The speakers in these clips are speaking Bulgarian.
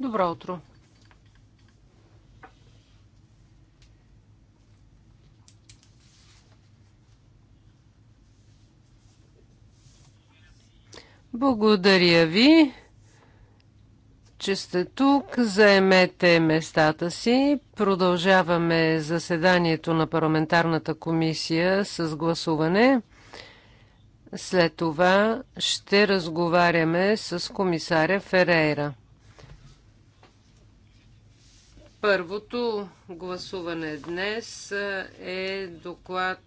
Добро утро! Благодаря ви, че сте тук. Заемете местата си. Продължаваме заседанието на парламентарната комисия с гласуване. След това ще разговаряме с комисаря Ферейра. Първото гласуване днес е доклад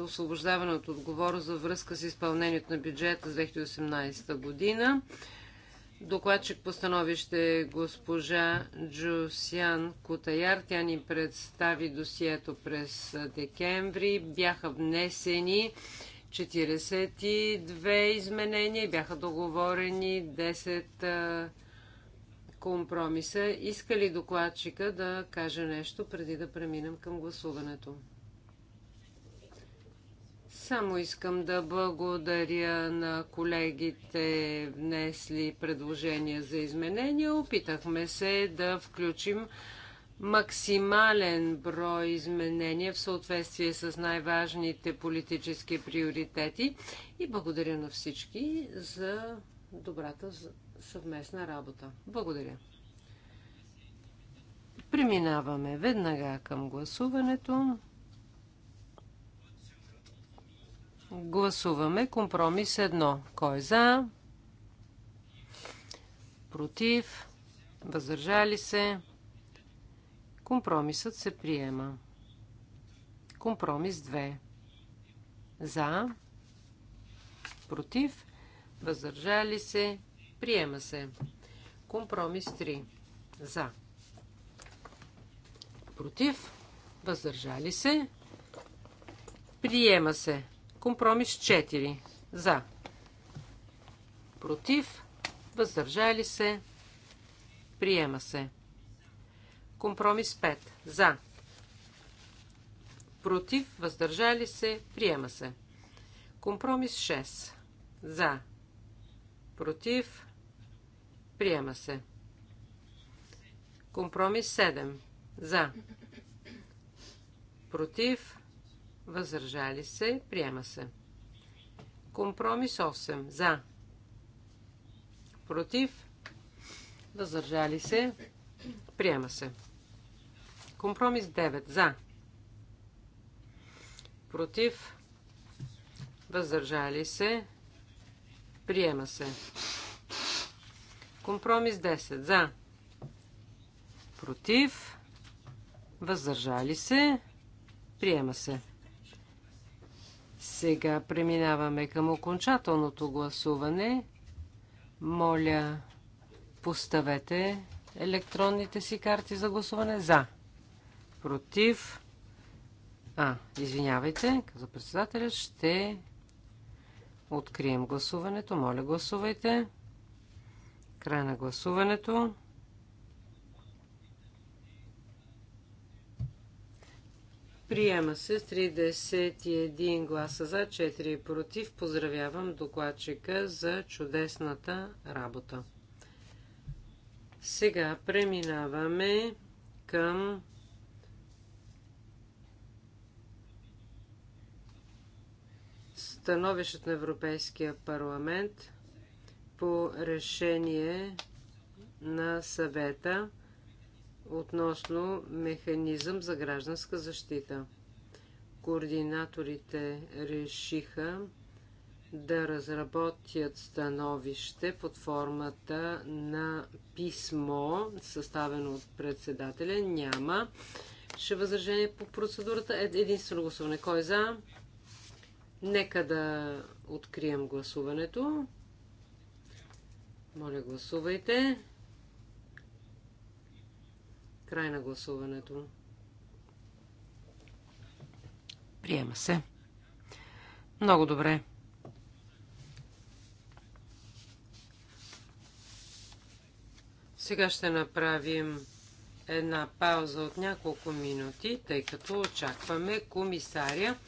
освобождаване от отговор за връзка с изпълнението на бюджета за 2018 година. Докладчик по становище е госпожа Джусян Кутаяр. Тя ни представи досието през декември. Бяха внесени 42 изменения, и бяха договорени 10 компромиса. Иска ли докладчика да каже нещо преди да преминем към гласуването? Само искам да благодаря на колегите, внесли предложения за изменения. Опитахме се да включим максимален брой изменения в съответствие с най-важните политически приоритети и благодаря на всички за добрата съвместна работа. Благодаря. Преминаваме веднага към гласуването. Гласуваме компромис 1. Кой е за? Против? Въздържали се? Компромисът се приема. Компромис 2. За? Против? Въздържали се? Приема се. Компромис 3. За. Против. Въздържали се. Приема се. Компромис 4. За. Против. Въздържали се. Приема се. Компромис 5. За. Против. Въздържали се. Приема се. Компромис 6. За. Против. Приема се. Компромис 7. За. Против. Въздържали се. Приема се. Компромис 8. За. Против. Въздържали се. Приема се. Компромис 9. За. Против. Въздържали се. Приема се. Компромис 10. За. Против. Въздържали се. Приема се. Сега преминаваме към окончателното гласуване. Моля, поставете електронните си карти за гласуване. За. Против. А, извинявайте, каза председателя, ще открием гласуването. Моля, гласувайте. Гласувайте. Край на гласуването. Приема се с 31 гласа за, 4 против. Поздравявам докладчика за чудесната работа. Сега преминаваме към становището на Европейския парламент по решение на съвета относно механизъм за гражданска защита. Координаторите решиха да разработят становище под формата на писмо, съставено от председателя. Няма. Ще възражение по процедурата. Е, единствено гласуване. Кой е за? Нека да открием гласуването. Моля, гласувайте. Край на гласуването. Приема се. Много добре. Сега ще направим една пауза от няколко минути, тъй като очакваме комисаря.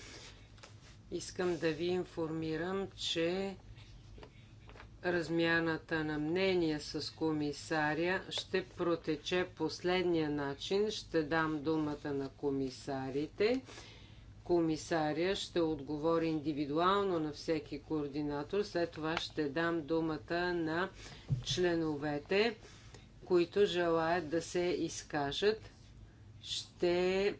Искам да ви информирам, че размяната на мнение с комисаря ще протече последния начин. Ще дам думата на комисарите. Комисаря ще отговори индивидуално на всеки координатор. След това ще дам думата на членовете, които желаят да се изкажат. Ще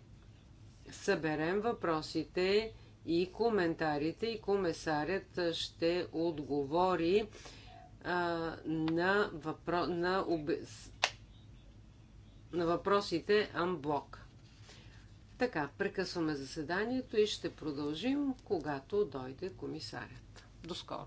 съберем въпросите и коментарите и комесарят ще отговори а, на, въпро... на, об... на въпросите Амблок. Така, прекъсваме заседанието и ще продължим, когато дойде комисарят. До скоро!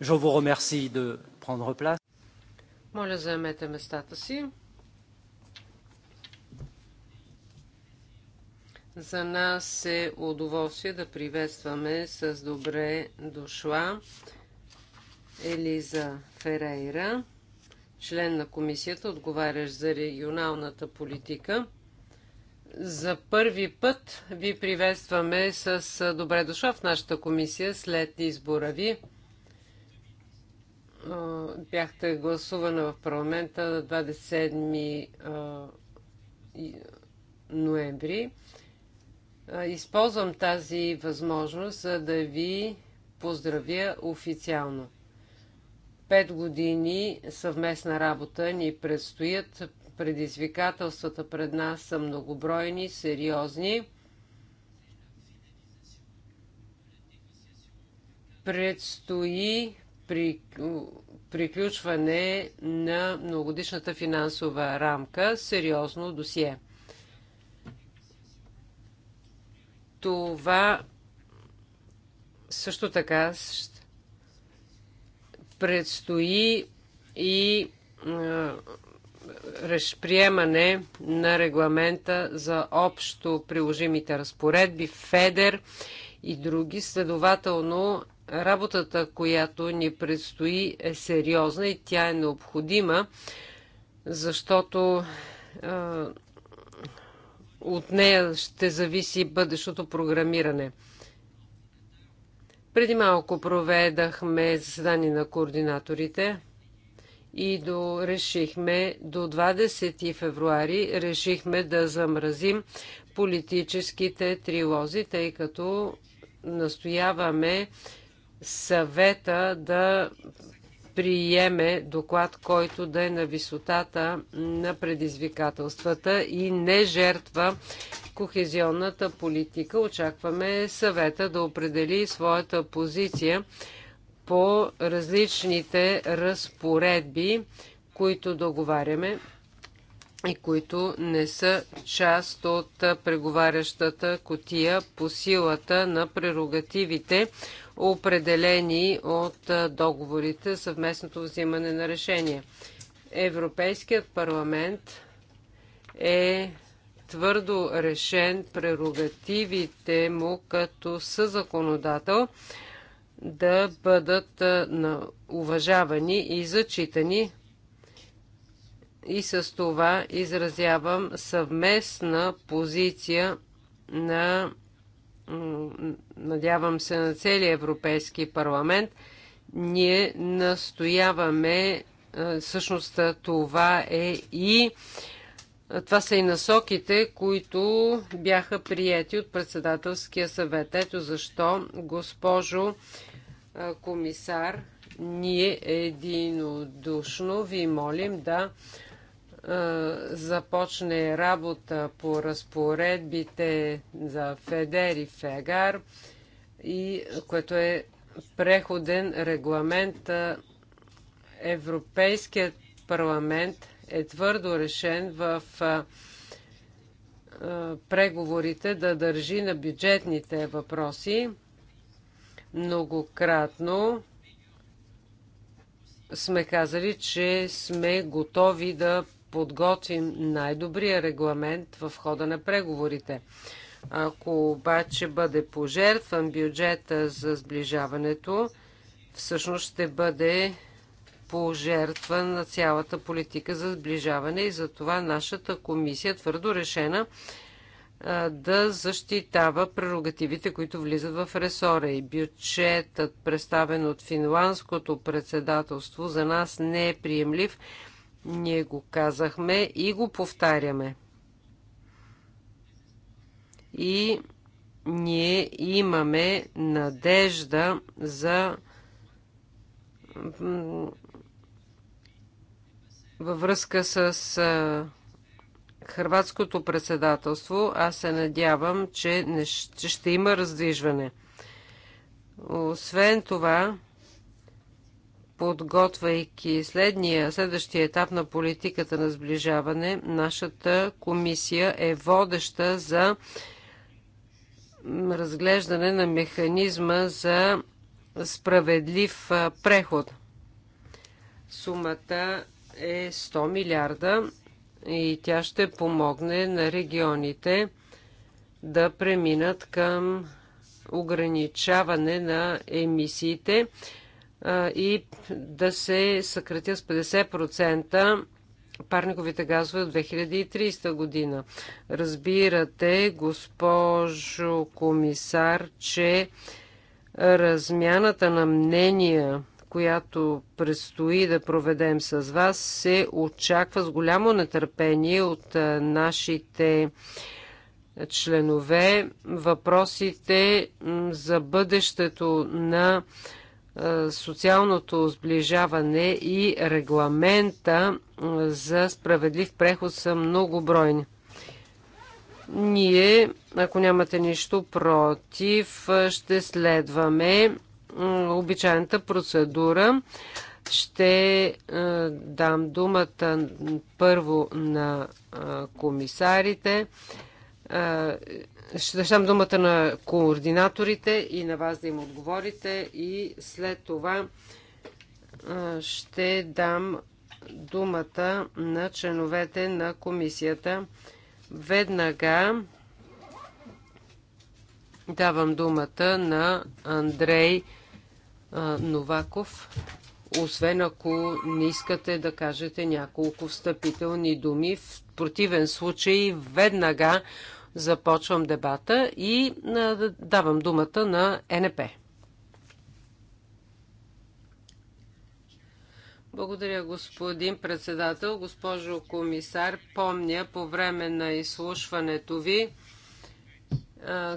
Je vous remercie de prendre place. Моля, заемете местата си. За нас е удоволствие да приветстваме с добре дошла Елиза Ферейра, член на комисията, отговарящ за регионалната политика. За първи път ви приветстваме с добре дошла в нашата комисия след избора ви гласувана в парламента на 27 ноември. Използвам тази възможност, за да ви поздравя официално. Пет години съвместна работа ни предстоят. Предизвикателствата пред нас са многобройни, сериозни. Предстои при, приключване на многодишната финансова рамка сериозно досие. Това също така предстои и приемане на регламента за общо приложимите разпоредби, ФЕДЕР и други. Следователно работата, която ни предстои, е сериозна и тя е необходима, защото е, от нея ще зависи бъдещото програмиране. Преди малко проведахме заседание на координаторите и до, решихме до 20 февруари решихме да замразим политическите трилози, тъй като настояваме съвета да приеме доклад, който да е на висотата на предизвикателствата и не жертва кохезионната политика. Очакваме съвета да определи своята позиция по различните разпоредби, които договаряме и които не са част от преговарящата котия по силата на прерогативите, определени от договорите съвместното взимане на решения. Европейският парламент е твърдо решен прерогативите му като съзаконодател да бъдат уважавани и зачитани. И с това изразявам съвместна позиция на надявам се на целия Европейски парламент, ние настояваме, всъщност това е и това са и насоките, които бяха прияти от председателския съвет. Ето защо, госпожо комисар, ние единодушно ви молим да започне работа по разпоредбите за Федер и Фегар, и, което е преходен регламент. Европейският парламент е твърдо решен в преговорите да държи на бюджетните въпроси. Многократно сме казали, че сме готови да подготвим най-добрия регламент в хода на преговорите. Ако обаче бъде пожертван бюджета за сближаването, всъщност ще бъде пожертван на цялата политика за сближаване и затова нашата комисия твърдо решена да защитава прерогативите, които влизат в ресора. И бюджетът, представен от финландското председателство, за нас не е приемлив – ние го казахме и го повтаряме. И ние имаме надежда за във връзка с хрватското председателство, аз се надявам, че, че ще има раздвижване. Освен това, подготвяйки следния, следващия етап на политиката на сближаване, нашата комисия е водеща за разглеждане на механизма за справедлив преход. Сумата е 100 милиарда и тя ще помогне на регионите да преминат към ограничаване на емисиите и да се съкратят с 50% парниковите газове от 2030 година. Разбирате, госпожо комисар, че размяната на мнения, която предстои да проведем с вас, се очаква с голямо нетърпение от нашите членове. Въпросите за бъдещето на е, социалното сближаване и регламента е, за справедлив преход са многобройни. Ние, ако нямате нищо против, е, ще следваме обичайната процедура. Ще дам думата първо на комисарите ще държам думата на координаторите и на вас да им отговорите и след това ще дам думата на членовете на комисията. Веднага давам думата на Андрей Новаков, освен ако не искате да кажете няколко встъпителни думи. В противен случай веднага Започвам дебата и давам думата на НП. Благодаря, господин председател. Госпожо комисар, помня по време на изслушването ви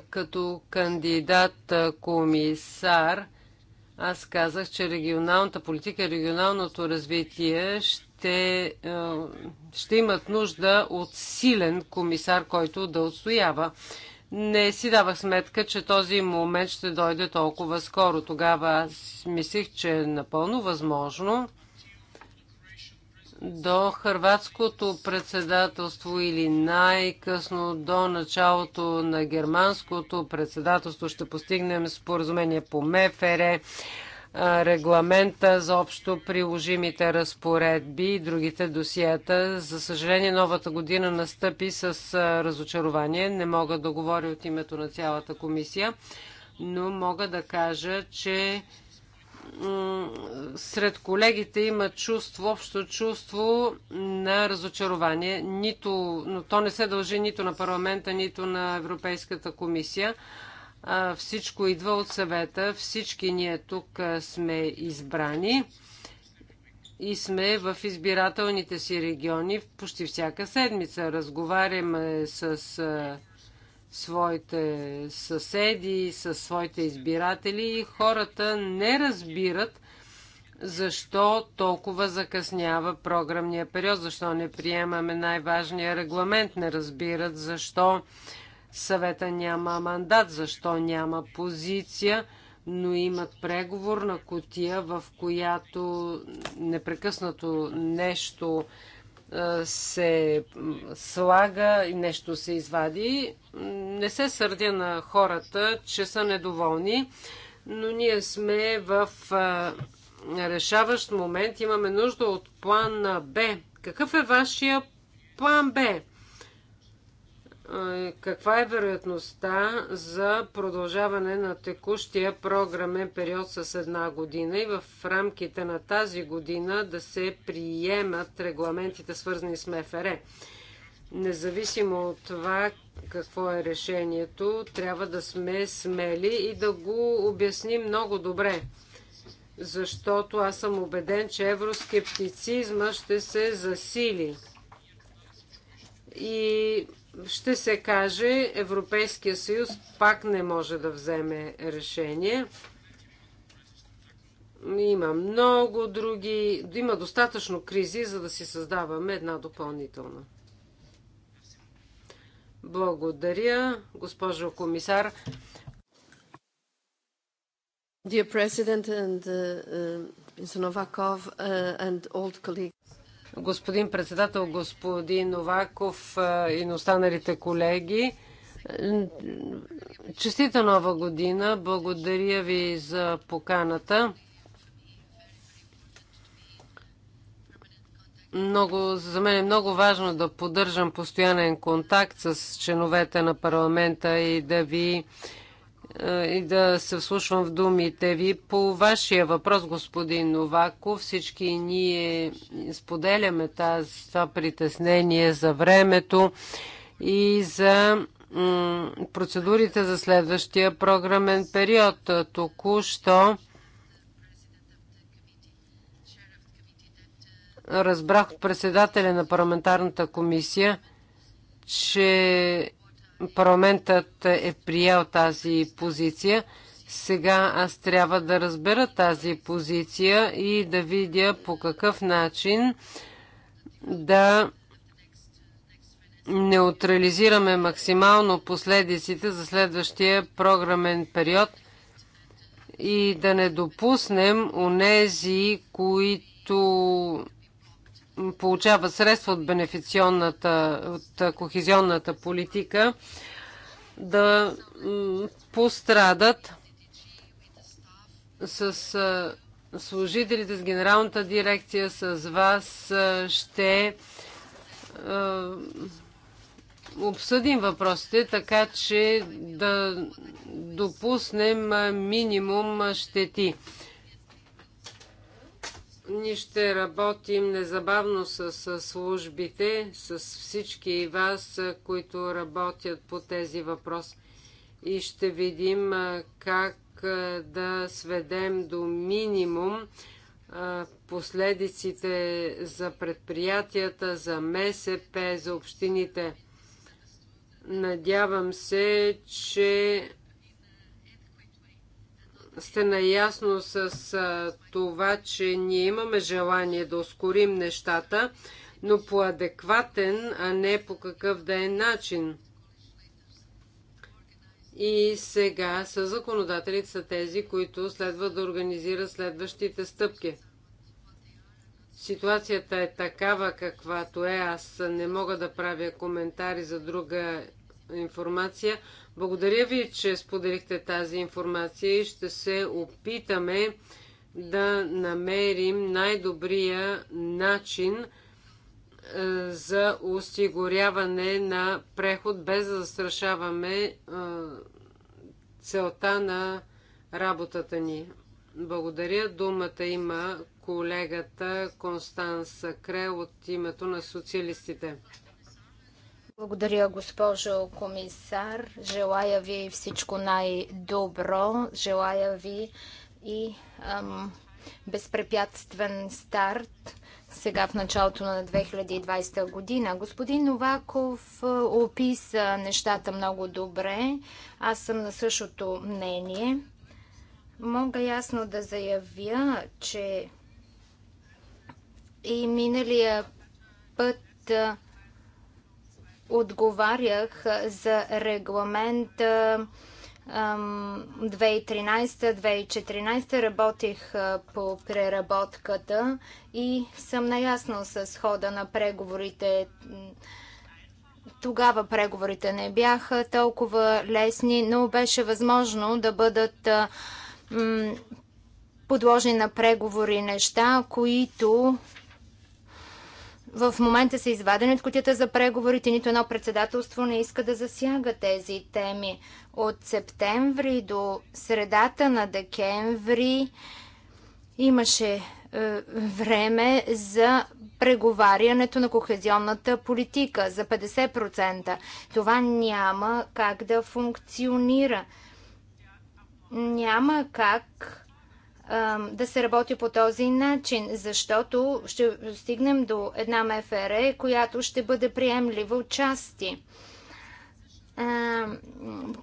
като кандидат комисар, аз казах, че регионалната политика и регионалното развитие ще ще имат нужда от силен комисар, който да отстоява. Не си давах сметка, че този момент ще дойде толкова скоро. Тогава аз мислих, че е напълно възможно до хърватското председателство или най-късно до началото на германското председателство ще постигнем споразумение по МФР, регламента за общо приложимите разпоредби и другите досиета. За съжаление, новата година настъпи с разочарование. Не мога да говоря от името на цялата комисия, но мога да кажа, че сред колегите има чувство, общо чувство на разочарование. Нито, но то не се дължи нито на парламента, нито на Европейската комисия, а, всичко идва от съвета, всички ние тук сме избрани и сме в избирателните си региони почти всяка седмица. Разговаряме с а, своите съседи, с своите избиратели и хората не разбират защо толкова закъснява програмния период, защо не приемаме най-важния регламент, не разбират защо Съвета няма мандат, защо няма позиция, но имат преговор на котия, в която непрекъснато нещо се слага и нещо се извади. Не се сърдя на хората, че са недоволни, но ние сме в решаващ момент. Имаме нужда от план Б. Какъв е вашия план Б? каква е вероятността за продължаване на текущия програмен период с една година и в рамките на тази година да се приемат регламентите свързани с МФР? Независимо от това какво е решението, трябва да сме смели и да го обясним много добре. Защото аз съм убеден, че евроскептицизма ще се засили. И ще се каже, Европейския съюз пак не може да вземе решение. Има много други, има достатъчно кризи, за да си създаваме една допълнителна. Благодаря, госпожо комисар. Dear President and uh, uh, Novakov uh, and old colleagues, господин председател, господин Новаков и на останалите колеги. Честита нова година! Благодаря ви за поканата. Много, за мен е много важно да поддържам постоянен контакт с членовете на парламента и да ви е, и да се вслушвам в думите ви. По вашия въпрос, господин Новако, всички ние споделяме тази, това притеснение за времето и за процедурите за следващия програмен период. Току-що разбрах от председателя на парламентарната комисия, че парламентът е приел тази позиция. Сега аз трябва да разбера тази позиция и да видя по какъв начин да неутрализираме максимално последиците за следващия програмен период и да не допуснем нези, които получава средства от бенефиционната, от кохезионната политика, да пострадат с служителите, с генералната дирекция, с вас ще обсъдим въпросите, така че да допуснем минимум щети. Ние ще работим незабавно с, службите, с всички вас, които работят по тези въпроси. И ще видим как да сведем до минимум последиците за предприятията, за МСП, за общините. Надявам се, че сте наясно с това, че ние имаме желание да ускорим нещата, но по адекватен, а не по какъв да е начин. И сега са законодателите са тези, които следва да организират следващите стъпки. Ситуацията е такава каквато е. Аз не мога да правя коментари за друга информация. Благодаря ви, че споделихте тази информация и ще се опитаме да намерим най-добрия начин е, за осигуряване на преход, без да застрашаваме е, целта на работата ни. Благодаря. Думата има колегата Констанса Кре от името на социалистите. Благодаря, госпожо комисар. Желая ви всичко най-добро. Желая ви и ам, безпрепятствен старт сега в началото на 2020 година. Господин Новаков е, описа нещата много добре. Аз съм на същото мнение. Мога ясно да заявя, че и миналия път е, отговарях за регламент 2013-2014 работих по преработката и съм наясно с хода на преговорите. Тогава преговорите не бяха толкова лесни, но беше възможно да бъдат подложени на преговори неща, които в момента са извадени от котията за преговорите. Нито едно председателство не иска да засяга тези теми. От септември до средата на декември имаше е, време за преговарянето на кохезионната политика за 50%. Това няма как да функционира. Няма как да се работи по този начин, защото ще стигнем до една МФР, която ще бъде приемлива от части.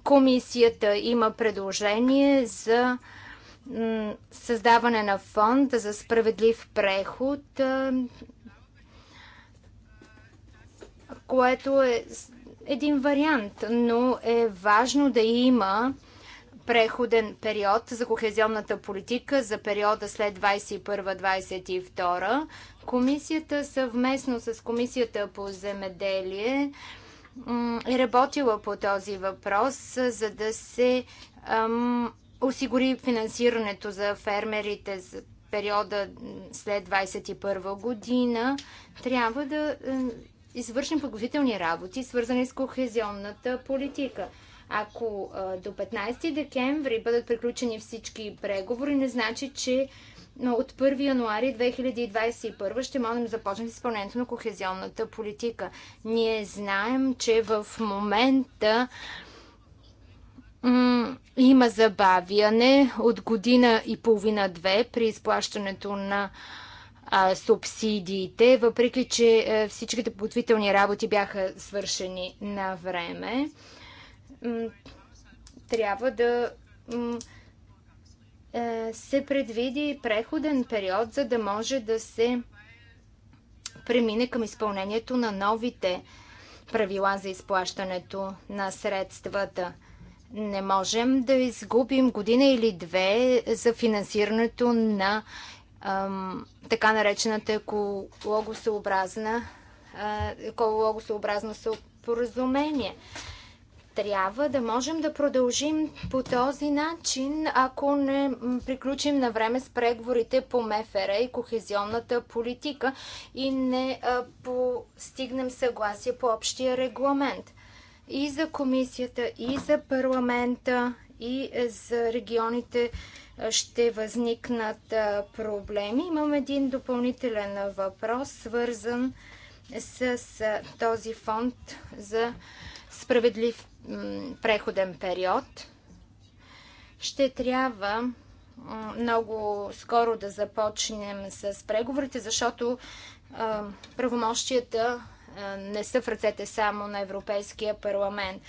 Комисията има предложение за създаване на фонд за справедлив преход, което е един вариант, но е важно да има преходен период за кохезионната политика за периода след 2021-2022. Комисията съвместно с Комисията по земеделие е работила по този въпрос, за да се ам, осигури финансирането за фермерите за периода след 2021 година. Трябва да извършим подготвителни работи, свързани с кохезионната политика. Ако а, до 15 декември бъдат приключени всички преговори, не значи, че от 1 януари 2021 ще можем да започнем с изпълнението на кохезионната политика. Ние знаем, че в момента има забавяне от година и половина-две при изплащането на а, субсидиите, въпреки че а, е, всичките подвителни работи бяха свършени на време трябва да е, се предвиди преходен период, за да може да се премине към изпълнението на новите правила за изплащането на средствата. Не можем да изгубим година или две за финансирането на ам, така наречената екологосъобразна, екологосъобразна споразумение. Трябва да можем да продължим по този начин, ако не приключим на време с преговорите по МФР и кохезионната политика и не постигнем съгласие по общия регламент. И за комисията, и за парламента, и за регионите ще възникнат проблеми. Имам един допълнителен въпрос, свързан с този фонд за справедлив преходен период, ще трябва много скоро да започнем с преговорите, защото правомощията не са в ръцете само на Европейския парламент.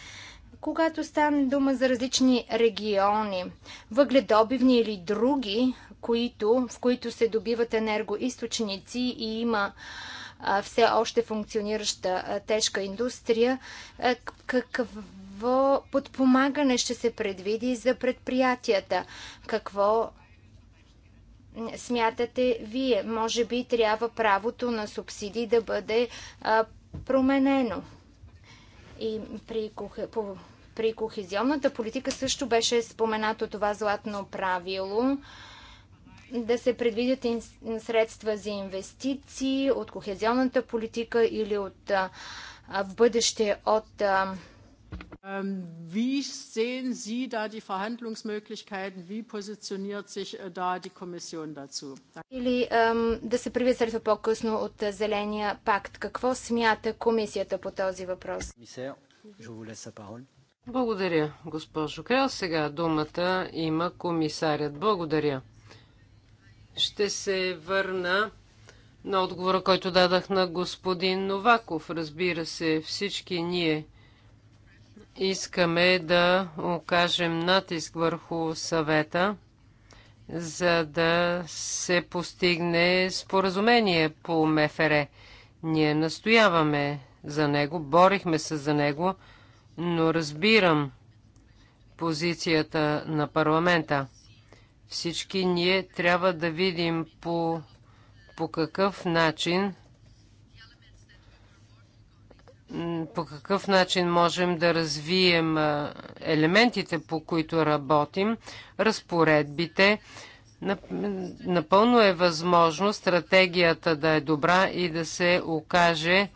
Когато стане дума за различни региони, въгледобивни или други, които, в които се добиват енергоисточници и има а, все още функционираща тежка индустрия, какъв какво подпомагане ще се предвиди за предприятията? Какво смятате вие? Може би трябва правото на субсидии да бъде а, променено. И при, по, при кохезионната политика също беше споменато това златно правило да се предвидят средства за инвестиции от кохезионната политика или от а, в бъдеще от а, Ähm, wie sehen Sie da die Verhandlungsmöglichkeiten? Wie positioniert sich äh, da die Kommission dazu? Или да се привие по-късно от Зеления пакт. Какво смята комисията по този въпрос? Благодаря, госпожо Крел. Сега думата има комисарят. Благодаря. Ще се върна на отговора, който дадах на господин Новаков. Разбира се, всички ние – Искаме да окажем натиск върху съвета, за да се постигне споразумение по МФР. Ние настояваме за него, борихме се за него, но разбирам позицията на парламента. Всички ние трябва да видим по, по какъв начин по какъв начин можем да развием елементите, по които работим, разпоредбите. Напълно е възможно стратегията да е добра и да се окаже,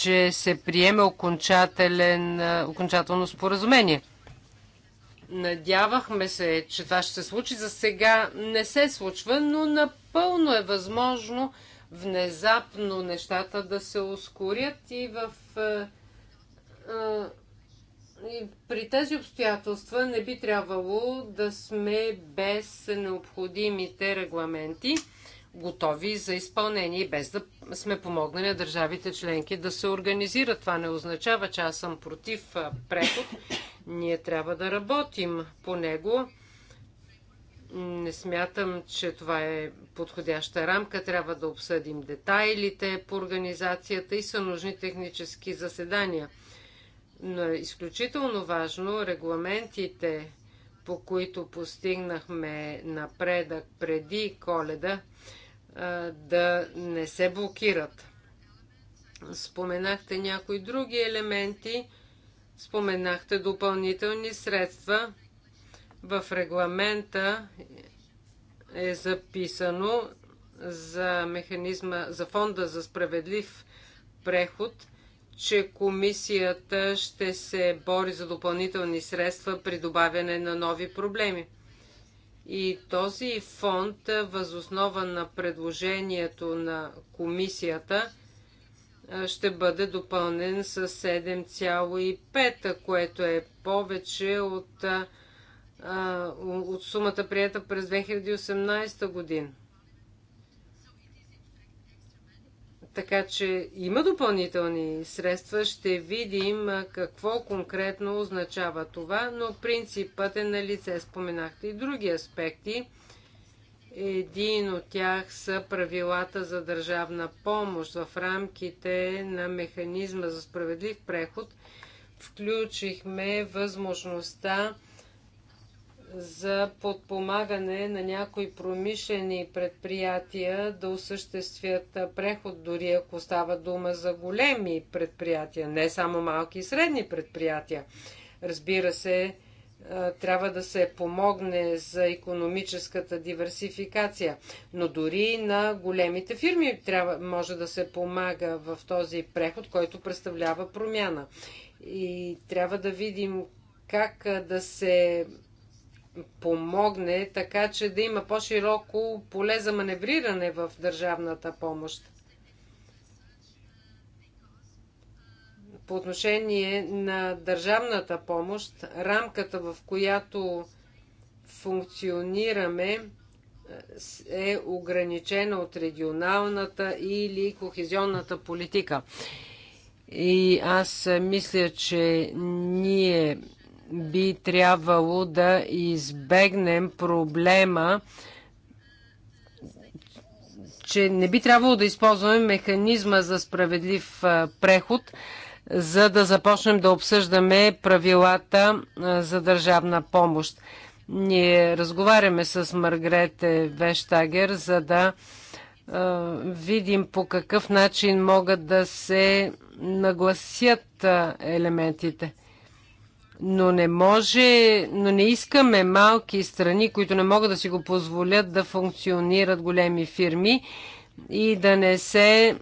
че се приеме окончателно споразумение. Надявахме се, че това ще се случи. За сега не се случва, но напълно е възможно внезапно нещата да се ускорят и в. Е, е, и при тези обстоятелства не би трябвало да сме без необходимите регламенти готови за изпълнение, без да сме помогнали на държавите членки да се организират. Това не означава, че аз съм против преход. Ние трябва да работим по него. Не смятам, че това е подходяща рамка. Трябва да обсъдим детайлите по организацията и са нужни технически заседания. Но е изключително важно регламентите, по които постигнахме напредък преди коледа, да не се блокират. Споменахте някои други елементи, споменахте допълнителни средства – в регламента е записано за механизма, за фонда за справедлив преход, че комисията ще се бори за допълнителни средства при добавяне на нови проблеми. И този фонд, възоснова на предложението на комисията, ще бъде допълнен с 7,5, което е повече от а, от сумата приета през 2018 година. Така че има допълнителни средства, ще видим какво конкретно означава това, но принципът е на лице. Споменахте и други аспекти. Един от тях са правилата за държавна помощ в рамките на механизма за справедлив преход. Включихме възможността за подпомагане на някои промишлени предприятия да осъществят преход, дори ако става дума за големи предприятия, не само малки и средни предприятия. Разбира се, трябва да се помогне за економическата диверсификация. Но дори на големите фирми трябва, може да се помага в този преход, който представлява промяна. И трябва да видим как да се помогне, така че да има по-широко поле за маневриране в държавната помощ. По отношение на държавната помощ, рамката в която функционираме е, е ограничена от регионалната или кохезионната политика. И аз мисля, че ние би трябвало да избегнем проблема, че не би трябвало да използваме механизма за справедлив преход, за да започнем да обсъждаме правилата за държавна помощ. Ние разговаряме с Маргрете Вештагер, за да видим по какъв начин могат да се нагласят елементите но не може, но не искаме малки страни, които не могат да си го позволят да функционират големи фирми и да не се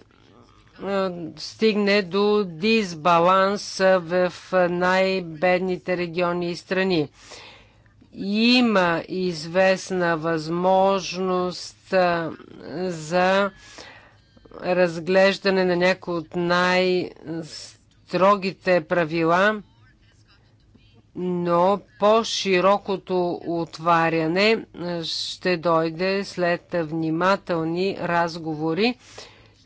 стигне до дисбаланс в най-бедните региони и страни. Има известна възможност за разглеждане на някои от най-строгите правила – но по-широкото отваряне е, ще дойде след внимателни разговори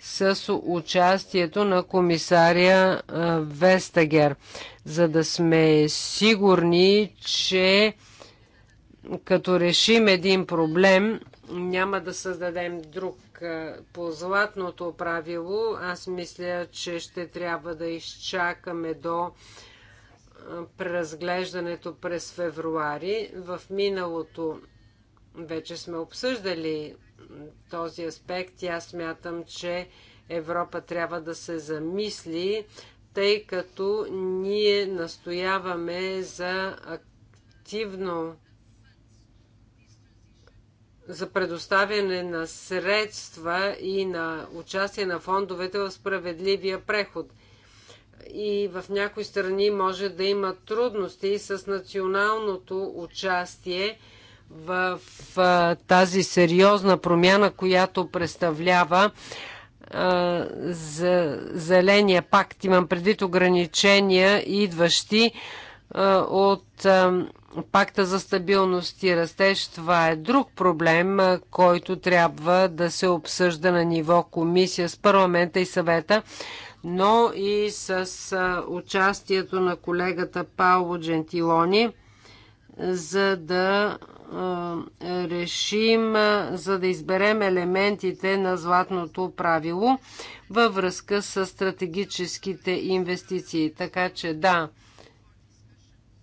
с участието на комисаря е, Вестагер, за да сме сигурни, че като решим един проблем, няма да създадем друг. Е, По златното правило, аз мисля, че ще трябва да изчакаме до преразглеждането през февруари. В миналото вече сме обсъждали този аспект и аз смятам, че Европа трябва да се замисли, тъй като ние настояваме за активно за предоставяне на средства и на участие на фондовете в справедливия преход и в някои страни може да има трудности с националното участие в тази сериозна промяна, която представлява за зеления пакт. Имам предвид ограничения, идващи от пакта за стабилност и растеж. Това е друг проблем, който трябва да се обсъжда на ниво комисия с парламента и съвета но и с участието на колегата Пауло Джентилони, за да решим, за да изберем елементите на златното правило във връзка с стратегическите инвестиции. Така че да,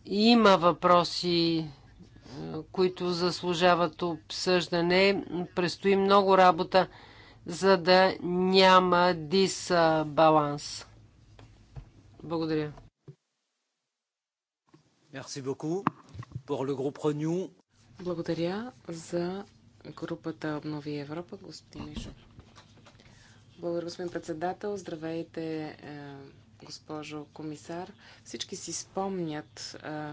има въпроси, които заслужават обсъждане. Престои много работа за да няма дисбаланс. Благодаря. Merci beaucoup pour le groupe Renew. Благодаря за групата Обнови Европа, господин Мишо. Благодаря, господин председател. Здравейте, е, госпожо комисар. Всички си спомнят е,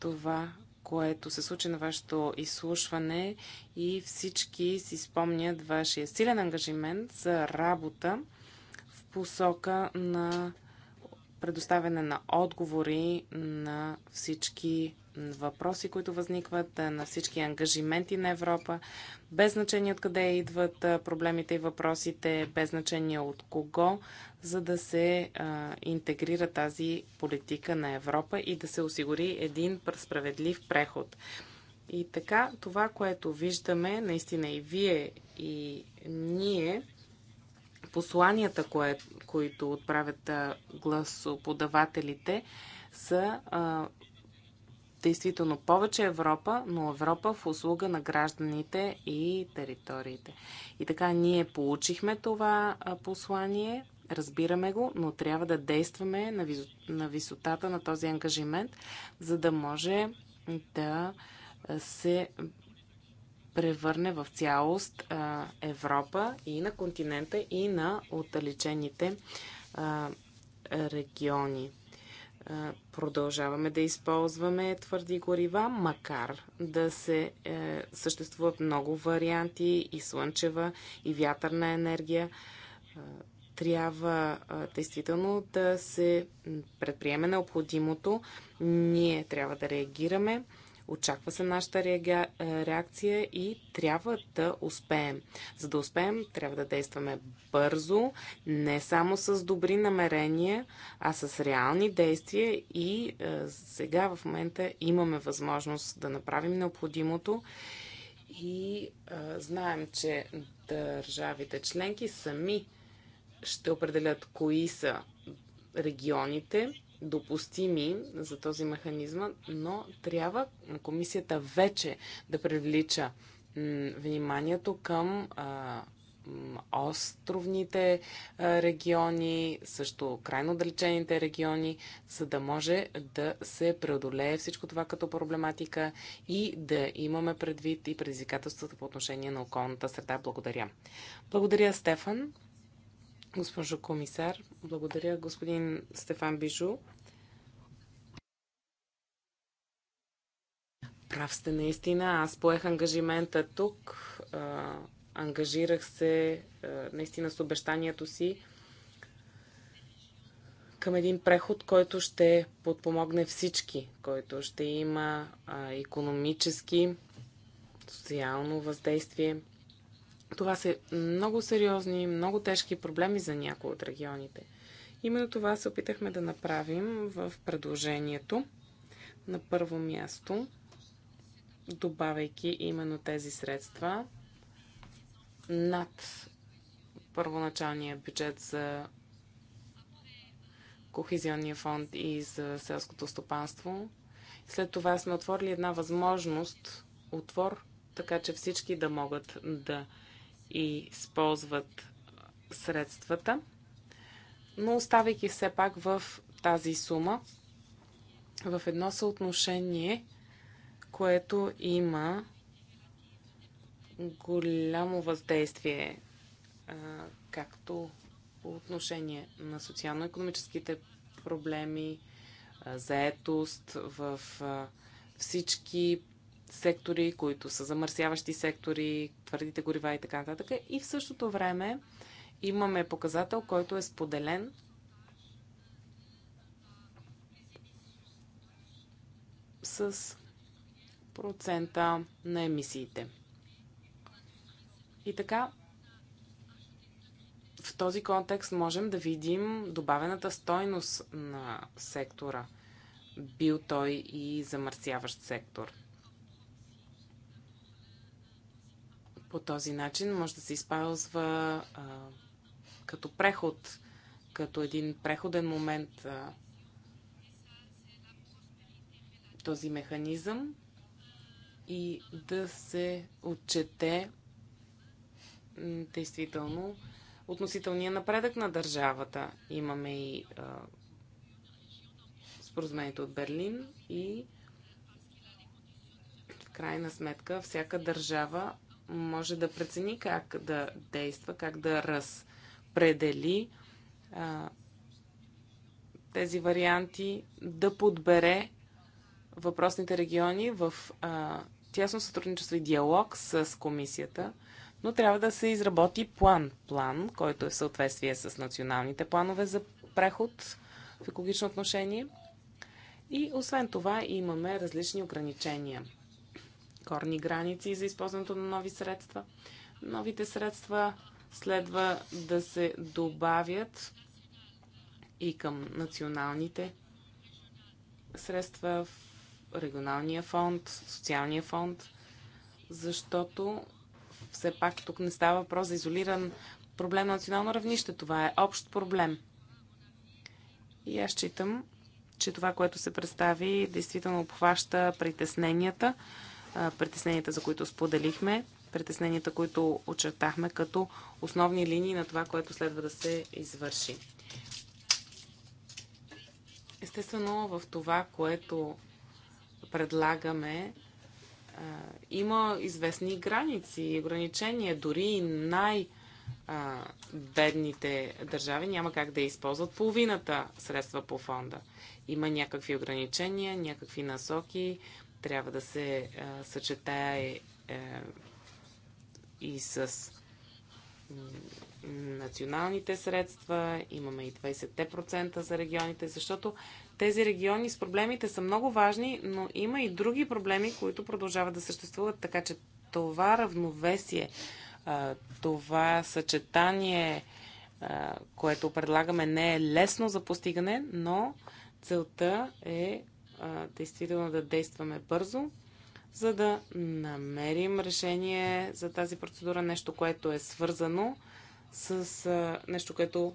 това, което се случи на вашето изслушване и всички си спомнят вашия силен ангажимент за работа в посока на предоставяне на отговори на всички въпроси, които възникват, е, на всички ангажименти на Европа, без значение откъде идват е, проблемите и въпросите, без значение от кого, за да се а, е, интегрира тази политика на Европа и да се осигури един справедлив преход. И така, това, което виждаме, наистина и вие, и ние, посланията, кое, които отправят гласоподавателите, са действително повече Европа, но Европа в услуга на гражданите и териториите. И така ние получихме това послание, разбираме го, но трябва да действаме на, висотата на този ангажимент, за да може да се превърне в цялост Европа и на континента, и на отдалечените региони продължаваме да използваме твърди горива, макар да се е, съществуват много варианти и слънчева, и вятърна енергия. Е, трябва е, действително да се предприеме необходимото. Ние трябва да реагираме. Очаква се нашата реакция и трябва да успеем. За да успеем, трябва да действаме бързо, не само с добри намерения, а с реални действия и сега в момента имаме възможност да направим необходимото и знаем, че държавите членки сами ще определят кои са регионите допустими за този механизъм, но трябва комисията вече да привлича вниманието към а, островните региони, също крайно отдалечените региони, за да може да се преодолее всичко това като проблематика и да имаме предвид и предизвикателствата по отношение на околната среда. Благодаря. Благодаря, Стефан. Госпожо комисар, благодаря господин Стефан Бижу Прав сте наистина. Аз поех ангажимента тук. А, ангажирах се а, наистина с обещанието си към един преход, който ще подпомогне всички, който ще има а, економически, социално въздействие. Това са много сериозни, много тежки проблеми за някои от регионите. Именно това се опитахме да направим в предложението. На първо място добавяйки именно тези средства над първоначалния бюджет за Кохизионния фонд и за селското стопанство. След това сме отворили една възможност, отвор, така че всички да могат да използват средствата, но оставяйки все пак в тази сума, в едно съотношение което има голямо въздействие както по отношение на социално-економическите проблеми, заетост в всички сектори, които са замърсяващи сектори, твърдите горива и така нататък. И в същото време имаме показател, който е споделен с на емисиите. И така, в този контекст можем да видим добавената стойност на сектора, бил той и замърсяващ сектор. По този начин може да се използва а, като преход, като един преходен момент а, този механизъм и да се отчете действително относителния напредък на държавата. Имаме и а, споразумението от Берлин и в крайна сметка всяка държава може да прецени как да действа, как да разпредели а, тези варианти, да подбере въпросните региони в а, тясно сътрудничество и диалог с комисията, но трябва да се изработи план. План, който е в съответствие с националните планове за преход в екологично отношение. И освен това имаме различни ограничения. Корни граници за използването на нови средства. Новите средства следва да се добавят и към националните средства в регионалния фонд, социалния фонд, защото все пак тук не става въпрос за изолиран проблем на национално равнище. Това е общ проблем. И аз считам, че това, което се представи, действително обхваща притесненията, притесненията, за които споделихме, притесненията, които очертахме като основни линии на това, което следва да се извърши. Естествено, в това, което предлагаме, има известни граници и ограничения. Дори най- бедните държави няма как да използват половината средства по фонда. Има някакви ограничения, някакви насоки, трябва да се съчетая съчетае е, и с националните средства, имаме и 20% за регионите, защото тези региони с проблемите са много важни, но има и други проблеми, които продължават да съществуват, така че това равновесие, това съчетание, което предлагаме, не е лесно за постигане, но целта е действително да действаме бързо, за да намерим решение за тази процедура, нещо, което е свързано с нещо, което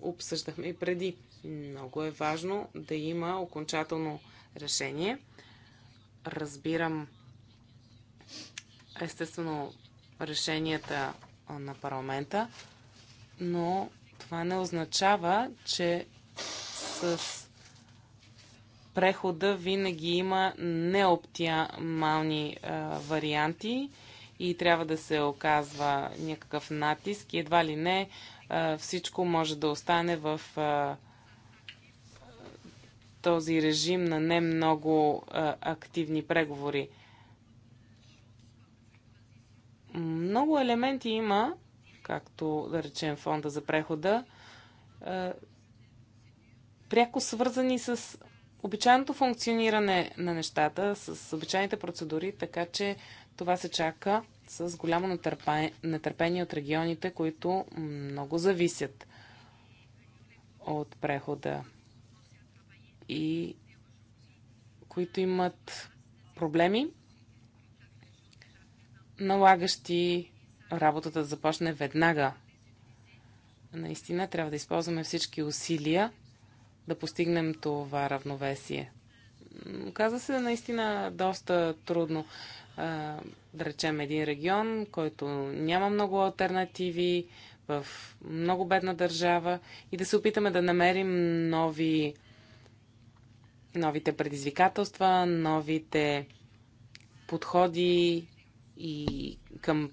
обсъждахме и преди. Много е важно да има окончателно решение. Разбирам естествено решенията на парламента, но това не означава, че с прехода винаги има неоптимални варианти и трябва да се оказва някакъв натиск и едва ли не всичко може да остане в този режим на не много а, активни преговори. Много елементи има, както да речем фонда за прехода, а, пряко свързани с обичайното функциониране на нещата, с обичайните процедури, така че това се чака с голямо нетърпение от регионите, които много зависят от прехода и които имат проблеми, налагащи работата да започне веднага. Наистина трябва да използваме всички усилия да постигнем това равновесие. Оказва се наистина доста трудно. Да речем един регион, който няма много альтернативи, в много бедна държава и да се опитаме да намерим нови новите предизвикателства, новите подходи и към,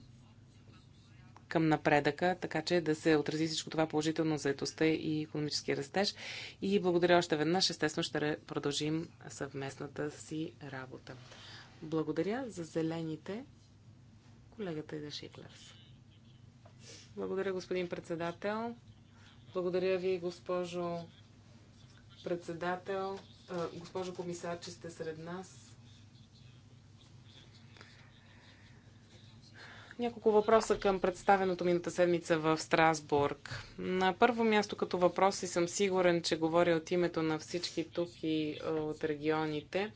към напредъка, така че да се отрази всичко това положително за етостта и економически растеж. И благодаря още веднъж. Естествено ще продължим съвместната си работа. Благодаря за зелените колегата Ида Шиклерс. Благодаря, господин председател. Благодаря ви, госпожо председател госпожо комисар, че сте сред нас. Няколко въпроса към представеното мината седмица в Страсбург. На първо място като въпрос и съм сигурен, че говоря от името на всички тук и от регионите.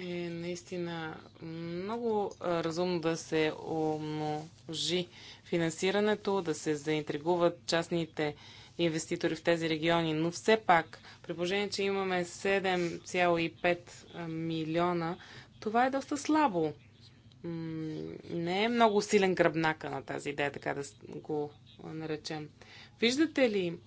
е наистина много разумно да се умножи финансирането, да се заинтригуват частните инвеститори в тези региони. Но все пак, при положение, че имаме 7,5 милиона, това е доста слабо. Не е много силен гръбнака на тази идея, така да го наречем. Виждате ли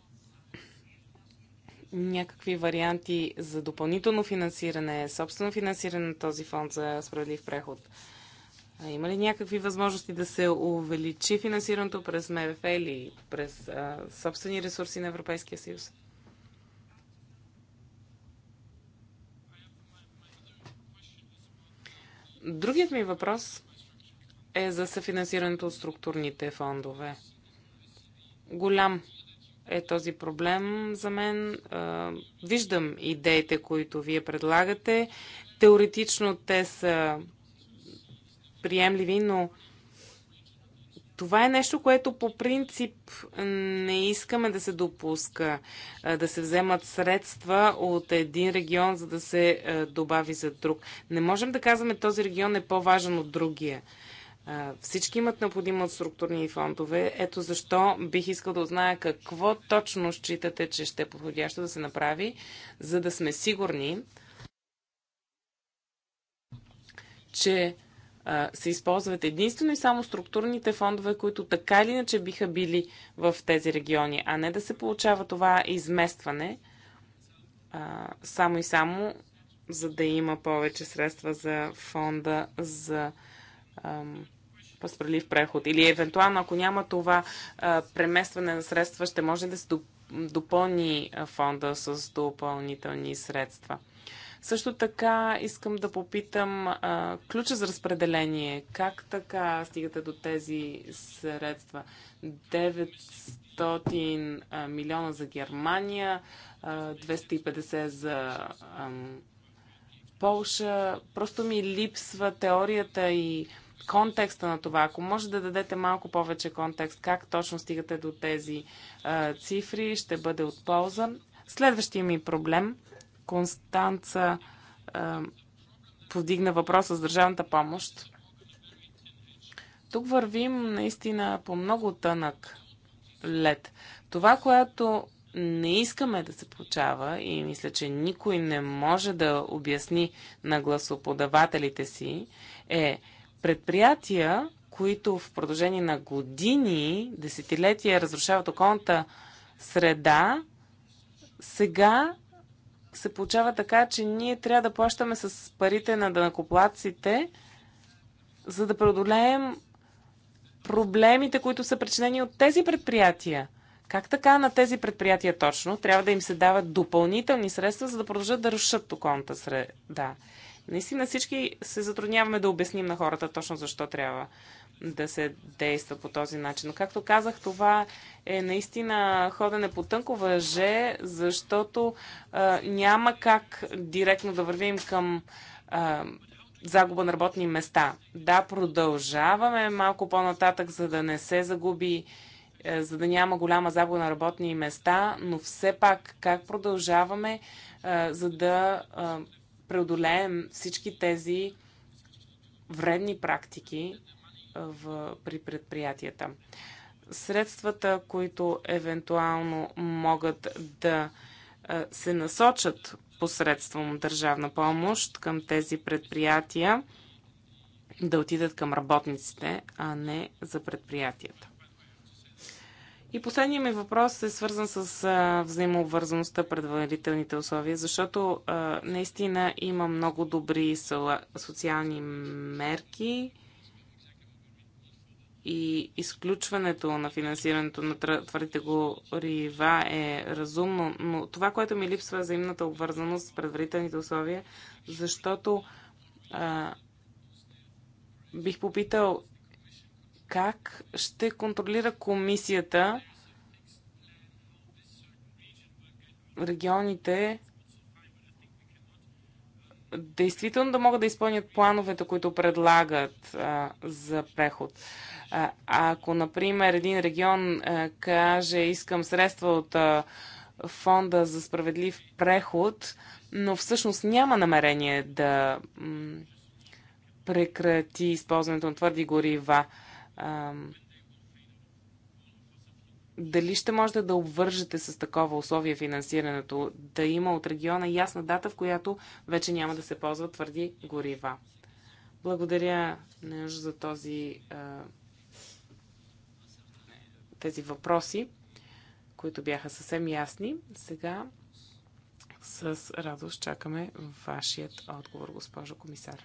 някакви варианти за допълнително финансиране, собствено финансиране на този фонд за справедлив преход? Има ли някакви възможности да се увеличи финансирането през МВФ или през а, собствени ресурси на Европейския съюз? Другият ми въпрос е за съфинансирането от структурните фондове. Голям е този проблем за мен. Виждам идеите, които вие предлагате. Теоретично те са приемливи, но това е нещо, което по принцип не искаме да се допуска, да се вземат средства от един регион, за да се добави за друг. Не можем да казваме, този регион е по-важен от другия. Всички имат необходимо от структурни фондове. Ето защо бих искал да узная какво точно считате, че ще е подходящо да се направи, за да сме сигурни, че се използват единствено и само структурните фондове, които така или иначе биха били в тези региони, а не да се получава това изместване само и само, за да има повече средства за фонда за пасправлив преход. Или евентуално, ако няма това преместване на средства, ще може да се допълни фонда с допълнителни средства. Също така искам да попитам а, ключа за разпределение. Как така стигате до тези средства? 900 милиона за Германия, а, 250 за Полша. Просто ми липсва теорията и контекста на това. Ако може да дадете малко повече контекст, как точно стигате до тези а, цифри, ще бъде от полза. Следващия ми проблем – Констанца повдигна въпроса с държавната помощ. Тук вървим наистина по много тънък лед. Това, което не искаме да се получава и мисля, че никой не може да обясни на гласоподавателите си, е предприятия, които в продължение на години, десетилетия разрушават околната среда, сега се получава така, че ние трябва да плащаме с парите на данакоплаците, за да преодолеем проблемите, които са причинени от тези предприятия. Как така на тези предприятия точно трябва да им се дават допълнителни средства, за да продължат да рушат околната среда? Наистина всички се затрудняваме да обясним на хората точно защо трябва да се действа по този начин. Но както казах, това е наистина ходене по тънко въже, защото а, няма как директно да вървим към а, загуба на работни места. Да, продължаваме малко по-нататък, за да не се загуби, е, за да няма голяма загуба на работни места, но все пак как продължаваме, е, за да е, преодолеем всички тези вредни практики, в, при предприятията. Средствата, които евентуално могат да се насочат посредством държавна помощ към тези предприятия, да отидат към работниците, а не за предприятията. И последният ми въпрос е свързан с взаимовързаността, предварителните условия, защото наистина има много добри социални мерки, и изключването на финансирането на твърдите горива е разумно, но това, което ми липсва е взаимната обвързаност с предварителните условия, защото а, бих попитал как ще контролира комисията регионите действително да могат да изпълнят плановете, които предлагат а, за преход. А, ако, например, един регион а, каже, искам средства от а, фонда за справедлив преход, но всъщност няма намерение да прекрати използването на твърди горива, а, дали ще можете да обвържете с такова условие финансирането, да има от региона ясна дата, в която вече няма да се ползват твърди горива. Благодаря, Неж, за този а, тези въпроси, които бяха съвсем ясни. Сега с радост чакаме вашият отговор, госпожо комисар.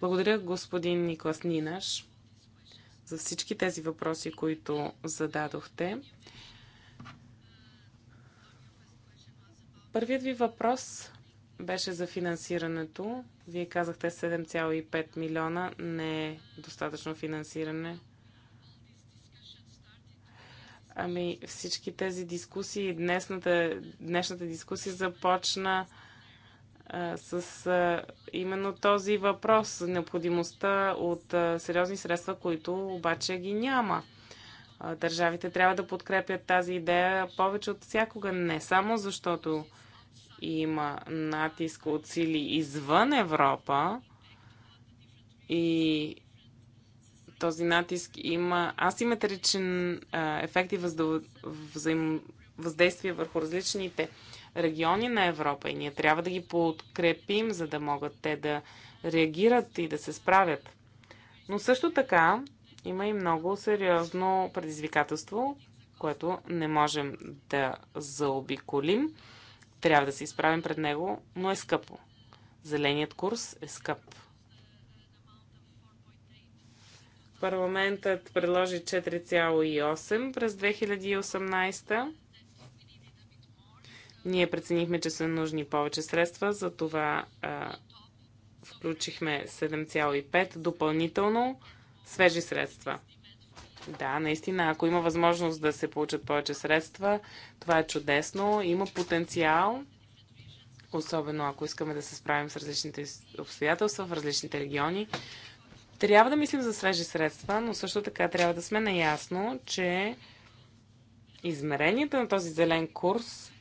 Благодаря, господин Никлас Нинаш, за всички тези въпроси, които зададохте. Първият ви въпрос беше за финансирането. Вие казахте 7,5 милиона не е достатъчно финансиране Ами всички тези дискусии, днесната, днешната дискусия започна а, с а, именно този въпрос, необходимостта от а, сериозни средства, които обаче ги няма. А, държавите трябва да подкрепят тази идея повече от всякога, не само защото има натиск от сили извън Европа и този натиск има асиметричен а, ефект и въздъл... взаим... въздействие върху различните региони на Европа и ние трябва да ги подкрепим, за да могат те да реагират и да се справят. Но също така има и много сериозно предизвикателство, което не можем да заобиколим. Трябва да се изправим пред него, но е скъпо. Зеленият курс е скъп. Парламентът предложи 4,8 през 2018. Ние преценихме, че са нужни повече средства, за а, включихме 7,5 допълнително свежи средства. Да, наистина, ако има възможност да се получат повече средства, това е чудесно. Има потенциал, особено ако искаме да се справим с различните обстоятелства в различните региони. Трябва да мислим за свежи средства, но също така трябва да сме наясно, че измеренията на този зелен курс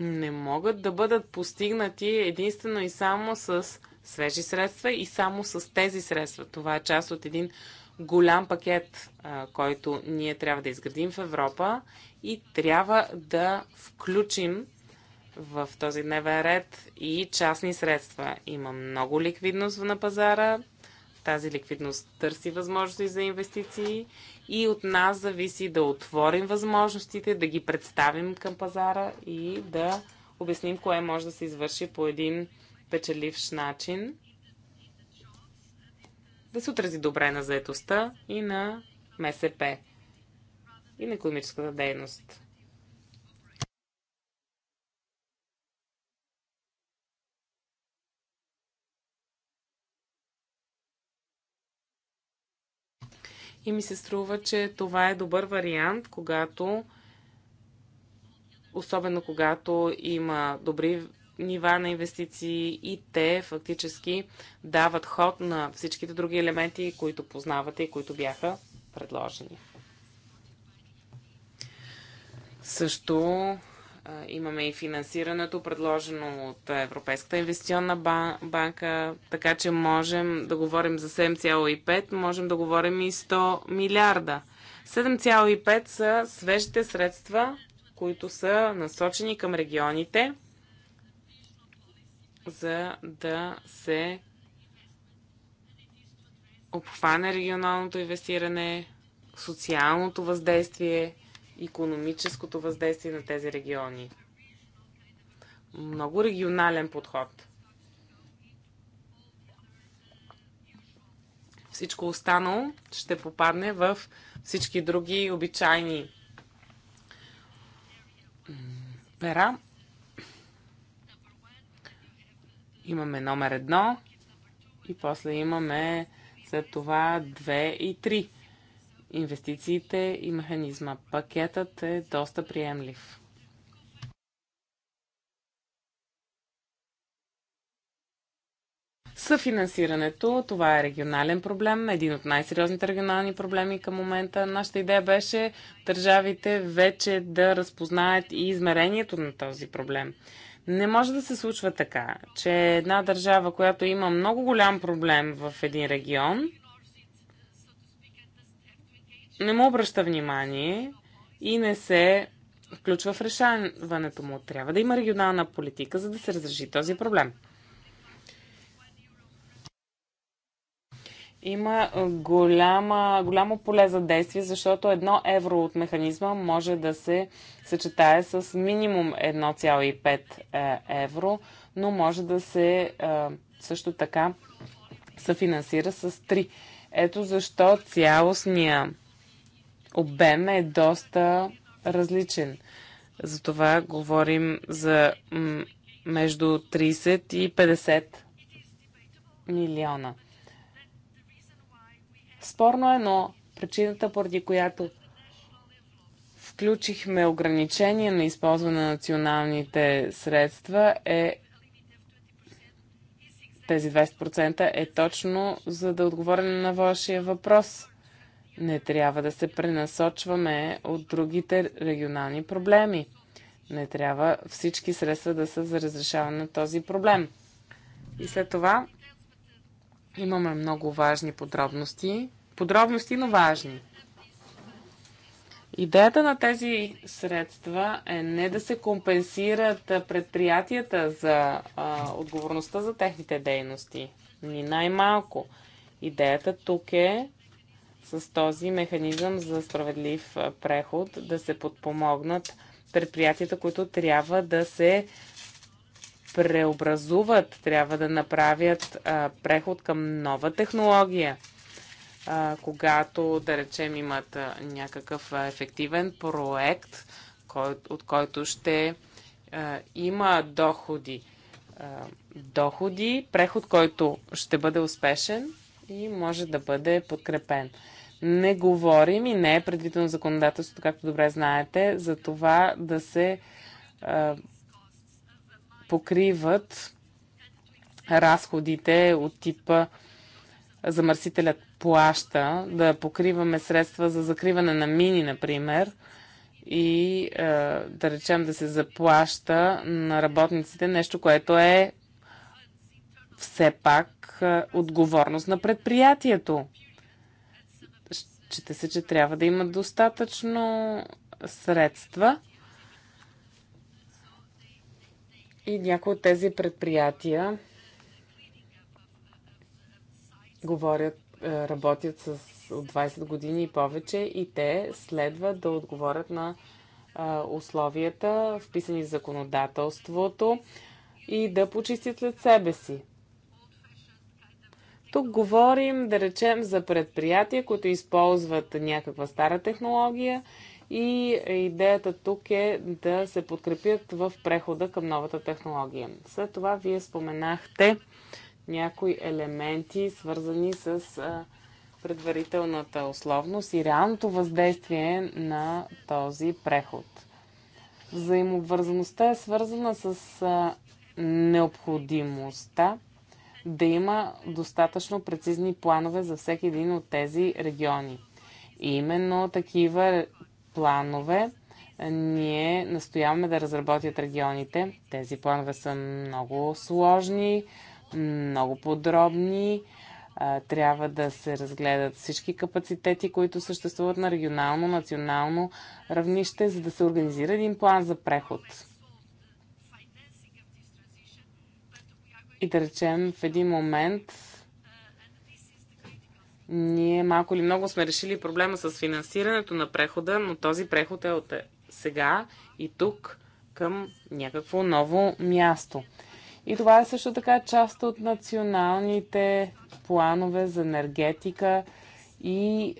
не могат да бъдат постигнати единствено и само с свежи средства и само с тези средства. Това е част от един голям пакет, който ние трябва да изградим в Европа и трябва да включим в този дневен ред и частни средства. Има много ликвидност на пазара. Тази ликвидност търси възможности за инвестиции и от нас зависи да отворим възможностите, да ги представим към пазара и да обясним кое може да се извърши по един печеливш начин. Да се отрази добре на заетостта и на МСП и на економическата дейност. И ми се струва, че това е добър вариант, когато, особено когато има добри нива на инвестиции и те фактически дават ход на всичките други елементи, които познавате и които бяха предложени. Също Имаме и финансирането, предложено от Европейската инвестиционна банка, така че можем да говорим за 7,5, можем да говорим и 100 милиарда. 7,5 са свежите средства, които са насочени към регионите, за да се обхване регионалното инвестиране, социалното въздействие – економическото въздействие на тези региони. Много регионален подход. Всичко останало ще попадне в всички други обичайни пера. Имаме номер едно и после имаме след това две и три инвестициите и механизма. Пакетът е доста приемлив. Съфинансирането, това е регионален проблем, един от най-сериозните регионални проблеми към момента. Нашата идея беше държавите вече да разпознаят и измерението на този проблем. Не може да се случва така, че една държава, която има много голям проблем в един регион, не му обръща внимание и не се включва в решаването му. Трябва да има регионална политика, за да се разреши този проблем. Има голяма, голямо поле за действие, защото едно евро от механизма може да се съчетае с минимум 1,5 е, евро, но може да се е, също така съфинансира с 3. Ето защо цялостния обем е доста различен. Затова говорим за между 30 и 50 милиона. Спорно е, но причината, поради която включихме ограничение на използване на националните средства е тези 20% е точно за да отговоря на вашия въпрос. Не трябва да се пренасочваме от другите регионални проблеми. Не трябва всички средства да са за разрешаване на този проблем. И след това имаме много важни подробности. Подробности, но важни. Идеята на тези средства е не да се компенсират предприятията за а, отговорността за техните дейности, ни най-малко. Идеята тук е с този механизъм за справедлив преход да се подпомогнат предприятията, които трябва да се преобразуват, трябва да направят а, преход към нова технология. А, когато, да речем, имат а, някакъв ефективен проект, кой, от който ще а, има доходи. А, доходи, преход, който ще бъде успешен и може да бъде подкрепен не говорим и не е предвидено законодателството, както добре знаете, за това да се а, покриват разходите от типа замърсителят плаща, да покриваме средства за закриване на мини, например, и да речем да се заплаща на работниците нещо, което е все пак отговорност на предприятието. Чета се, че трябва да има достатъчно средства. И някои от тези предприятия говорят, е, работят с от 20 години и повече и те следва да отговорят на е, условията, вписани в законодателството и да почистят след себе си. Тук говорим, да речем, за предприятия, които използват някаква стара технология и идеята тук е да се подкрепят в прехода към новата технология. След това вие споменахте някои елементи, свързани с предварителната условност и реалното въздействие на този преход. Взаимовързаността е свързана с необходимостта да има достатъчно прецизни планове за всеки един от тези региони. И именно такива планове ние настояваме да разработят регионите. Тези планове са много сложни, много подробни. Трябва да се разгледат всички капацитети, които съществуват на регионално, национално равнище, за да се организира един план за преход. И да речем, в един момент ние малко или много сме решили проблема с финансирането на прехода, но този преход е от сега и тук към някакво ново място. И това е също така част от националните планове за енергетика и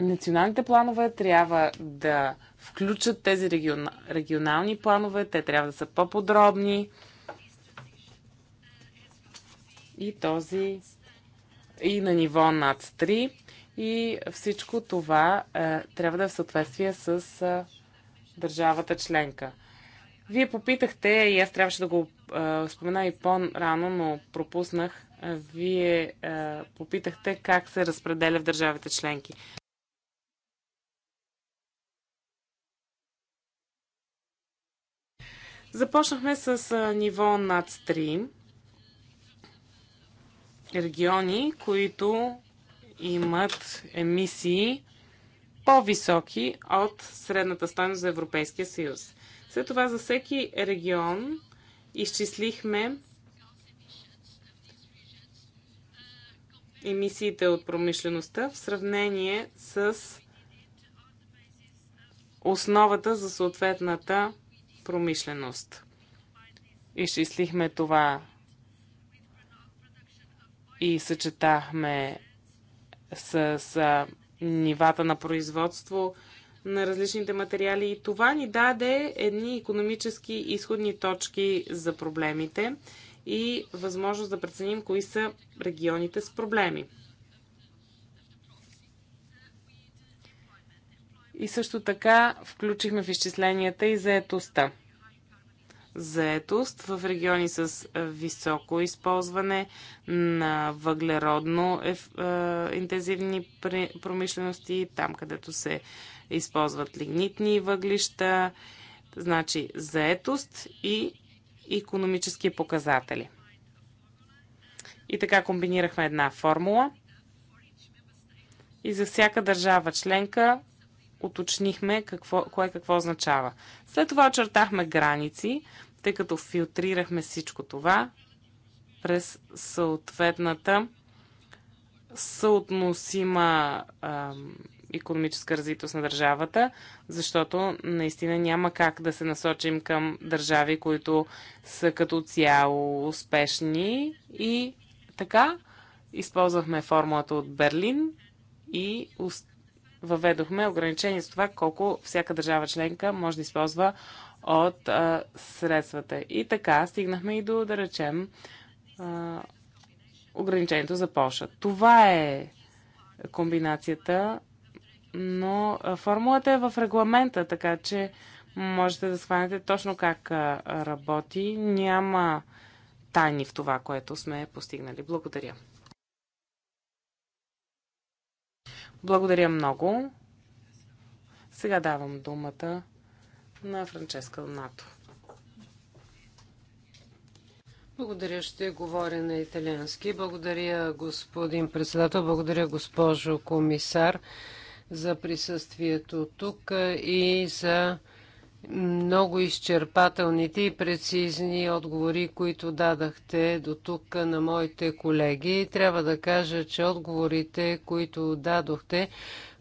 националните планове трябва да включат тези регионални планове, те трябва да са по-подробни и този и на ниво над 3 и всичко това е, трябва да е в съответствие с е, държавата членка. Вие попитахте, и аз трябваше да го е, спомена и по-рано, но пропуснах. Вие е, попитахте как се разпределя в държавите членки. Започнахме с е, ниво над 3 региони, които имат емисии по-високи от средната стойност за Европейския съюз. След това за всеки регион изчислихме емисиите от промишлеността в сравнение с основата за съответната промишленост. Изчислихме това и съчетахме с, с нивата на производство на различните материали и това ни даде едни економически изходни точки за проблемите и възможност да преценим кои са регионите с проблеми. И също така включихме в изчисленията и заетостта заетост в региони с високо използване на въглеродно е, интензивни промишлености, там където се използват лигнитни въглища, значи заетост и економически показатели. И така комбинирахме една формула. И за всяка държава членка уточнихме какво, кое какво означава. След това очертахме граници, тъй като филтрирахме всичко това през съответната съотносима а, економическа развитост на държавата, защото наистина няма как да се насочим към държави, които са като цяло успешни и така използвахме формулата от Берлин и уст въведохме ограничение с това колко всяка държава членка може да използва от а, средствата. И така стигнахме и до, да речем, а, ограничението за Польша. Това е комбинацията, но формулата е в регламента, така че можете да схванете точно как работи. Няма тайни в това, което сме постигнали. Благодаря. Благодаря много. Сега давам думата на Франческа Нато. Благодаря, ще говоря на италиански. Благодаря, господин председател, благодаря, госпожо комисар, за присъствието тук и за много изчерпателните и прецизни отговори, които дадахте до тук на моите колеги. Трябва да кажа, че отговорите, които дадохте,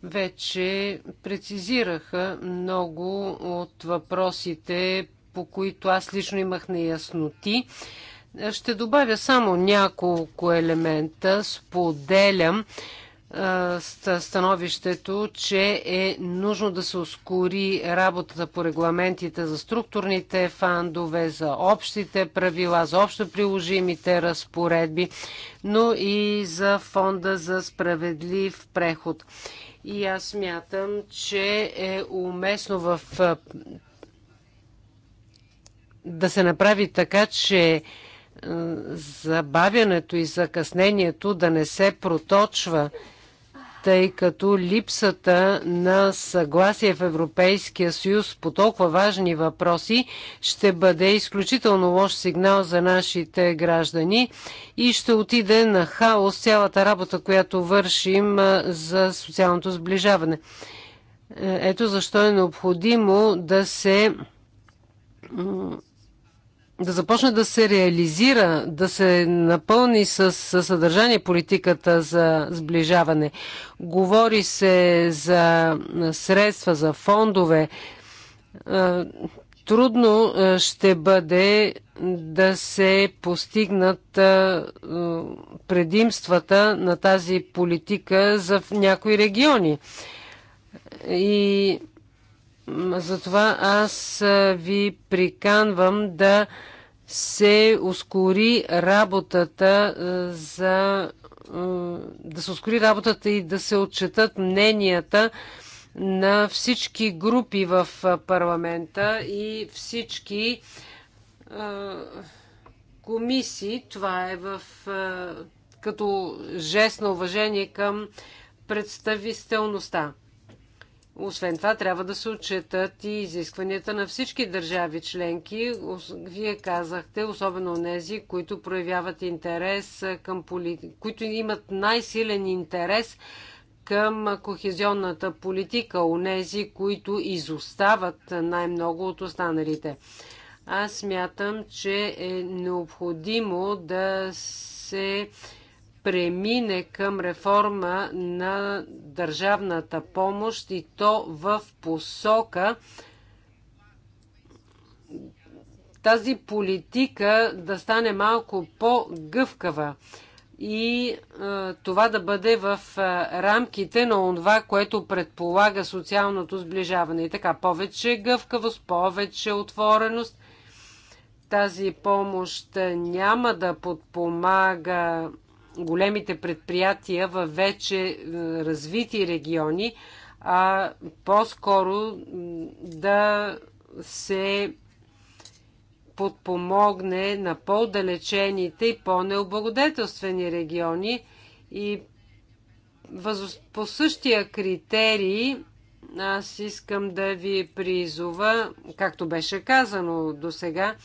вече прецизираха много от въпросите, по които аз лично имах неясноти. Ще добавя само няколко елемента. Споделям становището, че е нужно да се ускори работата по регламентите за структурните фандове, за общите правила, за общо приложимите разпоредби, но и за фонда за справедлив преход. И аз мятам, че е уместно в да се направи така, че забавянето и закъснението да не се проточва тъй като липсата на съгласие в Европейския съюз по толкова важни въпроси ще бъде изключително лош сигнал за нашите граждани и ще отиде на хаос цялата работа, която вършим за социалното сближаване. Е, ето защо е необходимо да се да започне да се реализира, да се напълни с, с съдържание политиката за сближаване. Говори се за средства, за фондове. Трудно ще бъде да се постигнат предимствата на тази политика за някои региони. И затова аз ви приканвам да се ускори работата за да се ускори работата и да се отчетат мненията на всички групи в парламента и всички комисии. Това е в, като жест на уважение към представителността. Освен това, трябва да се отчетат и изискванията на всички държави членки. Вие казахте, особено нези, които проявяват интерес към полит... които имат най-силен интерес към кохезионната политика, нези, които изостават най-много от останалите. Аз смятам, че е необходимо да се премине към реформа на държавната помощ и то в посока тази политика да стане малко по-гъвкава и а, това да бъде в а, рамките на това, което предполага социалното сближаване. И така, повече гъвкавост, повече отвореност. Тази помощ няма да подпомага големите предприятия в вече е, развити региони, а по-скоро да се подпомогне на по-далечените и по-необлагодетелствени региони и по същия критерий аз искам да ви призова, както беше казано до сега,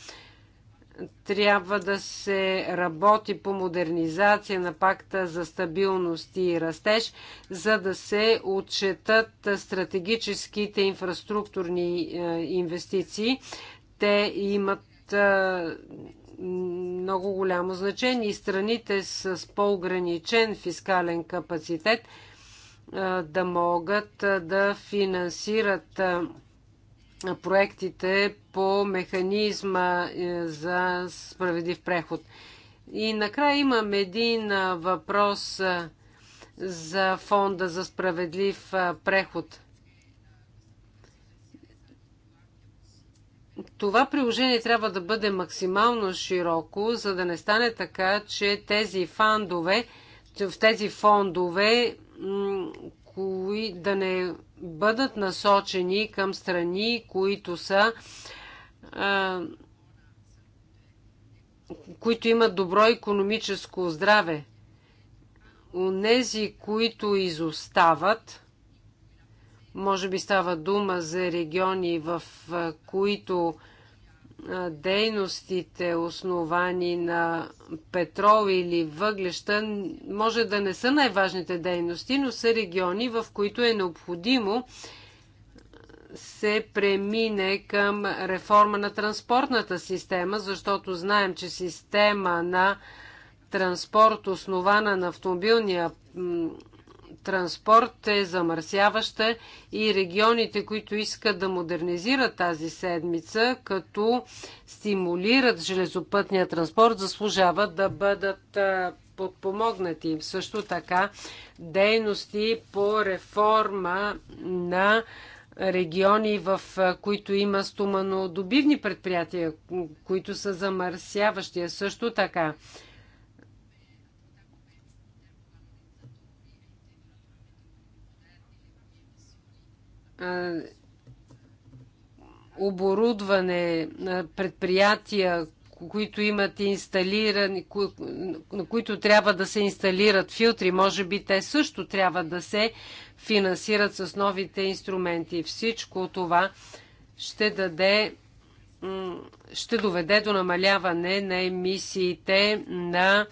трябва да се работи по модернизация на пакта за стабилност и растеж, за да се отчетат стратегическите инфраструктурни е, инвестиции. Те имат е, много голямо значение и страните с по-ограничен фискален капацитет е, да могат да финансират проектите по механизма е, за справедлив преход. И накрая имам един е, въпрос е, за фонда за справедлив преход. Това приложение трябва да бъде максимално широко, за да не стане така, че тези фандове, в тези фондове кои да не бъдат насочени към страни, които са а, които имат добро економическо здраве. Унези, които изостават, може би става дума за региони, в които дейностите, основани на петрол или въглеща, може да не са най-важните дейности, но са региони, в които е необходимо се премине към реформа на транспортната система, защото знаем, че система на транспорт, основана на автомобилния транспорт е замърсяваща и регионите, които искат да модернизират тази седмица, като стимулират железопътния транспорт, заслужават да бъдат подпомогнати. Също така дейности по реформа на региони, в които има стоманодобивни предприятия, които са замърсяващи. Също така оборудване, предприятия, които имат инсталирани, на които трябва да се инсталират филтри, може би те също трябва да се финансират с новите инструменти. Всичко това ще даде ще доведе до намаляване на емисиите на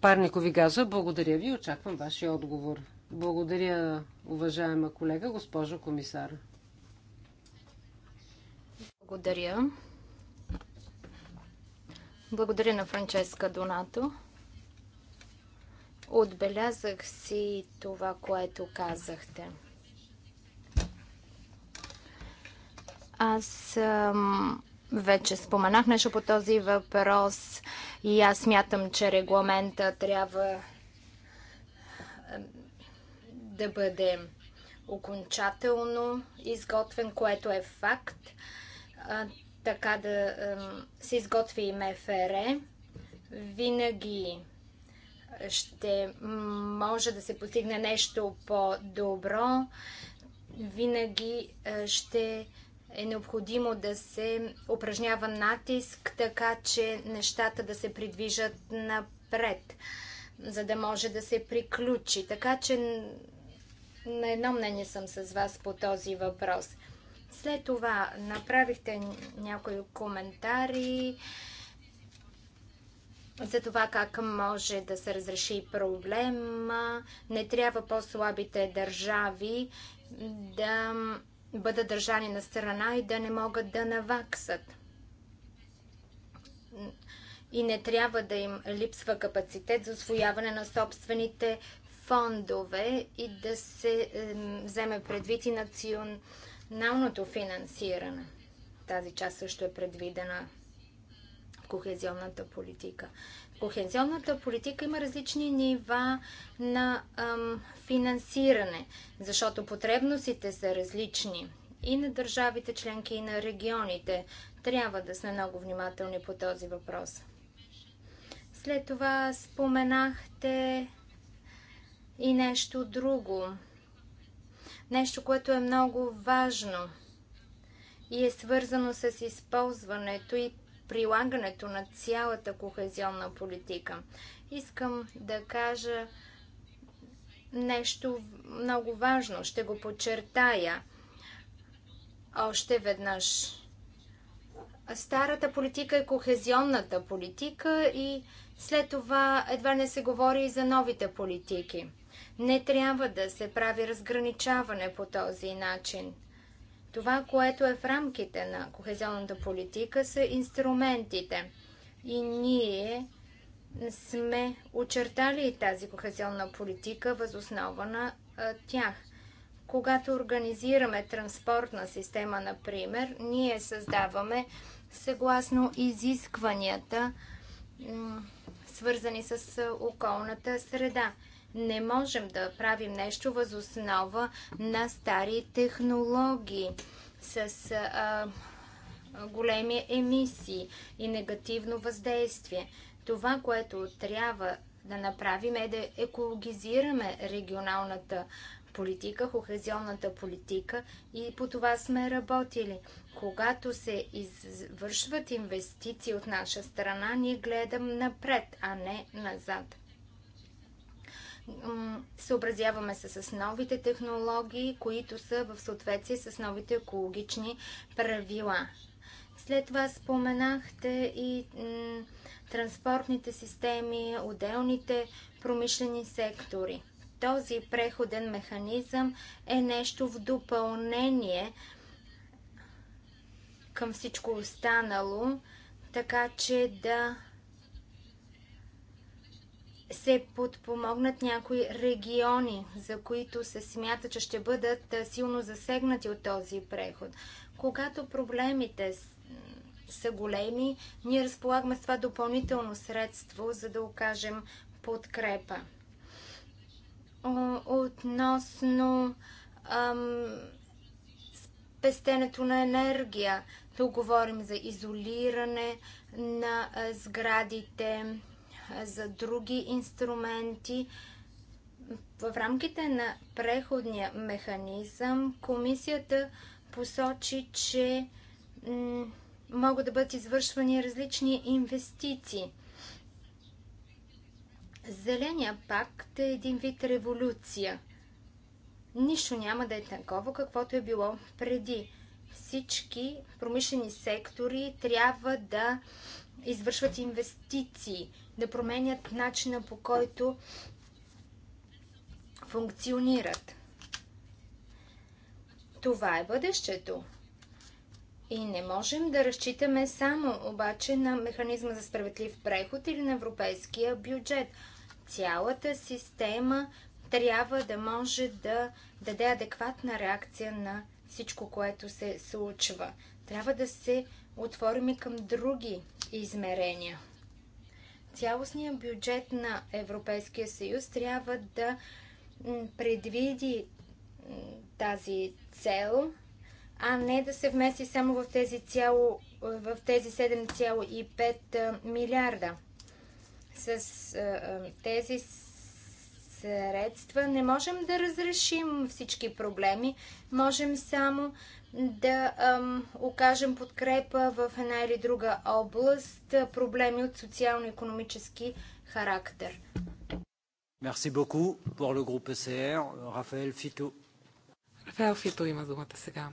парникови газа. Благодаря ви. Очаквам вашия отговор. Благодаря, уважаема колега, госпожо комисар. Благодаря. Благодаря на Франческа Донато. Отбелязах си това, което казахте. Аз ам, вече споменах нещо по този въпрос и аз смятам, че регламента трябва да бъде окончателно изготвен, което е факт. А, така да а, се изготви и МФР. Винаги ще може да се постигне нещо по-добро. Винаги а, ще е необходимо да се упражнява натиск, така че нещата да се придвижат напред, за да може да се приключи. Така че на едно мнение съм с вас по този въпрос. След това направихте някои коментари за това как може да се разреши проблема. Не трябва по-слабите държави да бъдат държани на страна и да не могат да наваксат. И не трябва да им липсва капацитет за освояване на собствените фондове и да се вземе предвид и националното финансиране. Тази част също е предвидена в кохезионната политика. В кохезионната политика има различни нива на ам, финансиране, защото потребностите са различни и на държавите членки, и на регионите. Трябва да сме много внимателни по този въпрос. След това споменахте и нещо друго. Нещо, което е много важно и е свързано с използването и прилагането на цялата кохезионна политика. Искам да кажа нещо много важно. Ще го подчертая още веднъж. Старата политика е кохезионната политика и след това едва не се говори и за новите политики. Не трябва да се прави разграничаване по този начин. Това, което е в рамките на кохезионната политика, са инструментите. И ние сме очертали тази кохезионна политика възоснова на а, тях. Когато организираме транспортна система, например, ние създаваме съгласно изискванията, свързани с околната среда. Не можем да правим нещо възоснова на стари технологии с а, големи емисии и негативно въздействие. Това, което трябва да направим е да екологизираме регионалната политика, хохезионната политика и по това сме работили. Когато се извършват инвестиции от наша страна, ние гледам напред, а не назад съобразяваме се с новите технологии, които са в съответствие с новите екологични правила. След това споменахте и транспортните системи, отделните промишлени сектори. Този преходен механизъм е нещо в допълнение към всичко останало, така че да се подпомогнат някои региони, за които се смята, че ще бъдат силно засегнати от този преход. Когато проблемите са големи, ние разполагаме с това допълнително средство, за да окажем подкрепа. Относно ам, пестенето на енергия, тук говорим за изолиране на сградите, за други инструменти. В рамките на преходния механизъм комисията посочи, че могат да бъдат извършвани различни инвестиции. Зеления пакт е един вид революция. Нищо няма да е такова, каквото е било преди. Всички промишлени сектори трябва да извършват инвестиции да променят начина по който функционират. Това е бъдещето. И не можем да разчитаме само обаче на механизма за справедлив преход или на европейския бюджет. Цялата система трябва да може да даде адекватна реакция на всичко, което се случва. Трябва да се отворим и към други измерения цялостният бюджет на Европейския съюз трябва да предвиди тази цел, а не да се вмеси само в тези, цяло, в тези 7,5 милиарда. С тези средства не можем да разрешим всички проблеми, можем само да ам, окажем подкрепа в една или друга област, проблеми от социално-економически характер. Merci beaucoup pour le groupe ECR. Рафаел Фито. Рафаел Фито има думата сега.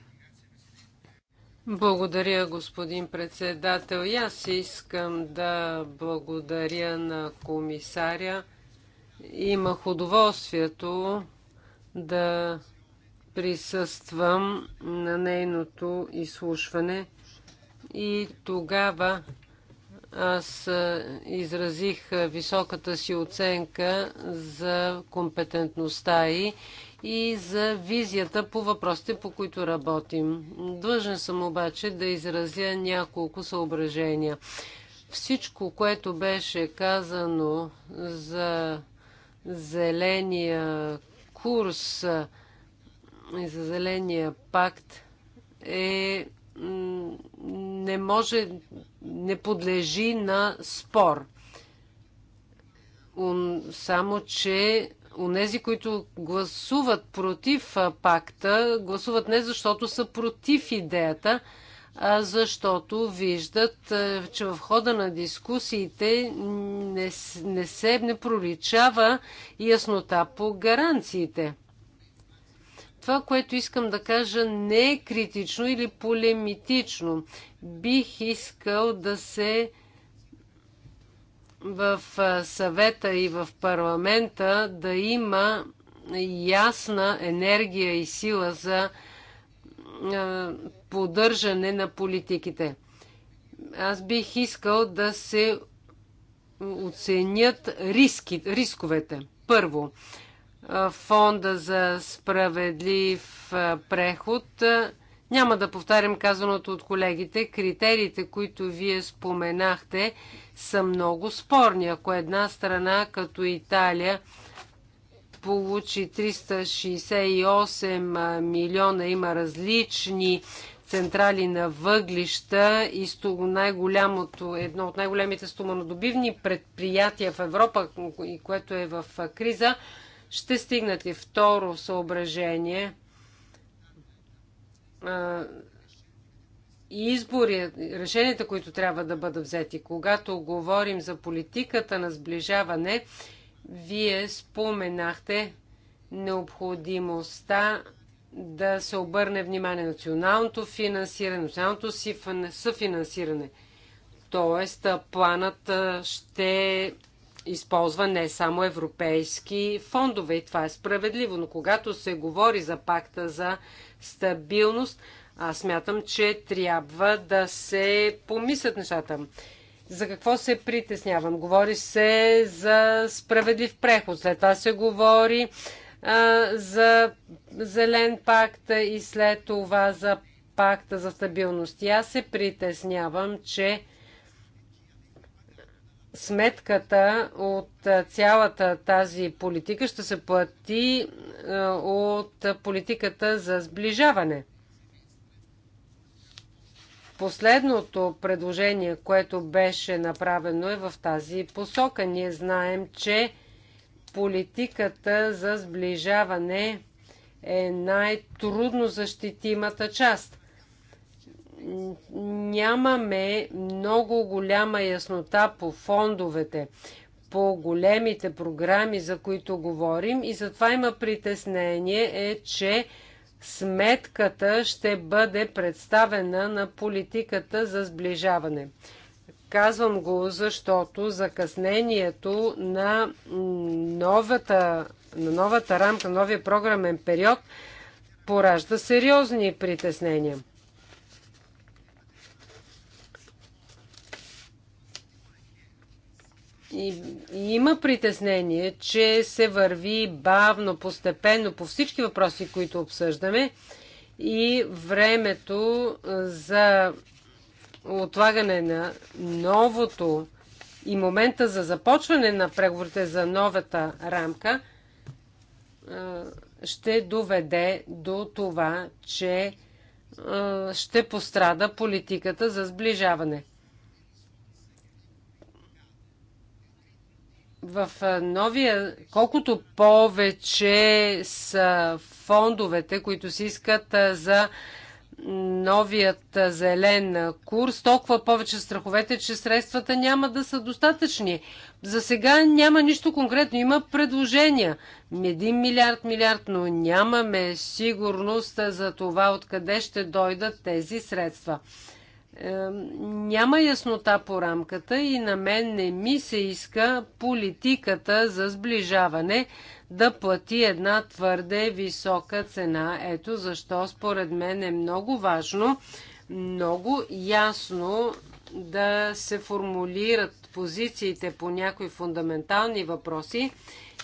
Благодаря, господин председател. И аз искам да благодаря на комисаря. Имах удоволствието да присъствам на нейното изслушване и тогава аз изразих високата си оценка за компетентността и и за визията по въпросите, по които работим. Длъжен съм обаче да изразя няколко съображения. Всичко, което беше казано за зеления курс, за Зеления пакт е не може, не подлежи на спор. Само, че нези, които гласуват против пакта, гласуват не защото са против идеята, а защото виждат, че в хода на дискусиите не, не се не проличава яснота по гаранциите. Това, което искам да кажа, не е критично или полемитично. Бих искал да се в съвета и в парламента да има ясна енергия и сила за поддържане на политиките. Аз бих искал да се оценят риски, рисковете. Първо, фонда за справедлив преход. Няма да повтарям казаното от колегите. Критериите, които вие споменахте, са много спорни. Ако една страна като Италия получи 368 милиона, има различни централи на въглища и най-голямото, едно от най-големите стоманодобивни предприятия в Европа, което е в криза, ще стигнат и второ съображение. И избори, решенията, които трябва да бъдат взети. Когато говорим за политиката на сближаване, вие споменахте необходимостта да се обърне внимание на националното финансиране, националното съфинансиране. Тоест, планът ще използва не само европейски фондове и това е справедливо, но когато се говори за пакта за стабилност, аз смятам, че трябва да се помислят нещата. За какво се притеснявам? Говори се за справедлив преход, след това се говори а, за зелен пакт и след това за пакта за стабилност. И аз се притеснявам, че сметката от цялата тази политика ще се плати от политиката за сближаване. Последното предложение, което беше направено е в тази посока. Ние знаем, че политиката за сближаване е най-трудно защитимата част нямаме много голяма яснота по фондовете, по големите програми, за които говорим и затова има притеснение е, че сметката ще бъде представена на политиката за сближаване. Казвам го, защото закъснението на новата, на новата рамка, новия програмен период поражда сериозни притеснения. и, и има притеснение, че се върви бавно, постепенно по всички въпроси, които обсъждаме и времето за отлагане на новото и момента за започване на преговорите за новата рамка ще доведе до това, че ще пострада политиката за сближаване. в новия, колкото повече са фондовете, които се искат за новият зелен курс, толкова повече страховете, че средствата няма да са достатъчни. За сега няма нищо конкретно. Има предложения. Един милиард, милиард, но нямаме сигурност за това откъде ще дойдат тези средства няма яснота по рамката и на мен не ми се иска политиката за сближаване да плати една твърде висока цена. Ето защо според мен е много важно, много ясно да се формулират позициите по някои фундаментални въпроси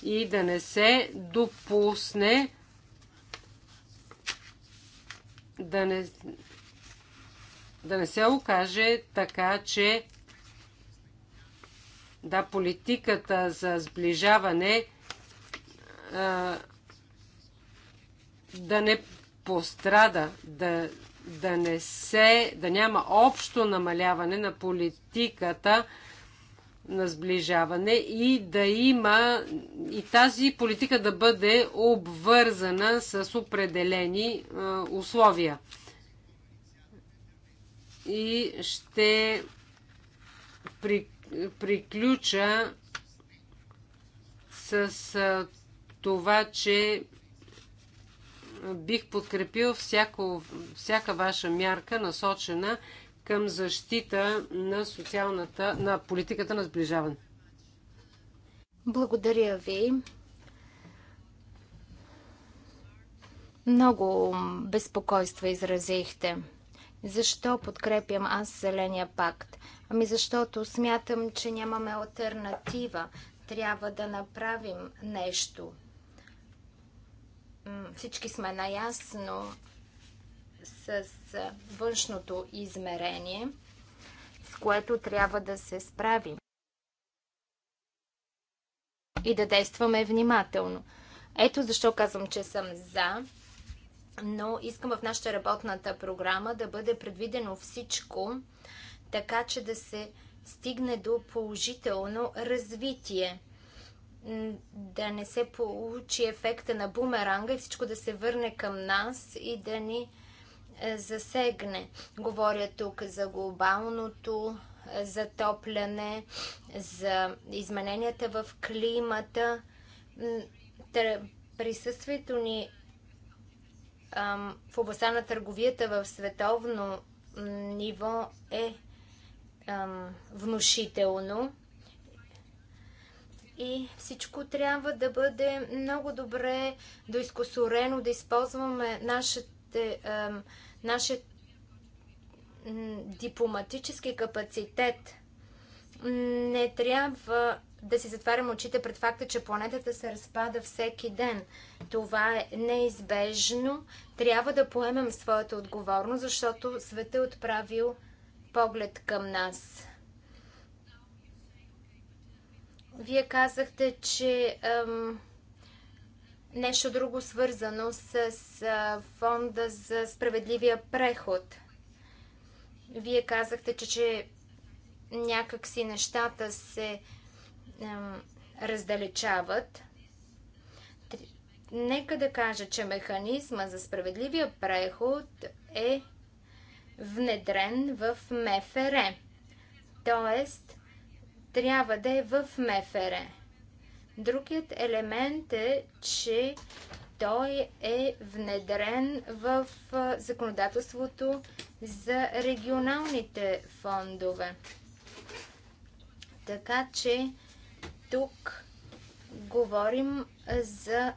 и да не се допусне да не, да не се окаже така, че да, политиката за сближаване да не пострада, да, да не се, да няма общо намаляване на политиката на сближаване и да има и тази политика да бъде обвързана с определени условия и ще при, приключа с това, че бих подкрепил всяко, всяка ваша мярка, насочена към защита на социалната, на политиката на сближаване. Благодаря ви. Много безпокойства изразихте. Защо подкрепям аз Зеления пакт? Ами защото смятам, че нямаме альтернатива. Трябва да направим нещо. Всички сме наясно с външното измерение, с което трябва да се справим. И да действаме внимателно. Ето защо казвам, че съм за но искам в нашата работната програма да бъде предвидено всичко, така че да се стигне до положително развитие. Да не се получи ефекта на бумеранга и всичко да се върне към нас и да ни е, засегне. Говоря тук за глобалното е, затопляне, за измененията в климата. Присъствието ни в областта на търговията в световно ниво е внушително. И всичко трябва да бъде много добре доискусорено, да използваме нашите, нашия дипломатически капацитет. Не трябва да си затварям очите пред факта, че планетата се разпада всеки ден. Това е неизбежно. Трябва да поемем своята отговорност, защото светът е отправил поглед към нас. Вие казахте, че ем, нещо друго свързано с, с фонда за справедливия преход. Вие казахте, че, че някакси нещата се раздалечават. Нека да кажа, че механизма за справедливия преход е внедрен в МФР. Тоест, трябва да е в МФР. Другият елемент е, че той е внедрен в законодателството за регионалните фондове. Така че тук говорим за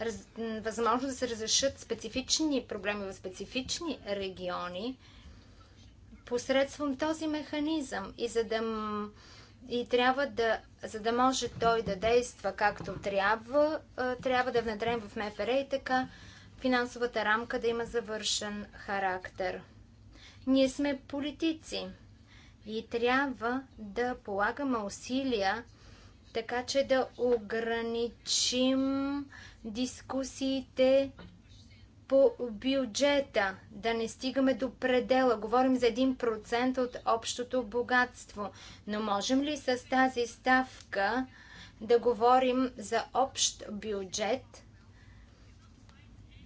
раз, възможност да се разрешат специфични проблеми в специфични региони посредством този механизъм и за да и трябва да, за да може той да действа както трябва, трябва да внедрем в МФР и така финансовата рамка да има завършен характер. Ние сме политици и трябва да полагаме усилия така че да ограничим дискусиите по бюджета, да не стигаме до предела. Говорим за 1% от общото богатство. Но можем ли с тази ставка да говорим за общ бюджет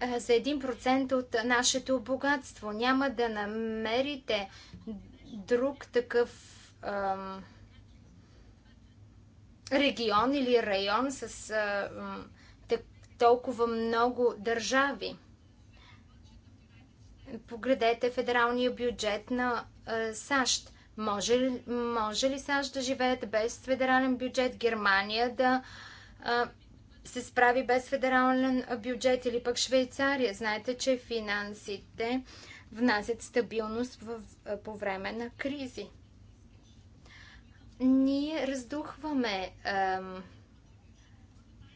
за 1% от нашето богатство? Няма да намерите друг такъв. Ам регион или район с а, толкова много държави. Погледете федералния бюджет на а, САЩ. Може, може ли САЩ да живеят без федерален бюджет? Германия да а, се справи без федерален бюджет или пък Швейцария? Знаете, че финансите внасят стабилност в, по време на кризи ние раздухваме ем,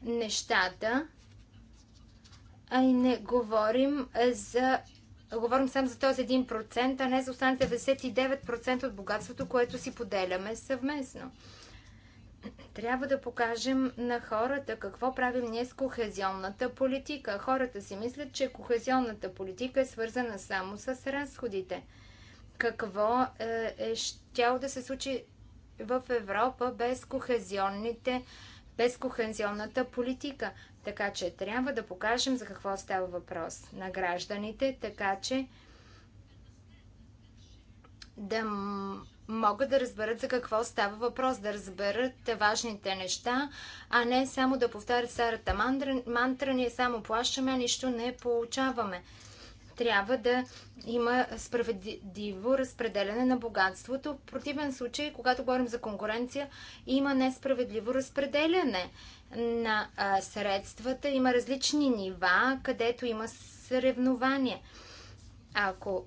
нещата, а и не говорим за говорим само за този 1%, а не за останалите 99% от богатството, което си поделяме съвместно. Трябва да покажем на хората какво правим ние с кохезионната политика. Хората си мислят, че кохезионната политика е свързана само с разходите. Какво е, е щяло да се случи в Европа без кохезионните без кохензионната политика. Така че трябва да покажем за какво става въпрос на гражданите, така че да могат да разберат за какво става въпрос, да разберат важните неща, а не само да повтарят старата мантра, мантра ние само плащаме, а нищо не получаваме трябва да има справедливо разпределяне на богатството. В противен случай, когато говорим за конкуренция, има несправедливо разпределяне на средствата. Има различни нива, където има съревнование. Ако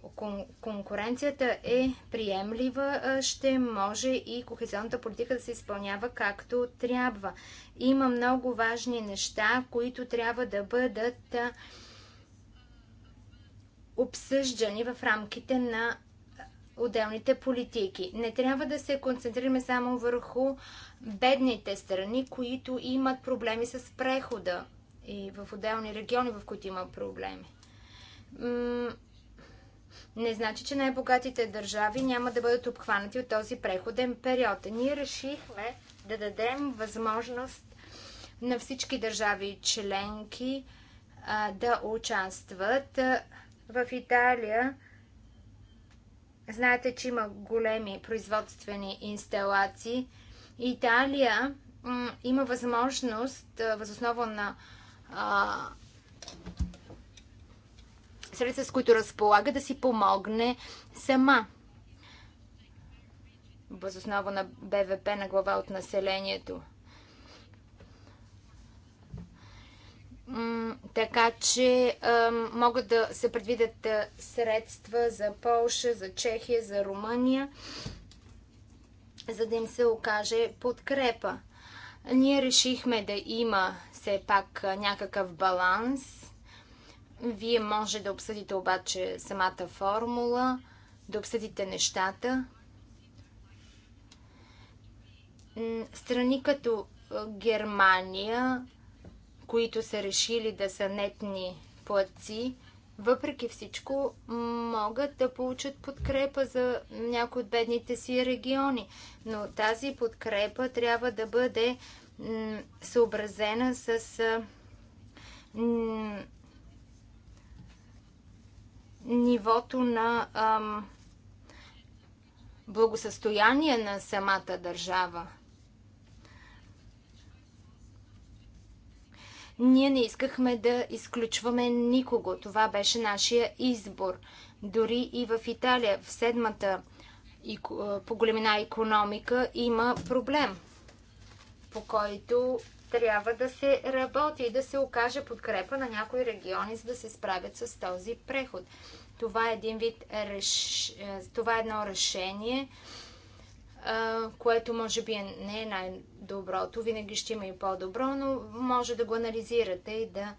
конкуренцията е приемлива, ще може и кохезионната политика да се изпълнява както трябва. Има много важни неща, които трябва да бъдат обсъждани в рамките на отделните политики. Не трябва да се концентрираме само върху бедните страни, които имат проблеми с прехода и в отделни региони, в които има проблеми. Не значи, че най-богатите държави няма да бъдат обхванати от този преходен период. Ние решихме да дадем възможност на всички държави членки да участват. В Италия знаете, че има големи производствени инсталации. Италия има възможност, възоснова на средства, с които разполага, да си помогне сама. Възоснова на БВП на глава от населението. така че могат да се предвидят средства за Полша, за Чехия, за Румъния, за да им се окаже подкрепа. Ние решихме да има все пак някакъв баланс. Вие може да обсъдите обаче самата формула, да обсъдите нещата. Страни като Германия които са решили да са нетни платци, въпреки всичко могат да получат подкрепа за някои от бедните си региони. Но тази подкрепа трябва да бъде съобразена с нивото на благосъстояние на самата държава. Ние не искахме да изключваме никого. Това беше нашия избор. Дори и в Италия, в седмата по големина економика, има проблем, по който трябва да се работи и да се окаже подкрепа на някои региони, за да се справят с този преход. Това е един вид, реш... това е едно решение, което може би е, не е най-доброто. Винаги ще има и по-добро, но може да го анализирате и да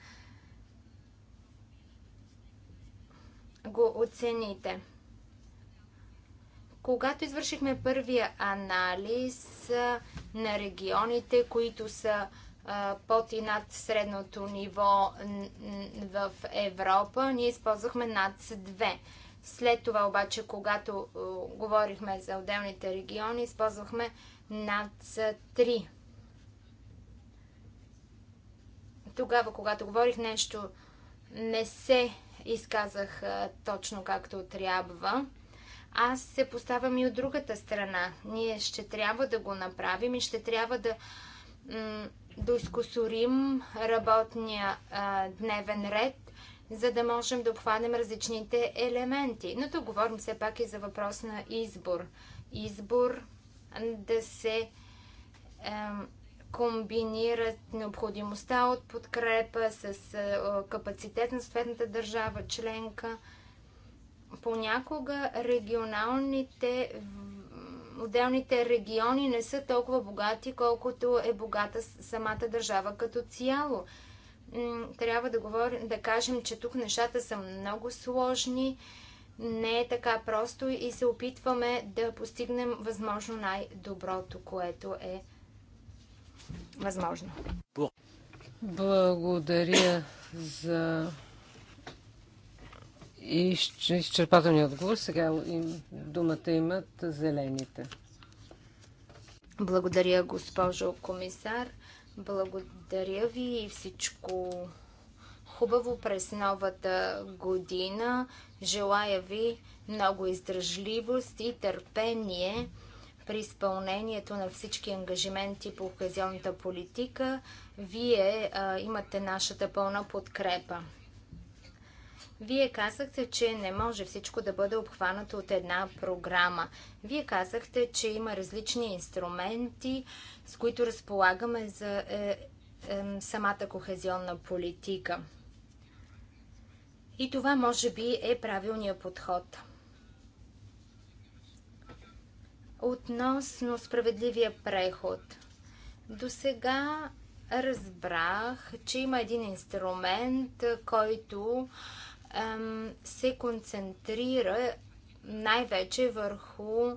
го оцените. Когато извършихме първия анализ на регионите, които са под и над средното ниво в Европа, ние използвахме над 2. След това обаче, когато е, говорихме за отделните региони, използвахме над 3. Тогава, когато говорих нещо, не се изказах е, точно както трябва. Аз се поставям и от другата страна. Ние ще трябва да го направим и ще трябва да да изкусорим работния е, дневен ред за да можем да обхванем различните елементи. Но тук говорим все пак и за въпрос на избор. Избор да се комбинират необходимостта от подкрепа с е, капацитет на съответната държава, членка. Понякога регионалните отделните региони не са толкова богати, колкото е богата самата държава като цяло трябва да, говорим, да кажем, че тук нещата са много сложни, не е така просто и се опитваме да постигнем възможно най-доброто, което е възможно. Благодаря за изчерпателния отговор. Сега им, думата имат зелените. Благодаря, госпожо комисар. Благодаря ви и всичко хубаво през новата година. Желая ви много издръжливост и търпение при изпълнението на всички ангажименти по оказионната политика. Вие а, имате нашата пълна подкрепа. Вие казахте, че не може всичко да бъде обхванато от една програма. Вие казахте, че има различни инструменти, с които разполагаме за е, е, самата кохезионна политика. И това може би е правилният подход. Относно справедливия преход. До сега разбрах, че има един инструмент, който се концентрира най-вече върху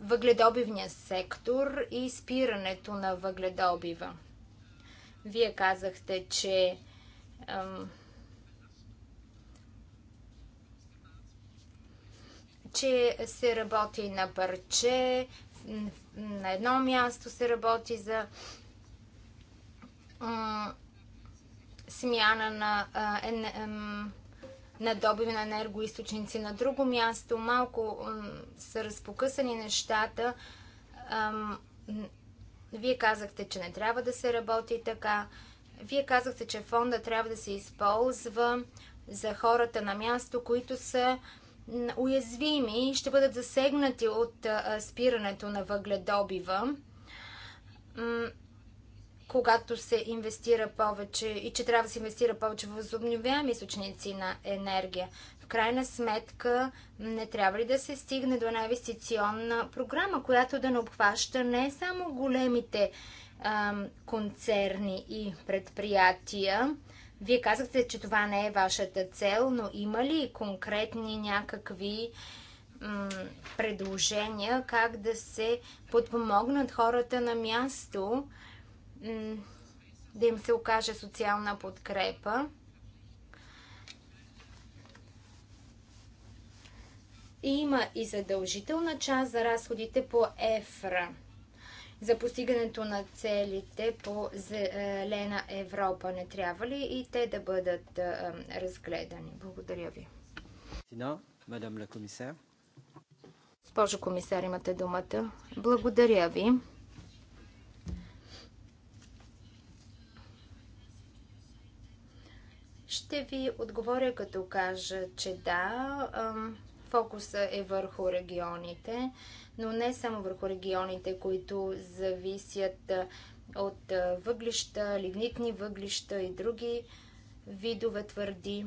въгледобивния сектор и спирането на въгледобива. Вие казахте, че че се работи на парче, на едно място се работи за смяна на, е, е, е, на добив на енергоисточници на друго място. Малко са разпокъсани нещата. Вие казахте, че не трябва да се работи така. Вие казахте, че фонда трябва да се използва за хората на място, които са уязвими и ще бъдат засегнати от спирането на въгледобива когато се инвестира повече и че трябва да се инвестира повече в възобновяеми източници на енергия. В крайна сметка не трябва ли да се стигне до една инвестиционна програма, която да не обхваща не само големите а, концерни и предприятия, вие казахте, че това не е вашата цел, но има ли конкретни някакви предложения как да се подпомогнат хората на място да им се окаже социална подкрепа. И има и задължителна част за разходите по ЕФРА за постигането на целите по Зелена Европа. Не трябва ли и те да бъдат разгледани? Благодаря ви. Мадам комисар. Госпожо комисар, имате думата. Благодаря ви. Ще ви отговоря като кажа, че да, фокуса е върху регионите, но не само върху регионите, които зависят от въглища, лигнитни въглища и други видове твърди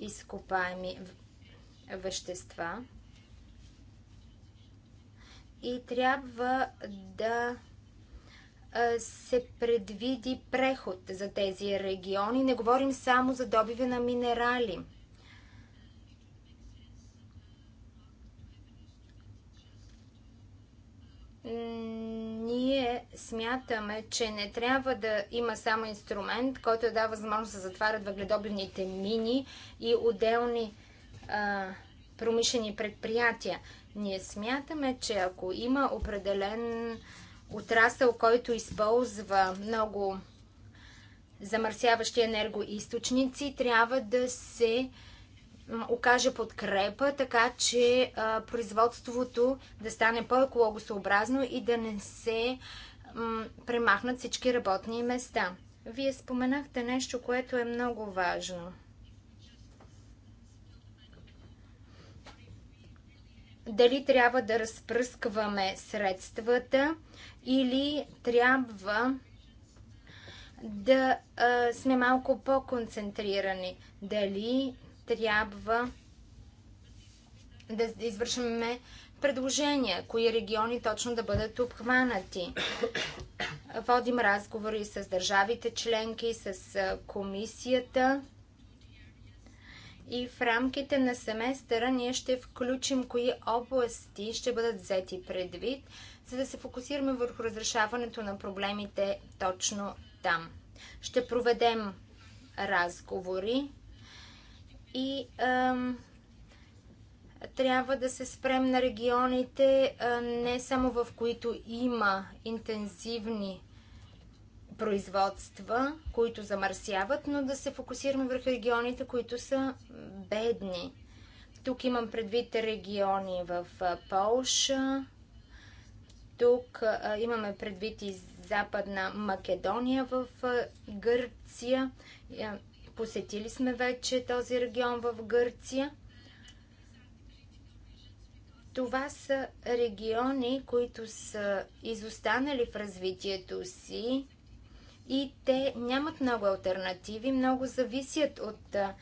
изкопаеми вещества. И трябва да се предвиди преход за тези региони. Не говорим само за добиве на минерали. Ние смятаме, че не трябва да има само инструмент, който дава възможност да затварят въгледобивните мини и отделни а, промишлени предприятия. Ние смятаме, че ако има определен отрасъл, който използва много замърсяващи енергоисточници, трябва да се окаже подкрепа, така че производството да стане по-екологосъобразно и да не се премахнат всички работни места. Вие споменахте нещо, което е много важно – дали трябва да разпръскваме средствата или трябва да а, сме малко по-концентрирани. Дали трябва да извършваме предложения, кои региони точно да бъдат обхванати. Водим разговори с държавите членки, с комисията и в рамките на семестъра ние ще включим кои области ще бъдат взети предвид, за да се фокусираме върху разрешаването на проблемите точно там. Ще проведем разговори и ем, трябва да се спрем на регионите е, не само в които има интензивни производства, които замърсяват, но да се фокусираме върху регионите, които са бедни. Тук имам предвид региони в Полша, тук имаме предвид и Западна Македония в Гърция. Посетили сме вече този регион в Гърция. Това са региони, които са изостанали в развитието си и те нямат много альтернативи, много зависят от а,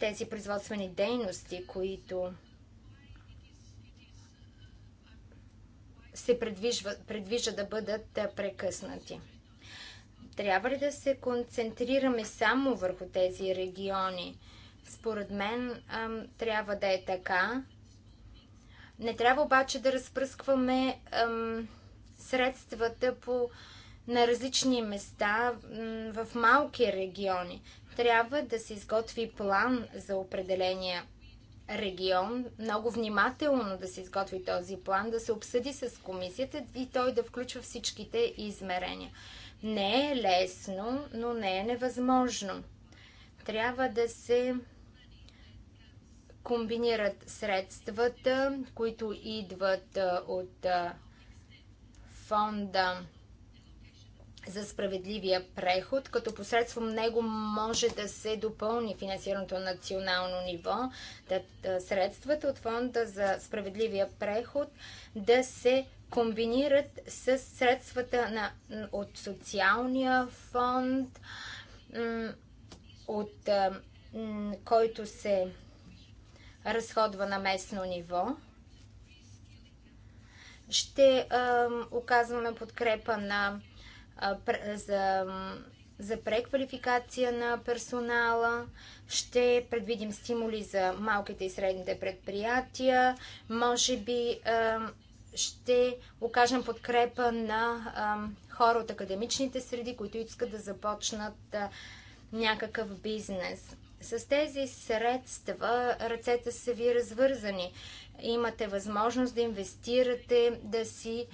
тези производствени дейности, които се предвижва, предвижда да бъдат прекъснати. Трябва ли да се концентрираме само върху тези региони? Според мен трябва да е така. Не трябва обаче да разпръскваме средствата по на различни места в малки региони. Трябва да се изготви план за определения регион, много внимателно да се изготви този план, да се обсъди с комисията и той да включва всичките измерения. Не е лесно, но не е невъзможно. Трябва да се комбинират средствата, които идват от фонда за справедливия преход, като посредством него може да се допълни финансирането на национално ниво, да, да, средствата от фонда за справедливия преход да се комбинират с средствата на, от социалния фонд, от който се разходва на местно ниво. Ще е, оказваме подкрепа на за, за преквалификация на персонала. Ще предвидим стимули за малките и средните предприятия. Може би ще окажем подкрепа на хора от академичните среди, които искат да започнат някакъв бизнес. С тези средства ръцете са ви развързани. Имате възможност да инвестирате, да си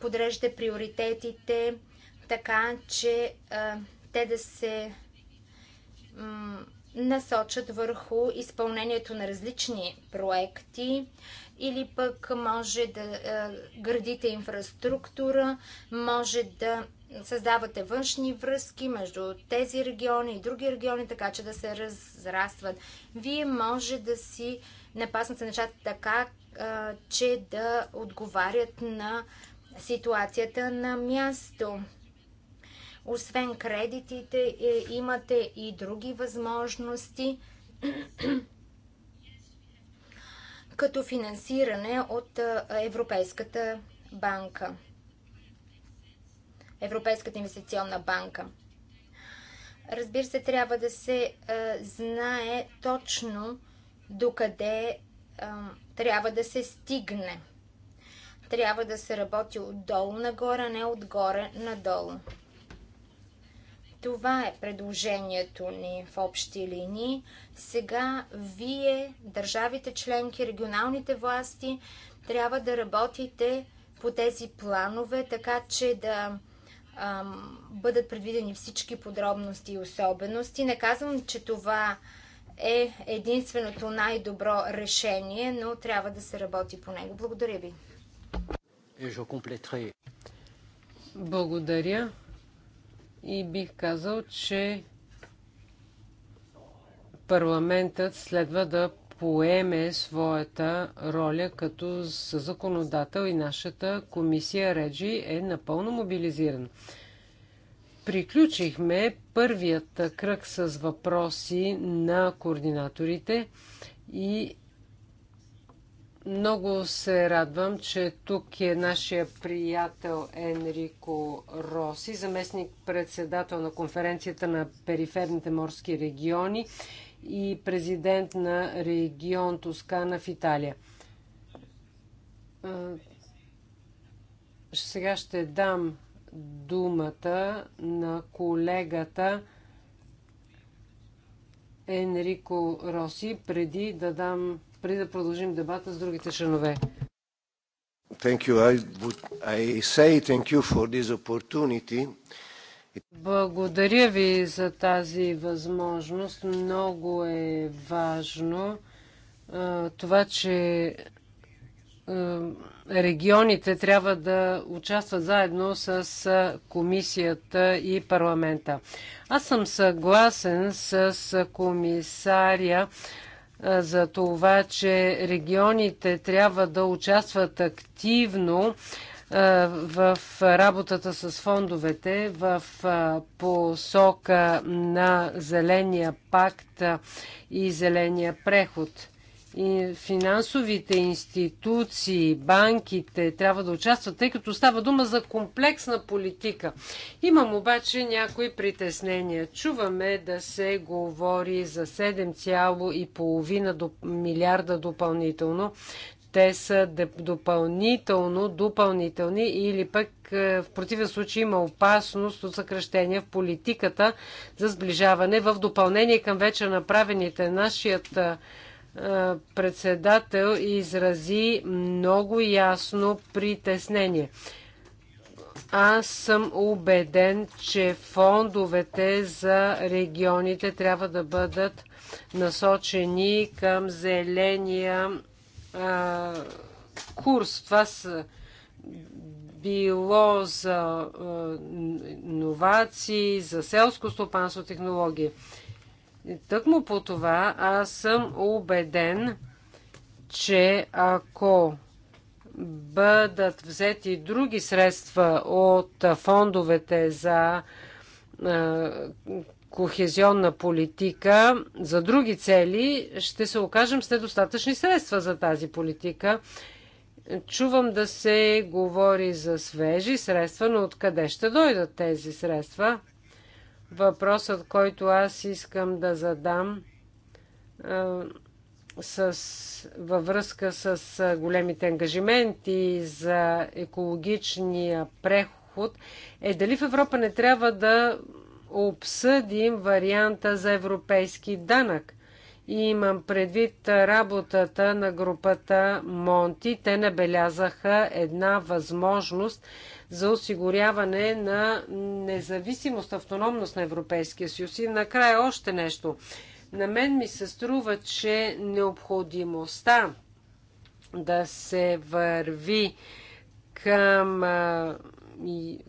подреждате приоритетите, така че а, те да се насочат върху изпълнението на различни проекти или пък може да а, градите инфраструктура, може да създавате външни връзки между тези региони и други региони, така че да се разрастват. Вие може да си напаснате нещата така, а, че да отговарят на ситуацията на място. Освен кредитите, е, имате и други възможности като финансиране от Европейската банка. Европейската инвестиционна банка. Разбира се, трябва да се знае точно докъде трябва да се стигне. Трябва да се работи отдолу нагоре, а не отгоре надолу. Това е предложението ни в общи линии. Сега вие, държавите членки, регионалните власти, трябва да работите по тези планове, така че да ам, бъдат предвидени всички подробности и особености. Не казвам, че това е единственото най-добро решение, но трябва да се работи по него. Благодаря ви. Благодаря. И бих казал, че парламентът следва да поеме своята роля като законодател и нашата комисия Реджи е напълно мобилизирана. Приключихме първият кръг с въпроси на координаторите и много се радвам, че тук е нашия приятел Енрико Роси, заместник председател на конференцията на периферните морски региони и президент на регион Тоскана в Италия. Сега ще дам думата на колегата Енрико Роси, преди да дам преди да продължим дебата с другите членове. Благодаря ви за тази възможност. Много е важно това, че регионите трябва да участват заедно с комисията и парламента. Аз съм съгласен с комисаря за това, че регионите трябва да участват активно в работата с фондовете в посока на Зеления пакт и Зеления преход финансовите институции, банките трябва да участват, тъй като става дума за комплексна политика. Имам обаче някои притеснения. Чуваме да се говори за 7,5 милиарда допълнително. Те са допълнително допълнителни или пък е, в противен случай има опасност от съкръщения в политиката за сближаване в допълнение към вече направените нашият е, е, председател изрази много ясно притеснение. Аз съм убеден, че фондовете за регионите трябва да бъдат насочени към зеления а, е, курс. Това са било за иновации, е, за селско стопанство, технологии. Тъкмо по това аз съм убеден, че ако бъдат взети други средства от фондовете за кохезионна политика за други цели, ще се окажем с недостатъчни средства за тази политика. Чувам да се говори за свежи средства, но откъде ще дойдат тези средства? Въпросът, който аз искам да задам с, във връзка с големите ангажименти за екологичния преход е дали в Европа не трябва да обсъдим варианта за европейски данък. И имам предвид работата на групата Монти. Те набелязаха една възможност за осигуряване на независимост, автономност на Европейския съюз. И накрая още нещо. На мен ми се струва, че необходимостта да се върви към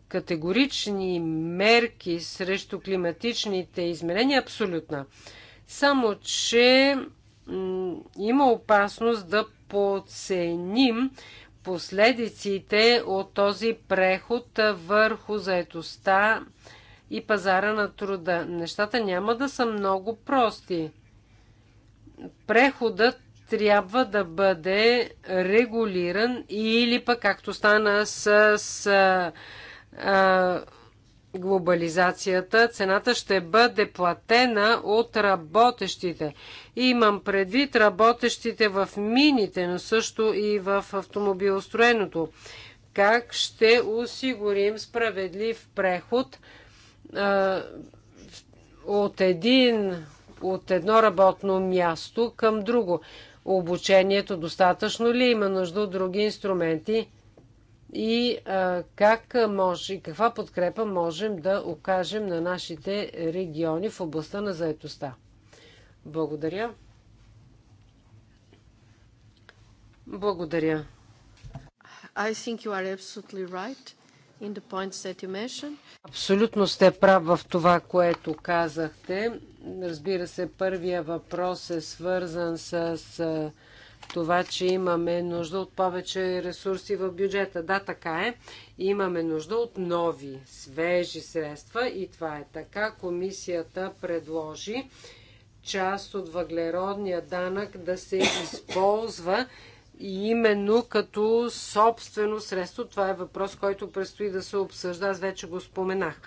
категорични мерки срещу климатичните изменения е абсолютна. Само, че има опасност да подценим последиците от този преход върху заетостта и пазара на труда. Нещата няма да са много прости. Преходът трябва да бъде регулиран или пък, както стана с, с а, глобализацията, цената ще бъде платена от работещите. Имам предвид работещите в мините, но също и в автомобилостроеното. Как ще осигурим справедлив преход а, от, един, от едно работно място към друго? Обучението достатъчно ли има нужда от други инструменти? и а, как може, и каква подкрепа можем да окажем на нашите региони в областта на заетостта. Благодаря. Благодаря. I think you are absolutely right in the points that you mentioned. Абсолютно сте прав в това, което казахте. Разбира се, първия въпрос е свързан с това, че имаме нужда от повече ресурси в бюджета. Да, така е. Имаме нужда от нови, свежи средства и това е така. Комисията предложи част от въглеродния данък да се използва именно като собствено средство. Това е въпрос, който предстои да се обсъжда. Аз вече го споменах.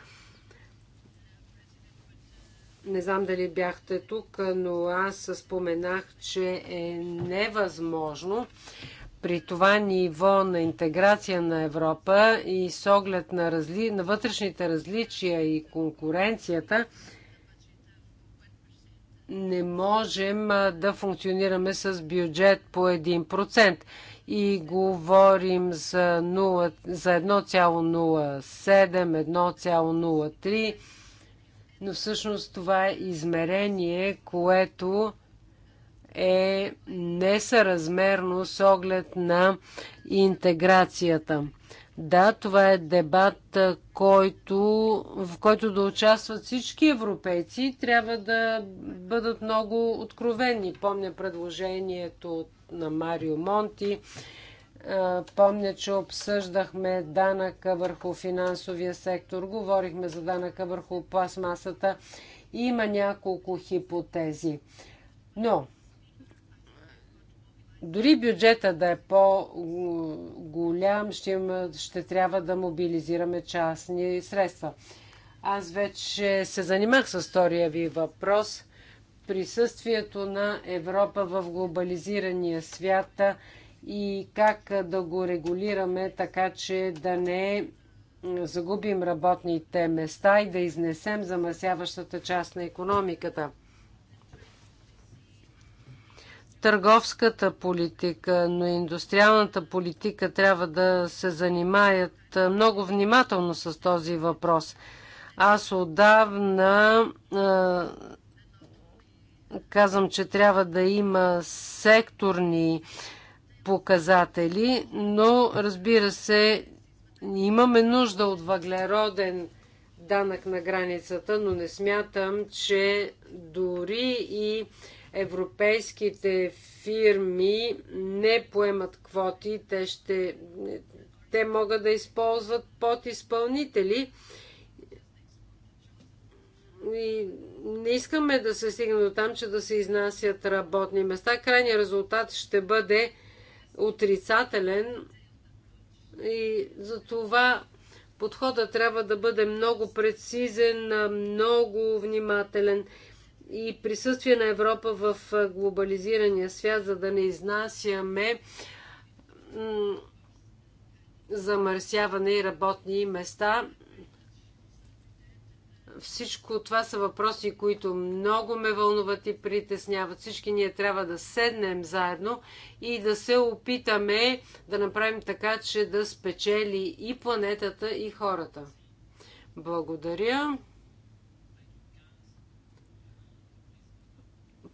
Не знам дали бяхте тук, но аз споменах, че е невъзможно при това ниво на интеграция на Европа и с оглед на, разли... на вътрешните различия и конкуренцията, не можем да функционираме с бюджет по 1% и говорим за, 0, за 1,07, 1,03 но всъщност това е измерение, което е несъразмерно с оглед на интеграцията. Да, това е дебат, който, в който да участват всички европейци. Трябва да бъдат много откровени. Помня предложението на Марио Монти е, помня, че обсъждахме данъка върху финансовия сектор, говорихме за данъка върху пластмасата. Има няколко хипотези. Но, дори бюджета да е по-голям, ще, има, ще трябва да мобилизираме частни средства. Аз вече се занимах с втория ви въпрос. Присъствието на Европа в глобализирания свят и как да го регулираме така, че да не загубим работните места и да изнесем замасяващата част на економиката. Търговската политика, но и индустриалната политика трябва да се занимаят много внимателно с този въпрос. Аз отдавна казвам, че трябва да има секторни показатели, но разбира се, имаме нужда от въглероден данък на границата, но не смятам, че дори и европейските фирми не поемат квоти, те, ще, те могат да използват подизпълнители. И не искаме да се стигне до там, че да се изнасят работни места. Крайният резултат ще бъде отрицателен и за това подходът трябва да бъде много прецизен, много внимателен и присъствие на Европа в глобализирания свят, за да не изнасяме замърсяване и работни места. Всичко това са въпроси, които много ме вълнуват и притесняват. Всички ние трябва да седнем заедно и да се опитаме да направим така, че да спечели и планетата, и хората. Благодаря.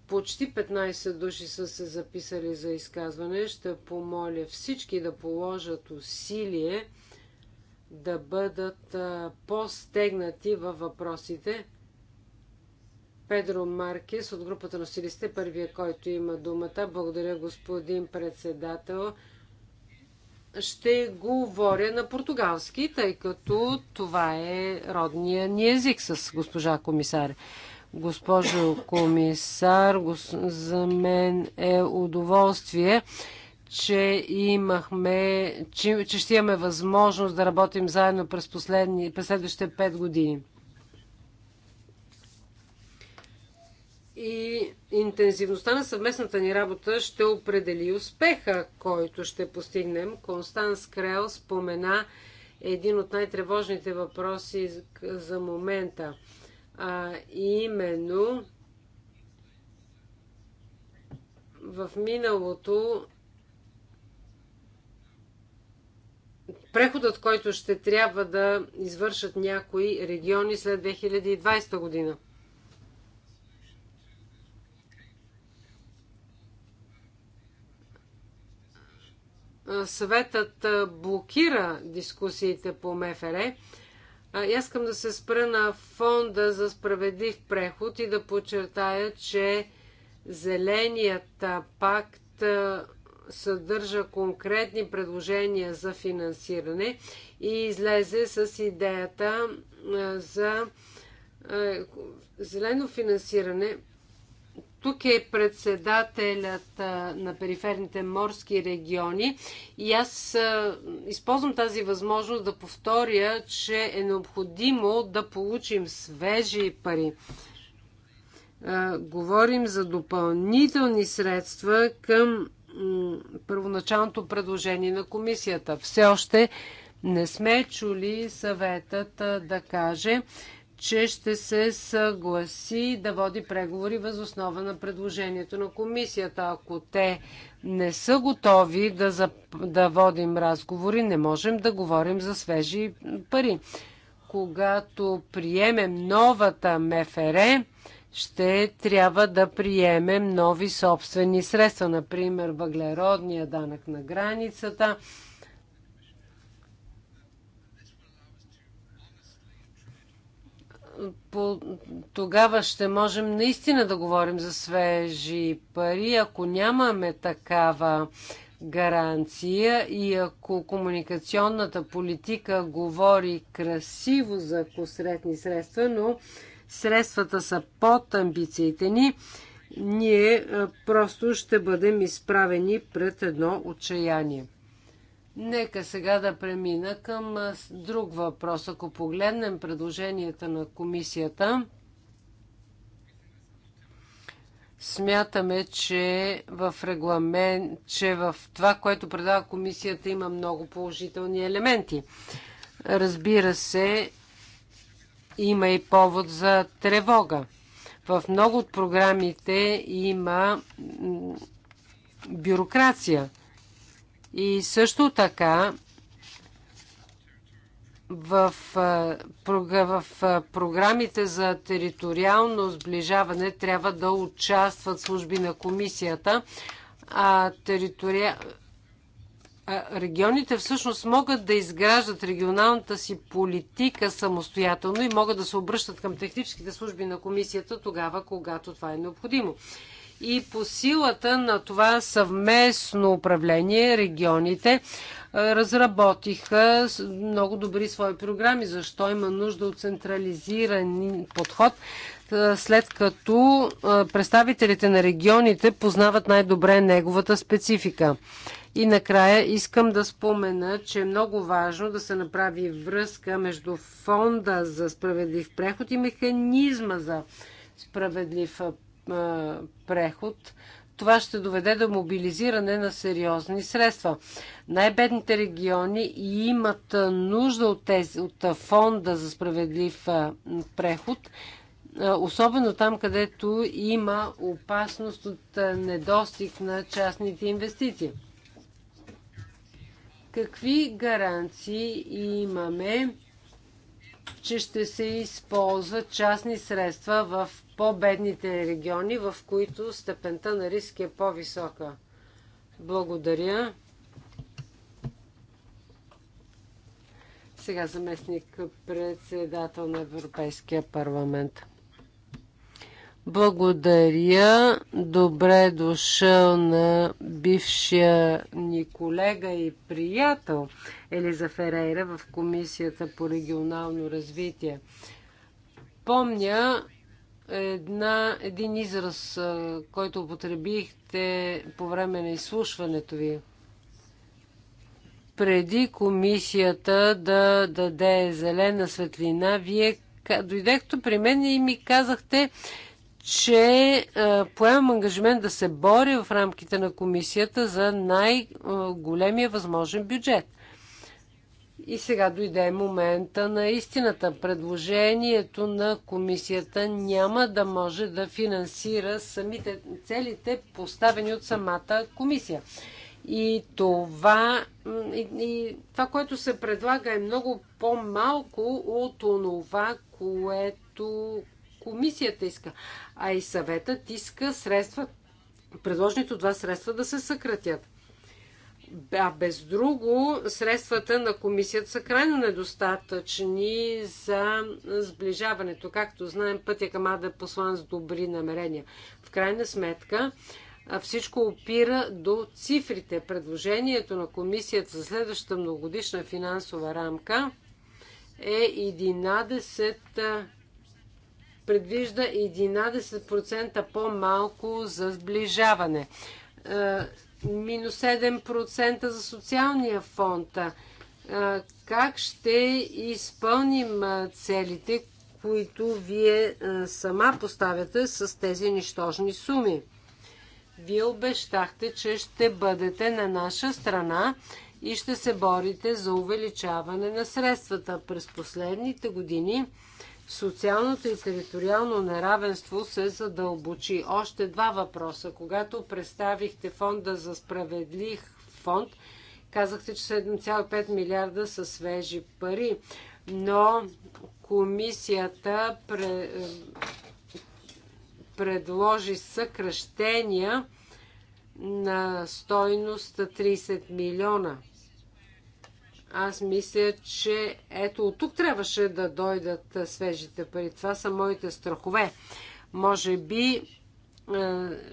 Почти 15 души са се записали за изказване. Ще помоля всички да положат усилие да бъдат по-стегнати във въпросите. Педро Маркес от групата на силисте, първия, който има думата. Благодаря, господин председател. Ще говоря на португалски, тъй като това е родния ни език с госпожа комисар. Госпожо комисар, за мен е удоволствие че имахме, че, че ще имаме възможност да работим заедно през, последни, през следващите 5 години. И интензивността на съвместната ни работа ще определи успеха, който ще постигнем. Констанс Крел спомена един от най-тревожните въпроси за момента. А именно в миналото преходът, който ще трябва да извършат някои региони след 2020 година. Съветът блокира дискусиите по МФР. Искам да се спра на фонда за справедлив преход и да подчертая, че Зеленият пакт съдържа конкретни предложения за финансиране и излезе с идеята за зелено финансиране. Тук е председателят на периферните морски региони и аз използвам тази възможност да повторя, че е необходимо да получим свежи пари говорим за допълнителни средства към първоначалното предложение на комисията. Все още не сме чули съветът да каже, че ще се съгласи да води преговори въз основа на предложението на комисията. Ако те не са готови да, зап... да водим разговори, не можем да говорим за свежи пари. Когато приемем новата МФР, ще трябва да приемем нови собствени средства, например въглеродния данък на границата. По, тогава ще можем наистина да говорим за свежи пари, ако нямаме такава гаранция и ако комуникационната политика говори красиво за посредни средства, но средствата са под амбициите ни, ние е, просто ще бъдем изправени пред едно отчаяние. Нека сега да премина към е, друг въпрос. Ако погледнем предложенията на комисията, смятаме, че в регламент, че в това, което предава комисията, има много положителни елементи. Разбира се, има и повод за тревога. В много от програмите има бюрокрация. И също така в, в, в програмите за териториално сближаване трябва да участват служби на комисията, а територи регионите всъщност могат да изграждат регионалната си политика самостоятелно и могат да се обръщат към техническите служби на комисията тогава, когато това е необходимо. И по силата на това съвместно управление регионите разработиха много добри свои програми, защо има нужда от централизиран подход, е, след като е, представителите на регионите познават най-добре неговата специфика. И накрая искам да спомена, че е много важно да се направи връзка между фонда за справедлив преход и механизма за справедлив е, преход. Това ще доведе до мобилизиране на сериозни средства. Най-бедните региони имат нужда от, тези, от фонда за справедлив преход особено там, където има опасност от недостиг на частните инвестиции. Какви гаранции имаме, че ще се използват частни средства в по-бедните региони, в които степента на риск е по-висока? Благодаря. сега заместник председател на Европейския парламент. Благодаря. Добре дошъл на бившия ни колега и приятел Елиза Ферейра в Комисията по регионално развитие. Помня една, един израз, който употребихте по време на изслушването ви. Преди комисията да даде зелена светлина, вие дойдехте при мен и ми казахте, че е, поемам ангажимент да се боря в рамките на комисията за най-големия възможен бюджет. И сега дойде момента на истината. Предложението на комисията няма да може да финансира самите целите, поставени от самата комисия. И това, и, и това което се предлага, е много по-малко от онова, което комисията иска, а и съветът иска средства, предложените от вас средства да се съкратят. А без друго, средствата на комисията са крайно недостатъчни за сближаването. Както знаем, пътя към Ада е послан с добри намерения. В крайна сметка, всичко опира до цифрите. Предложението на комисията за следващата многогодишна финансова рамка е 11 предвижда 11% по-малко за сближаване. Е, минус 7% за социалния фонд. Е, как ще изпълним е, целите, които вие сама поставяте с тези нищожни суми? Вие обещахте, че ще бъдете на наша страна и ще се борите за увеличаване на средствата. През последните години социалното и териториално неравенство се задълбочи. Още два въпроса. Когато представихте фонда за справедлив фонд, казахте, че 7,5 милиарда са свежи пари, но комисията пре... предложи съкръщения на стойност 30 милиона – аз мисля, че ето от тук трябваше да дойдат свежите пари. Това са моите страхове. Може би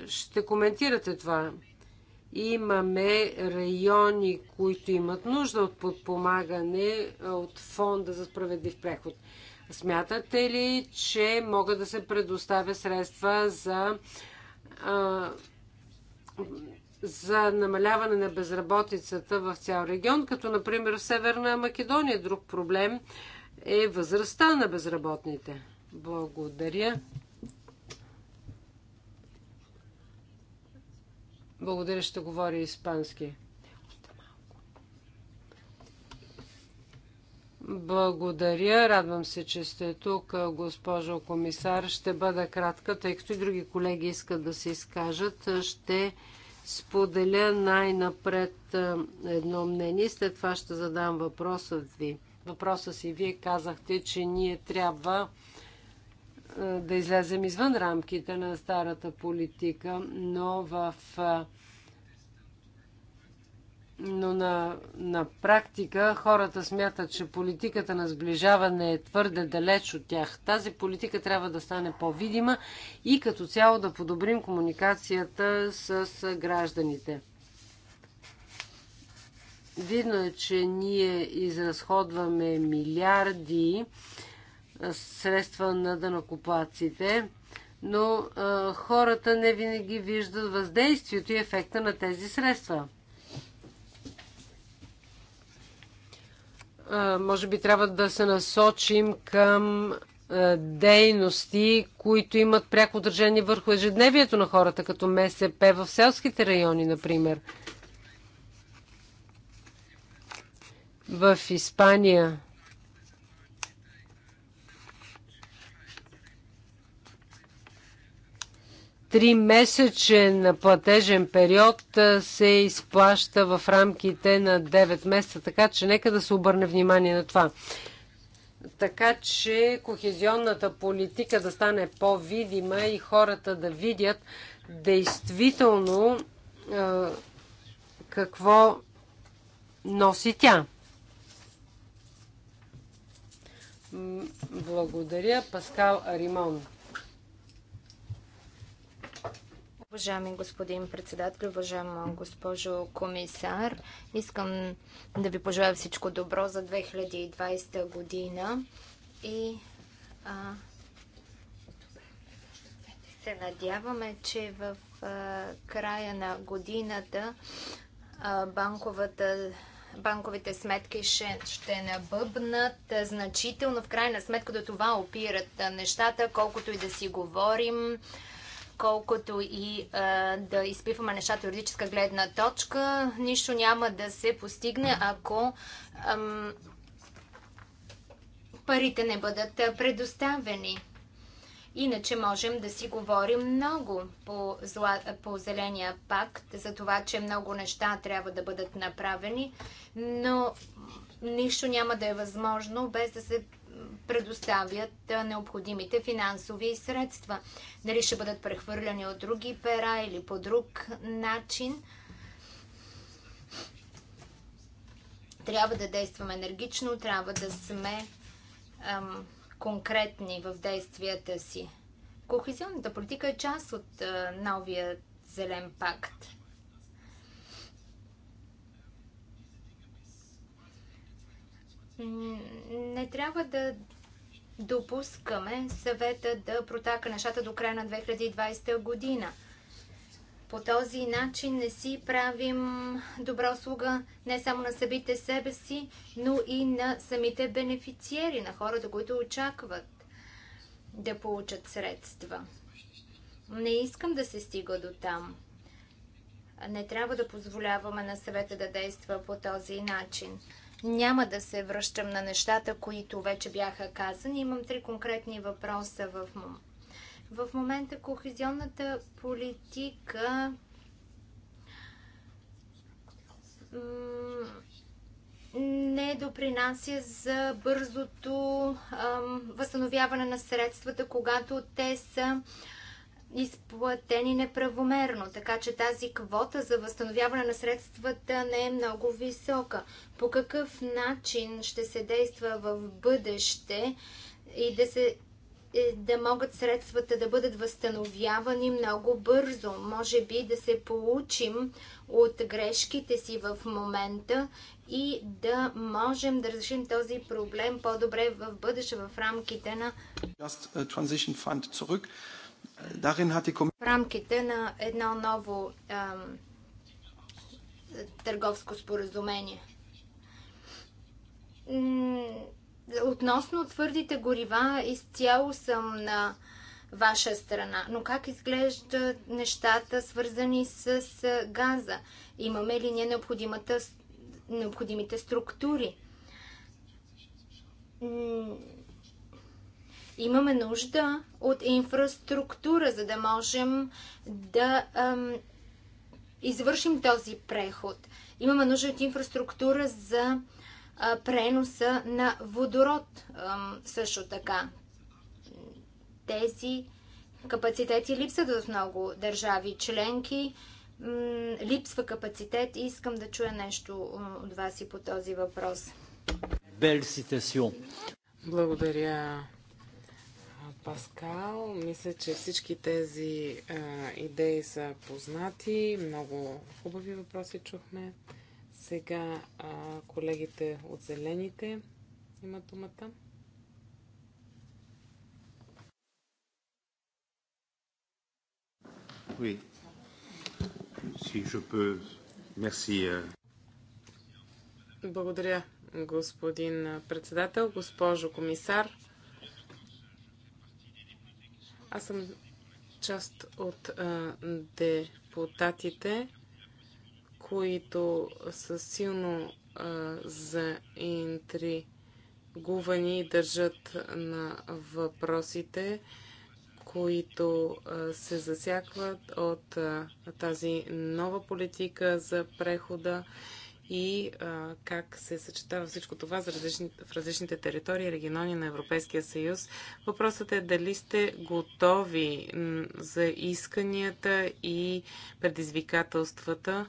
ще коментирате това. Имаме райони, които имат нужда от подпомагане от фонда за справедлив преход. Смятате ли, че могат да се предоставя средства за за намаляване на безработицата в цял регион, като например в Северна Македония. Друг проблем е възрастта на безработните. Благодаря. Благодаря, ще говоря испански. Благодаря. Радвам се, че сте тук, госпожо комисар. Ще бъда кратка, тъй като и други колеги искат да се изкажат. Ще споделя най-напред едно мнение. След това ще задам въпроса ви. Въпроса си вие казахте, че ние трябва да излезем извън рамките на старата политика, но в но на, на практика хората смятат, че политиката на сближаване е твърде далеч от тях. Тази политика трябва да стане по-видима и като цяло да подобрим комуникацията с гражданите. Видно е, че ние изразходваме милиарди средства на дънакоплаците, но а, хората не винаги виждат въздействието и ефекта на тези средства. може би трябва да се насочим към дейности, които имат пряко отражение върху ежедневието на хората, като МСП в селските райони, например. В Испания тримесечен платежен период се изплаща в рамките на 9 месеца, така че нека да се обърне внимание на това. Така че кохезионната политика да стане по-видима и хората да видят действително какво носи тя. Благодаря, Паскал Аримон. Уважаеми господин председател, уважаема госпожо комисар, искам да ви пожелая всичко добро за 2020 година и а, се надяваме, че в а, края на годината а, банковата банковите сметки ще, ще набъбнат значително. В крайна сметка до това опират нещата, колкото и да си говорим колкото и а, да изпиваме нещата юридическа гледна точка, нищо няма да се постигне, ако ам, парите не бъдат предоставени. Иначе можем да си говорим много по, зла, по Зеления пакт, за това, че много неща трябва да бъдат направени, но нищо няма да е възможно без да се предоставят необходимите финансови средства. Дали ще бъдат прехвърляни от други пера или по друг начин. Трябва да действаме енергично, трябва да сме ам, конкретни в действията си. Кохезионната политика е част от а, новия зелен пакт. не трябва да допускаме съвета да протака нещата до края на 2020 година. По този начин не си правим добра услуга не само на самите себе си, но и на самите бенефициери, на хората, които очакват да получат средства. Не искам да се стига до там. Не трябва да позволяваме на съвета да действа по този начин. Няма да се връщам на нещата, които вече бяха казани. Имам три конкретни въпроса в момента. В момента кохезионната политика не допринася за бързото възстановяване на средствата, когато те са изплатени неправомерно, така че тази квота за възстановяване на средствата не е много висока. По какъв начин ще се действа в бъдеще и да се да могат средствата да бъдат възстановявани много бързо. Може би да се получим от грешките си в момента и да можем да разрешим този проблем по-добре в бъдеще в рамките на... Uh, в рамките на едно ново ам, търговско споразумение. Относно твърдите горива, изцяло съм на ваша страна. Но как изглеждат нещата, свързани с газа? Имаме ли ние необходимите структури? Имаме нужда от инфраструктура, за да можем да ам, извършим този преход. Имаме нужда от инфраструктура за а, преноса на водород ам, също така. Тези капацитети липсват в много държави членки. Липсва капацитет и искам да чуя нещо от вас и по този въпрос. Благодаря, Паскал. Мисля, че всички тези а, идеи са познати. Много хубави въпроси чухме. Сега а, колегите от Зелените имат думата. Oui. Si je peux. Merci. Euh. Благодаря, господин председател, госпожо комисар. Аз съм част от а, депутатите, които са силно а, заинтригувани и държат на въпросите, които а, се засякват от а, тази нова политика за прехода и а, как се съчетава всичко това за различни, в различните територии и региони на Европейския съюз. Въпросът е дали сте готови за исканията и предизвикателствата.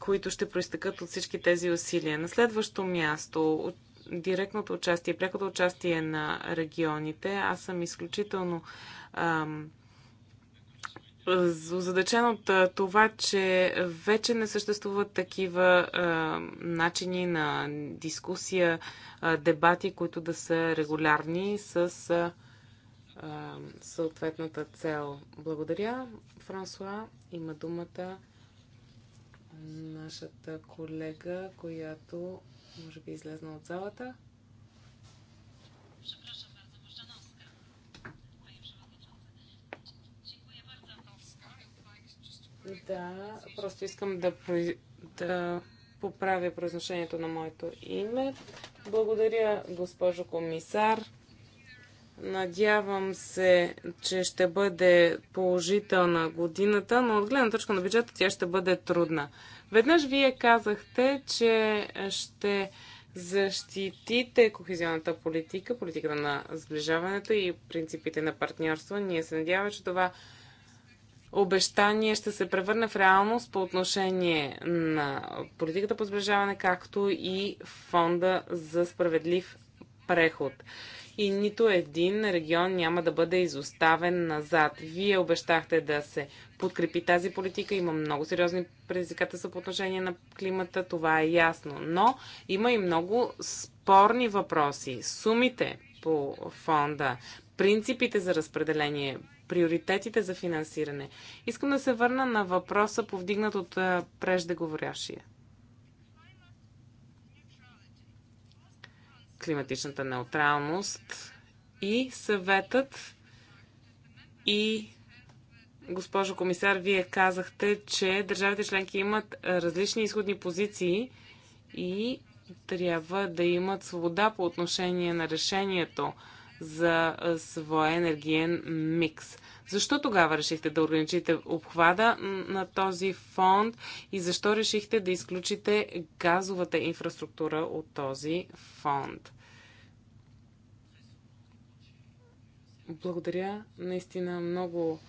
които ще проистъкат от всички тези усилия. На следващо място, директното участие, прякото участие на регионите, аз съм изключително ам, озадачен от това, че вече не съществуват такива а, начини на дискусия, а, дебати, които да са регулярни с а, съответната цел. Благодаря. Франсуа има думата нашата колега, която може би е излезна от залата. Да, просто искам да, произ... да поправя произношението на моето име. Благодаря, госпожо комисар. Надявам се, че ще бъде положителна годината, но от гледна точка на бюджета тя ще бъде трудна. Веднъж вие казахте, че ще защитите кохезионната политика, политиката на сближаването и принципите на партньорство. Ние се надяваме, че това обещание ще се превърне в реалност по отношение на политиката по сближаване, както и фонда за справедлив преход. И нито един регион няма да бъде изоставен назад. Вие обещахте да се подкрепи тази политика. Има много сериозни предизвикателства по отношение на климата, това е ясно. Но има и много спорни въпроси. Сумите по фонда, принципите за разпределение, приоритетите за финансиране. Искам да се върна на въпроса, повдигнат от преждеговорящия. Климатичната неутралност и съветът и госпожо комисар, вие казахте, че държавите членки имат различни изходни позиции и трябва да имат свобода по отношение на решението за своя енергиен микс. Защо тогава решихте да ограничите обхвата на този фонд и защо решихте да изключите газовата инфраструктура от този фонд? Благодаря. Наистина много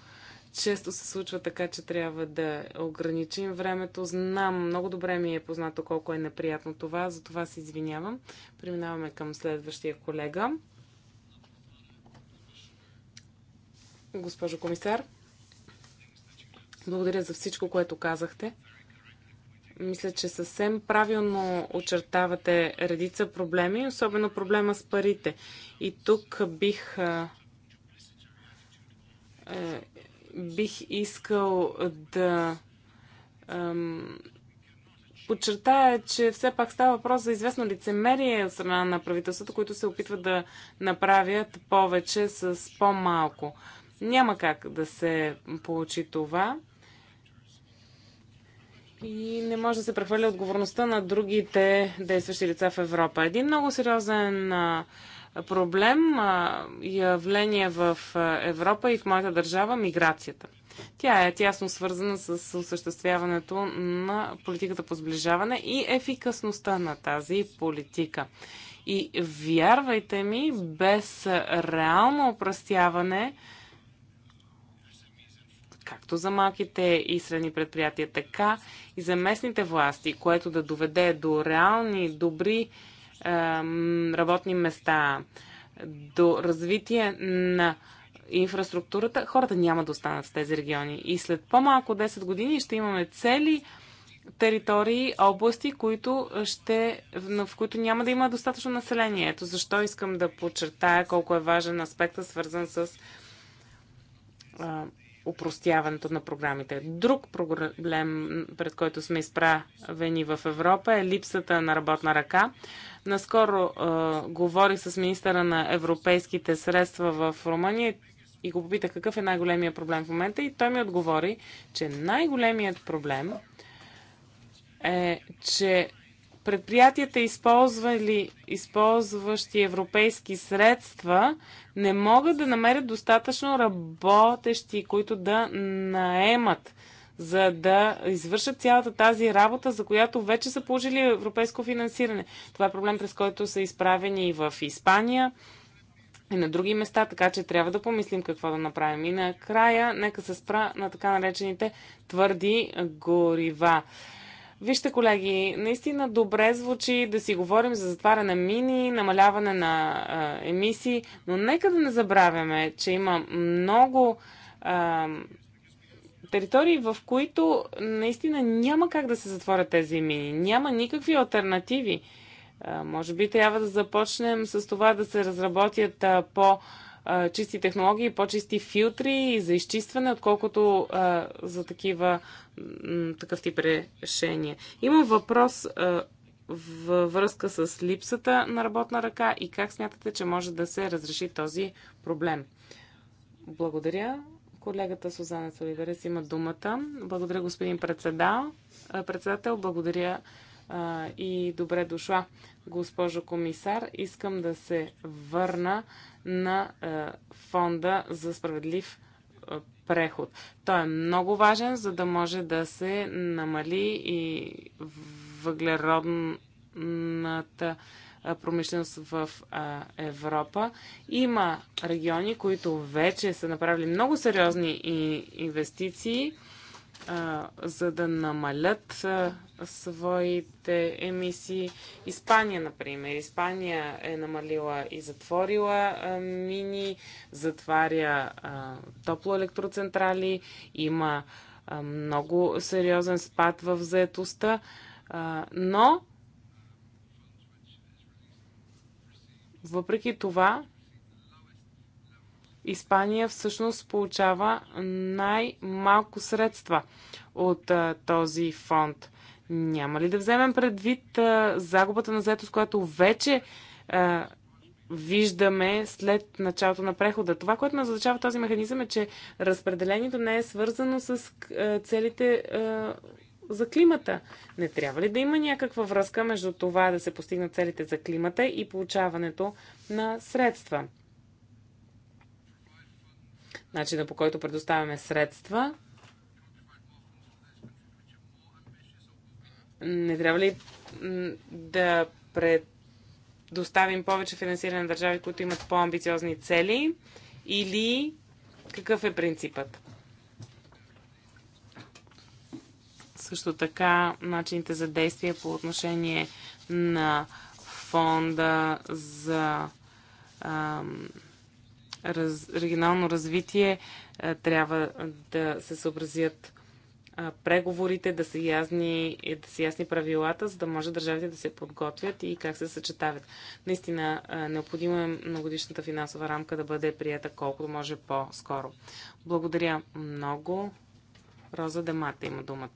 често се случва така, че трябва да ограничим времето. Знам, много добре ми е познато колко е неприятно това, затова се извинявам. Преминаваме към следващия колега. госпожо комисар. Благодаря за всичко, което казахте. Мисля, че съвсем правилно очертавате редица проблеми, особено проблема с парите. И тук бих, е, бих искал да е, подчертая, че все пак става въпрос за известно лицемерие от страна на правителството, които се опитват да направят повече с по-малко. Няма как да се получи това. И не може да се прехвърля отговорността на другите действащи лица в Европа. Един много сериозен проблем, явление в Европа и в моята държава миграцията. Тя е тясно свързана с осъществяването на политиката по сближаване и ефикасността на тази политика. И вярвайте ми, без реално опростяване, както за малките и средни предприятия, така и за местните власти, което да доведе до реални, добри е, работни места, до развитие на инфраструктурата, хората няма да останат в тези региони. И след по-малко 10 години ще имаме цели територии, области, които ще, в които няма да има достатъчно население. Ето защо искам да подчертая колко е важен аспектът, свързан с а, упростяването на програмите. Друг проблем, пред който сме изправени в Европа е липсата на работна ръка. Наскоро е, говорих с министъра на европейските средства в Румъния и го попитах какъв е най-големия проблем в момента и той ми отговори, че най-големият проблем е, че предприятията, използвали, използващи европейски средства, не могат да намерят достатъчно работещи, които да наемат, за да извършат цялата тази работа, за която вече са получили европейско финансиране. Това е проблем, през който са изправени и в Испания, и на други места, така че трябва да помислим какво да направим. И накрая, нека се спра на така наречените твърди горива. Вижте, колеги, наистина добре звучи да си говорим за затваряне на мини, намаляване на а, емисии, но нека да не забравяме, че има много а, територии, в които наистина няма как да се затворят тези мини. Няма никакви альтернативи. А, може би трябва да започнем с това да се разработят а, по- а, а, чисти технологии, по-чисти филтри за изчистване, отколкото а, за такива такъв тип решения. Имам въпрос а, във връзка с липсата на работна ръка и как смятате, че може да се разреши този проблем. Благодаря. Колегата Сузана Солидарес има думата. Благодаря, господин председател. Председател, благодаря и добре дошла, госпожо комисар. Искам да се върна на е, Фонда за справедлив е, преход. Той е много важен, за да може да се намали и въглеродната е, промишленост в Европа. Има региони, които вече са направили много сериозни инвестиции а, за да намалят а, своите емисии. Испания, например. Испания е намалила и затворила а, мини, затваря а, топлоелектроцентрали, има а, много сериозен спад в заетостта, а, но въпреки това Испания всъщност получава най-малко средства от а, този фонд. Няма ли да вземем предвид а, загубата на заетост, която вече а, виждаме след началото на прехода? Това, което назначава този механизъм е, че разпределението не е свързано с а, целите. А, за климата. Не трябва ли да има някаква връзка между това да се постигнат целите за климата и получаването на средства? начина по който предоставяме средства. Не трябва ли да предоставим повече финансиране на държави, които имат по-амбициозни цели? Или какъв е принципът? Също така начините за действие по отношение на фонда за ам, раз, регионално развитие е, трябва да се съобразят преговорите, да са, ясни, да са ясни правилата, за да може държавите да се подготвят и как се съчетават. Наистина, необходимо е многодишната финансова рамка да бъде прията колкото може по-скоро. Благодаря много. Роза Демата има думата.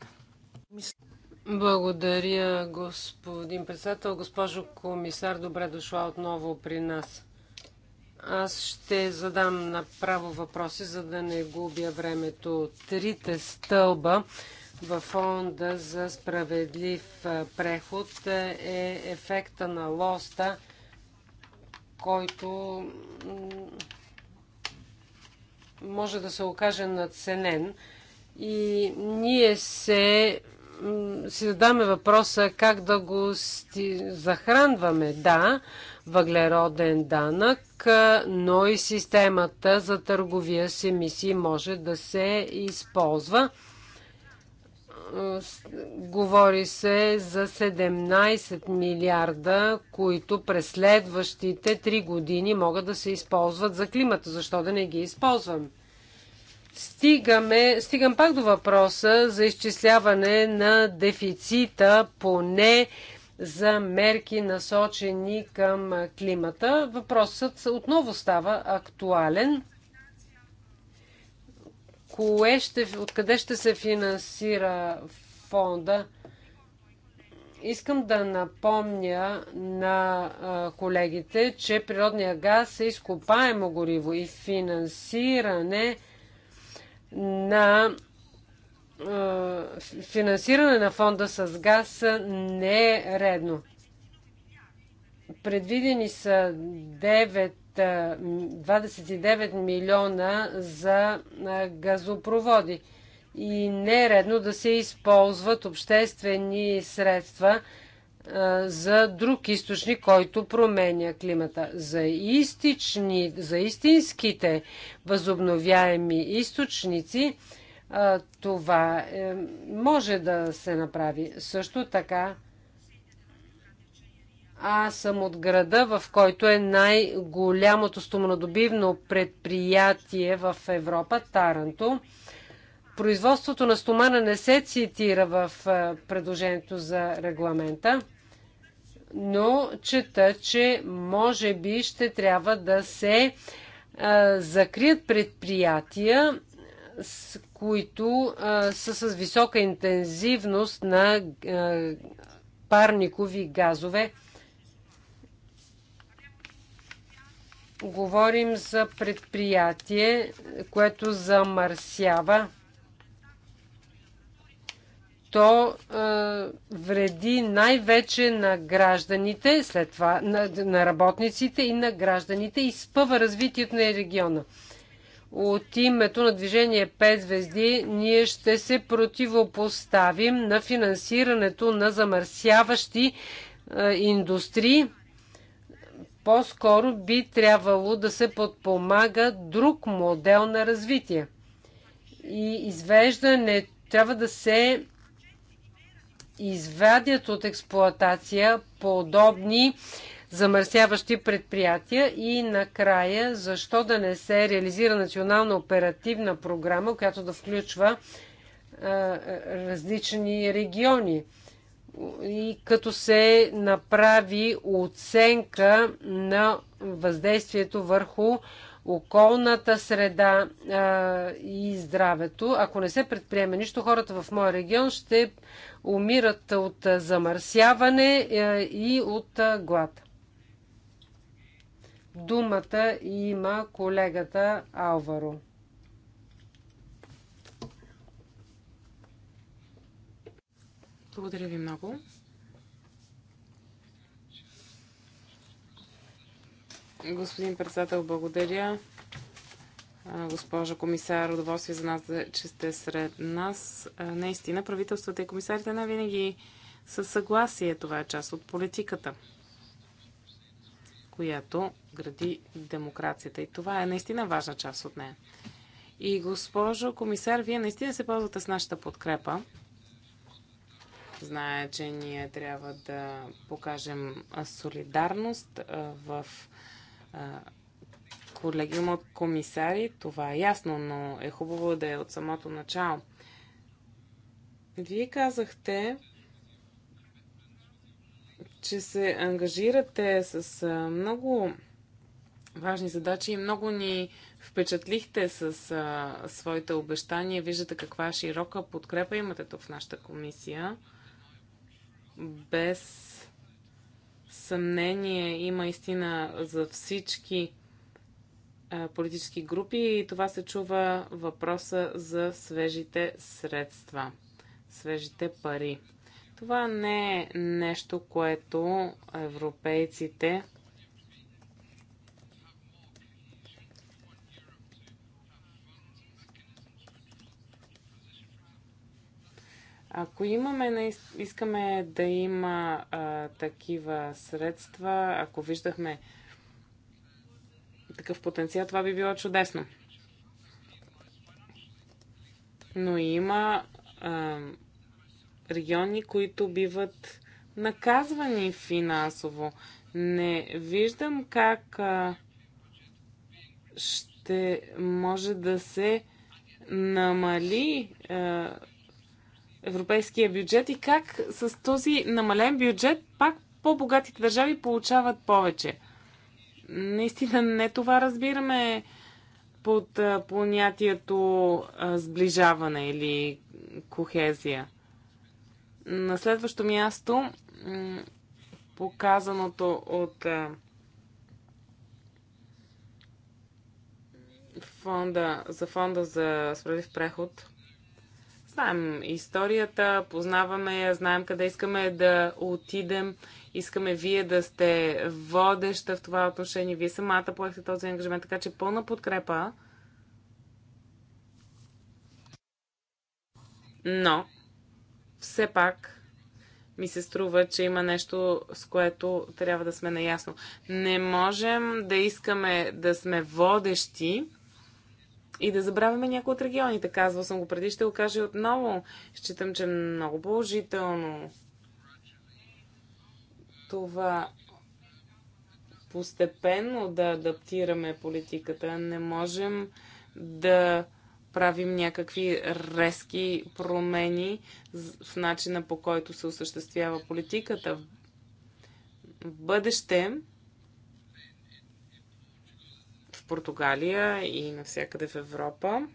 Благодаря, господин председател. Госпожо комисар, добре дошла отново при нас. Аз ще задам направо въпроси, за да не губя времето. Трите стълба в фонда за справедлив преход е ефекта на лоста, който може да се окаже надценен. И ние се си задаме въпроса как да го захранваме. Да, въглероден данък, но и системата за търговия с емисии може да се използва. Говори се за 17 милиарда, които през следващите 3 години могат да се използват за климата. Защо да не ги използвам? Стигаме, стигам пак до въпроса за изчисляване на дефицита поне за мерки насочени към климата. Въпросът отново става актуален. Кое ще, откъде ще се финансира фонда? Искам да напомня на колегите, че природният газ е изкопаемо гориво и финансиране на финансиране на фонда с газ не е редно. Предвидени са 9, 29 милиона за газопроводи и не е редно да се използват обществени средства за друг източник, който променя климата. За, истични, за истинските възобновяеми източници – това е, може да се направи. Също така, аз съм от града, в който е най-голямото стоманодобивно предприятие в Европа, Таранто. Производството на стомана не се цитира в е, предложението за регламента, но чета, че може би ще трябва да се е, закрият предприятия с които а, са с висока интензивност на а, парникови газове. Говорим за предприятие, което замърсява. То а, вреди най-вече на гражданите, след това на, на работниците и на гражданите, изпъва развитието на региона. От името на движение 5 звезди ние ще се противопоставим на финансирането на замърсяващи е, индустрии. По-скоро би трябвало да се подпомага друг модел на развитие. И извеждане трябва да се извадят от експлоатация подобни замърсяващи предприятия и накрая защо да не се реализира национална оперативна програма, която да включва а, различни региони и като се направи оценка на въздействието върху околната среда а, и здравето. Ако не се предприеме нищо, хората в моя регион ще умират от замърсяване а, и от а, глад. Думата има колегата Алваро. Благодаря ви много. Господин председател, благодаря. Госпожа комисар, удоволствие за нас, че сте сред нас. Наистина, правителствата и комисарите не винаги са съгласие. Това е част от политиката която гради демокрацията. И това е наистина важна част от нея. И госпожо комисар, вие наистина се ползвате с нашата подкрепа. Знае, че ние трябва да покажем солидарност в колегиум от комисари. Това е ясно, но е хубаво да е от самото начало. Вие казахте, че се ангажирате с много важни задачи и много ни впечатлихте с а, своите обещания. Виждате каква широка подкрепа имате тук в нашата комисия. Без съмнение има истина за всички а, политически групи и това се чува въпроса за свежите средства, свежите пари. Това не е нещо, което европейците Ако имаме, искаме да има а, такива средства, ако виждахме такъв потенциал, това би било чудесно. Но има а, региони, които биват наказвани финансово. Не виждам как а, ще може да се намали а, европейския бюджет и как с този намален бюджет пак по-богатите държави получават повече. Наистина не това разбираме под понятието сближаване или кохезия. На следващо място, показаното от фонда, за фонда за справедлив преход. Знаем историята, познаваме я, знаем къде искаме да отидем. Искаме вие да сте водеща в това отношение. Вие самата поехте този ангажимент, така че пълна подкрепа. Но все пак ми се струва, че има нещо, с което трябва да сме наясно. Не можем да искаме да сме водещи и да забравяме някои от регионите. Казвал съм го преди, ще го кажа отново. Считам, че е много положително това постепенно да адаптираме политиката. Не можем да правим някакви резки промени в начина по който се осъществява политиката. В бъдеще в Португалия и навсякъде в Европа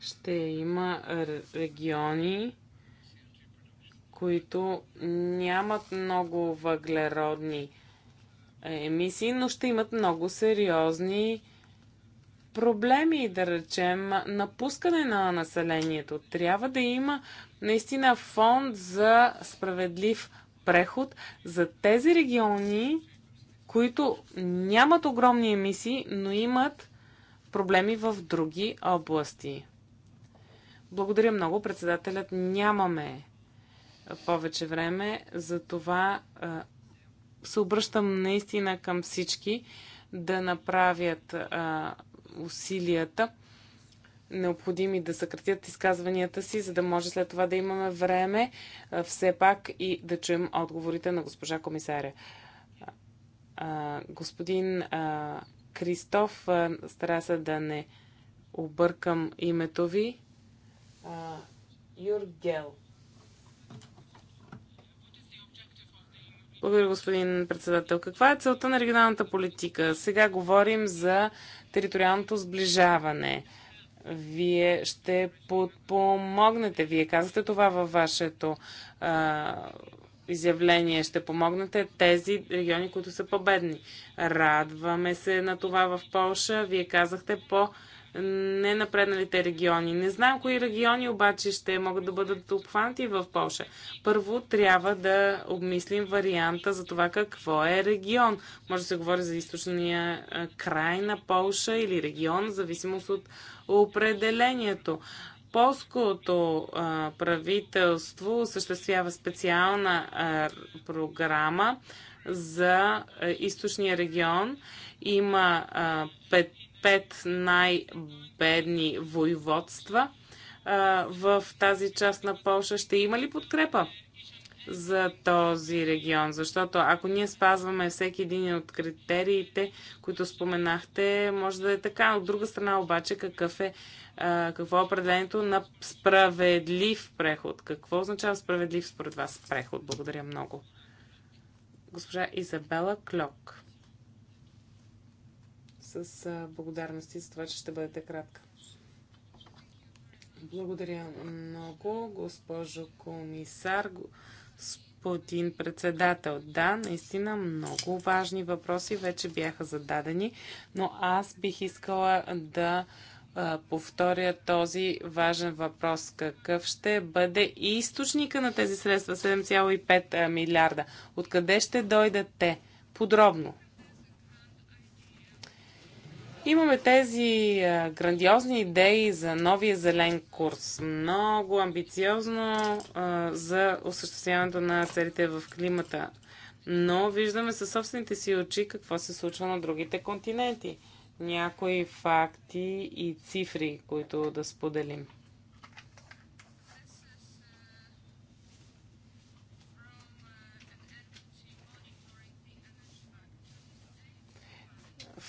ще има региони, които нямат много въглеродни емисии, но ще имат много сериозни проблеми, да речем, напускане на населението. Трябва да има наистина фонд за справедлив преход за тези региони, които нямат огромни емисии, но имат проблеми в други области. Благодаря много, председателят. Нямаме повече време, за това се обръщам наистина към всички да направят а, усилията необходими да съкратят изказванията си, за да може след това да имаме време а, все пак и да чуем отговорите на госпожа комисаря. А, господин а, Кристоф, а, стара се да не объркам името ви. А, Юргел. Благодаря, господин председател. Каква е целта на регионалната политика? Сега говорим за териториалното сближаване. Вие ще подпомогнете. Вие казахте това във вашето а, изявление. Ще помогнете тези региони, които са победни. Радваме се на това в Полша. Вие казахте по ненапредналите региони. Не знам кои региони обаче ще могат да бъдат обхванати в Польша. Първо трябва да обмислим варианта за това какво е регион. Може да се говори за източния край на Полша или регион, в зависимост от определението. Полското а, правителство осъществява специална а, програма за а, източния регион. Има а, пет пет най-бедни воеводства в тази част на Польша. Ще има ли подкрепа за този регион? Защото ако ние спазваме всеки един от критериите, които споменахте, може да е така. От друга страна обаче, какъв е, какво е определението на справедлив преход? Какво означава справедлив според вас преход? Благодаря много. Госпожа Изабела Клок с благодарности за това, че ще бъдете кратка. Благодаря много, госпожо комисар, господин председател. Да, наистина много важни въпроси вече бяха зададени, но аз бих искала да повторя този важен въпрос. Какъв ще бъде източника на тези средства 7,5 милиарда? Откъде ще дойдат те? Подробно. Имаме тези грандиозни идеи за новия зелен курс. Много амбициозно за осъществяването на целите в климата. Но виждаме със собствените си очи какво се случва на другите континенти. Някои факти и цифри, които да споделим.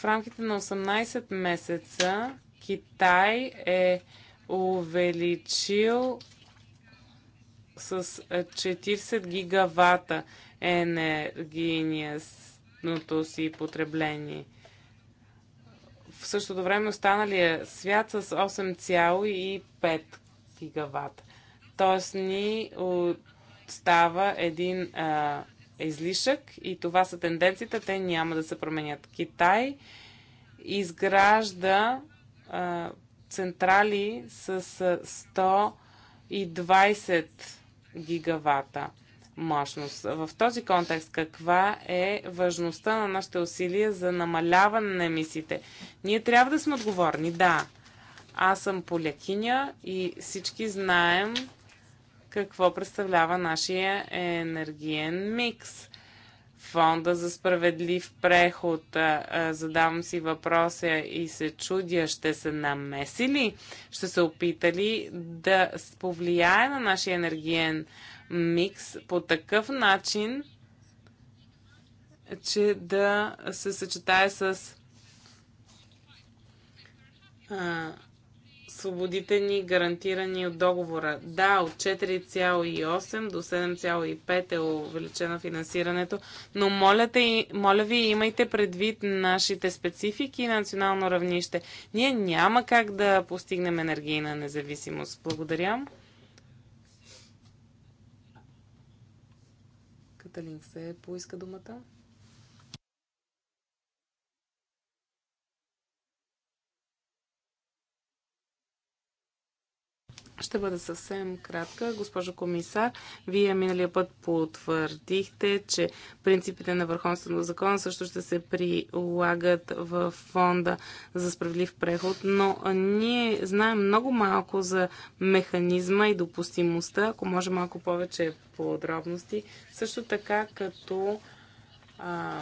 В рамките на 18 месеца Китай е увеличил с 40 гигавата енергийното си потребление. В същото време останалия свят с 8,5 гигавата. Тоест ни става един а, излишък и това са тенденциите, те няма да се променят. Китай изгражда централи с 120 гигавата мощност. В този контекст каква е важността на нашите усилия за намаляване на емисиите? Ние трябва да сме отговорни, да. Аз съм полякиня и всички знаем, какво представлява нашия енергиен микс. Фонда за справедлив преход. Задавам си въпроса и се чудя, ще се намеси ли? Ще се опита ли да повлияе на нашия енергиен микс по такъв начин, че да се съчетае с свободите ни, гарантирани от договора. Да, от 4,8 до 7,5 е увеличено финансирането, но моля, те, моля ви, имайте предвид нашите специфики и национално равнище. Ние няма как да постигнем енергийна независимост. Благодаря. Каталин се поиска думата. Ще бъда съвсем кратка. Госпожо комисар, вие миналия път потвърдихте, че принципите на върховенството на закона също ще се прилагат в фонда за справедлив преход, но ние знаем много малко за механизма и допустимостта, ако може малко повече подробности. Също така, като а,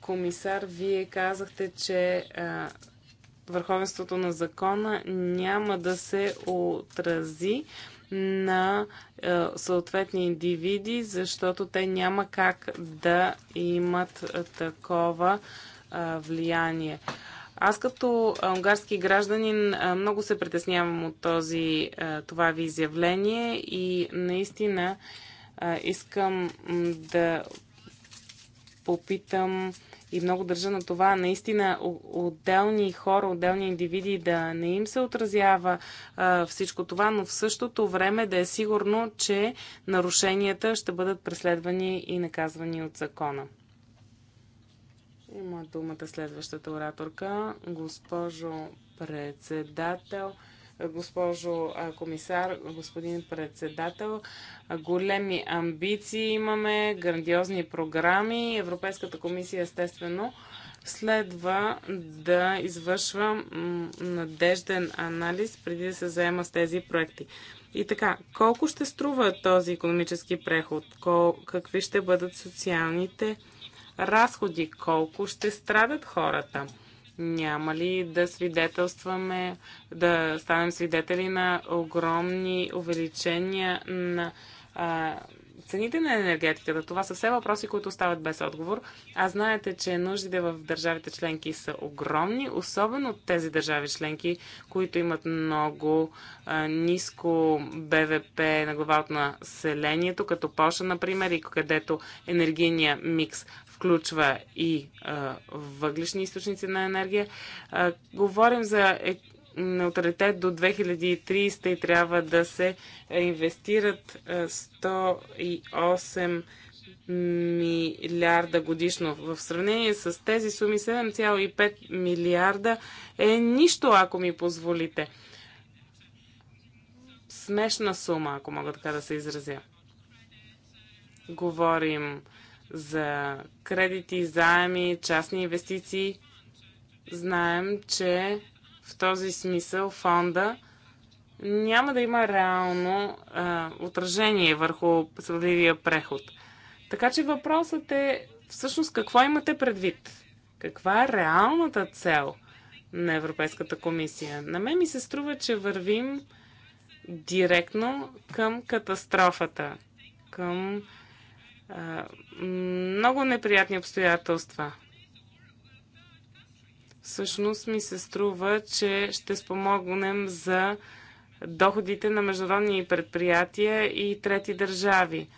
комисар, вие казахте, че а, върховенството на закона няма да се отрази на е, съответни индивиди, защото те няма как да имат е, такова е, влияние. Аз като унгарски гражданин е, много се притеснявам от този, е, това ви изявление и наистина искам да попитам и много държа на това, наистина отделни хора, отделни индивиди да не им се отразява а, всичко това, но в същото време да е сигурно, че нарушенията ще бъдат преследвани и наказвани от закона. Има думата следващата ораторка, госпожо председател госпожо комисар, господин председател. Големи амбиции имаме, грандиозни програми. Европейската комисия естествено следва да извършва надежден анализ преди да се заема с тези проекти. И така, колко ще струва този економически преход? Кол, какви ще бъдат социалните разходи? Колко ще страдат хората? Няма ли да свидетелстваме, да станем свидетели на огромни увеличения на а, цените на енергетиката? Това са все въпроси, които остават без отговор. А знаете, че нуждите в държавите членки са огромни, особено тези държави членки, които имат много а, ниско БВП на глава от населението, като Польша, например, и където енергийния микс включва и а, въглешни източници на енергия. А, говорим за е, неутралитет до 2300 и трябва да се инвестират 108 милиарда годишно. В сравнение с тези суми 7,5 милиарда е нищо, ако ми позволите. Смешна сума, ако мога така да се изразя. Говорим за кредити, заеми, частни инвестиции. Знаем, че в този смисъл фонда няма да има реално а, отражение върху справедливия преход. Така че въпросът е всъщност какво имате предвид? Каква е реалната цел на Европейската комисия? На мен ми се струва, че вървим директно към катастрофата, към много неприятни обстоятелства. Всъщност ми се струва, че ще спомогнем за доходите на международни предприятия и трети държави.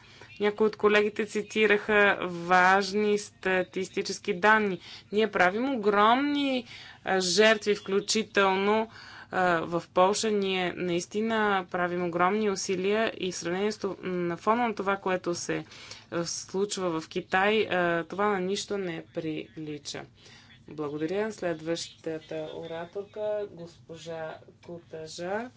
Някои от колегите цитираха важни статистически данни. Ние правим огромни жертви, включително в Польша ние наистина правим огромни усилия и в сравнение с това, на фона на това, което се е, случва в Китай, това на нищо не прилича. Благодаря. Следващата ораторка, госпожа Кутажа.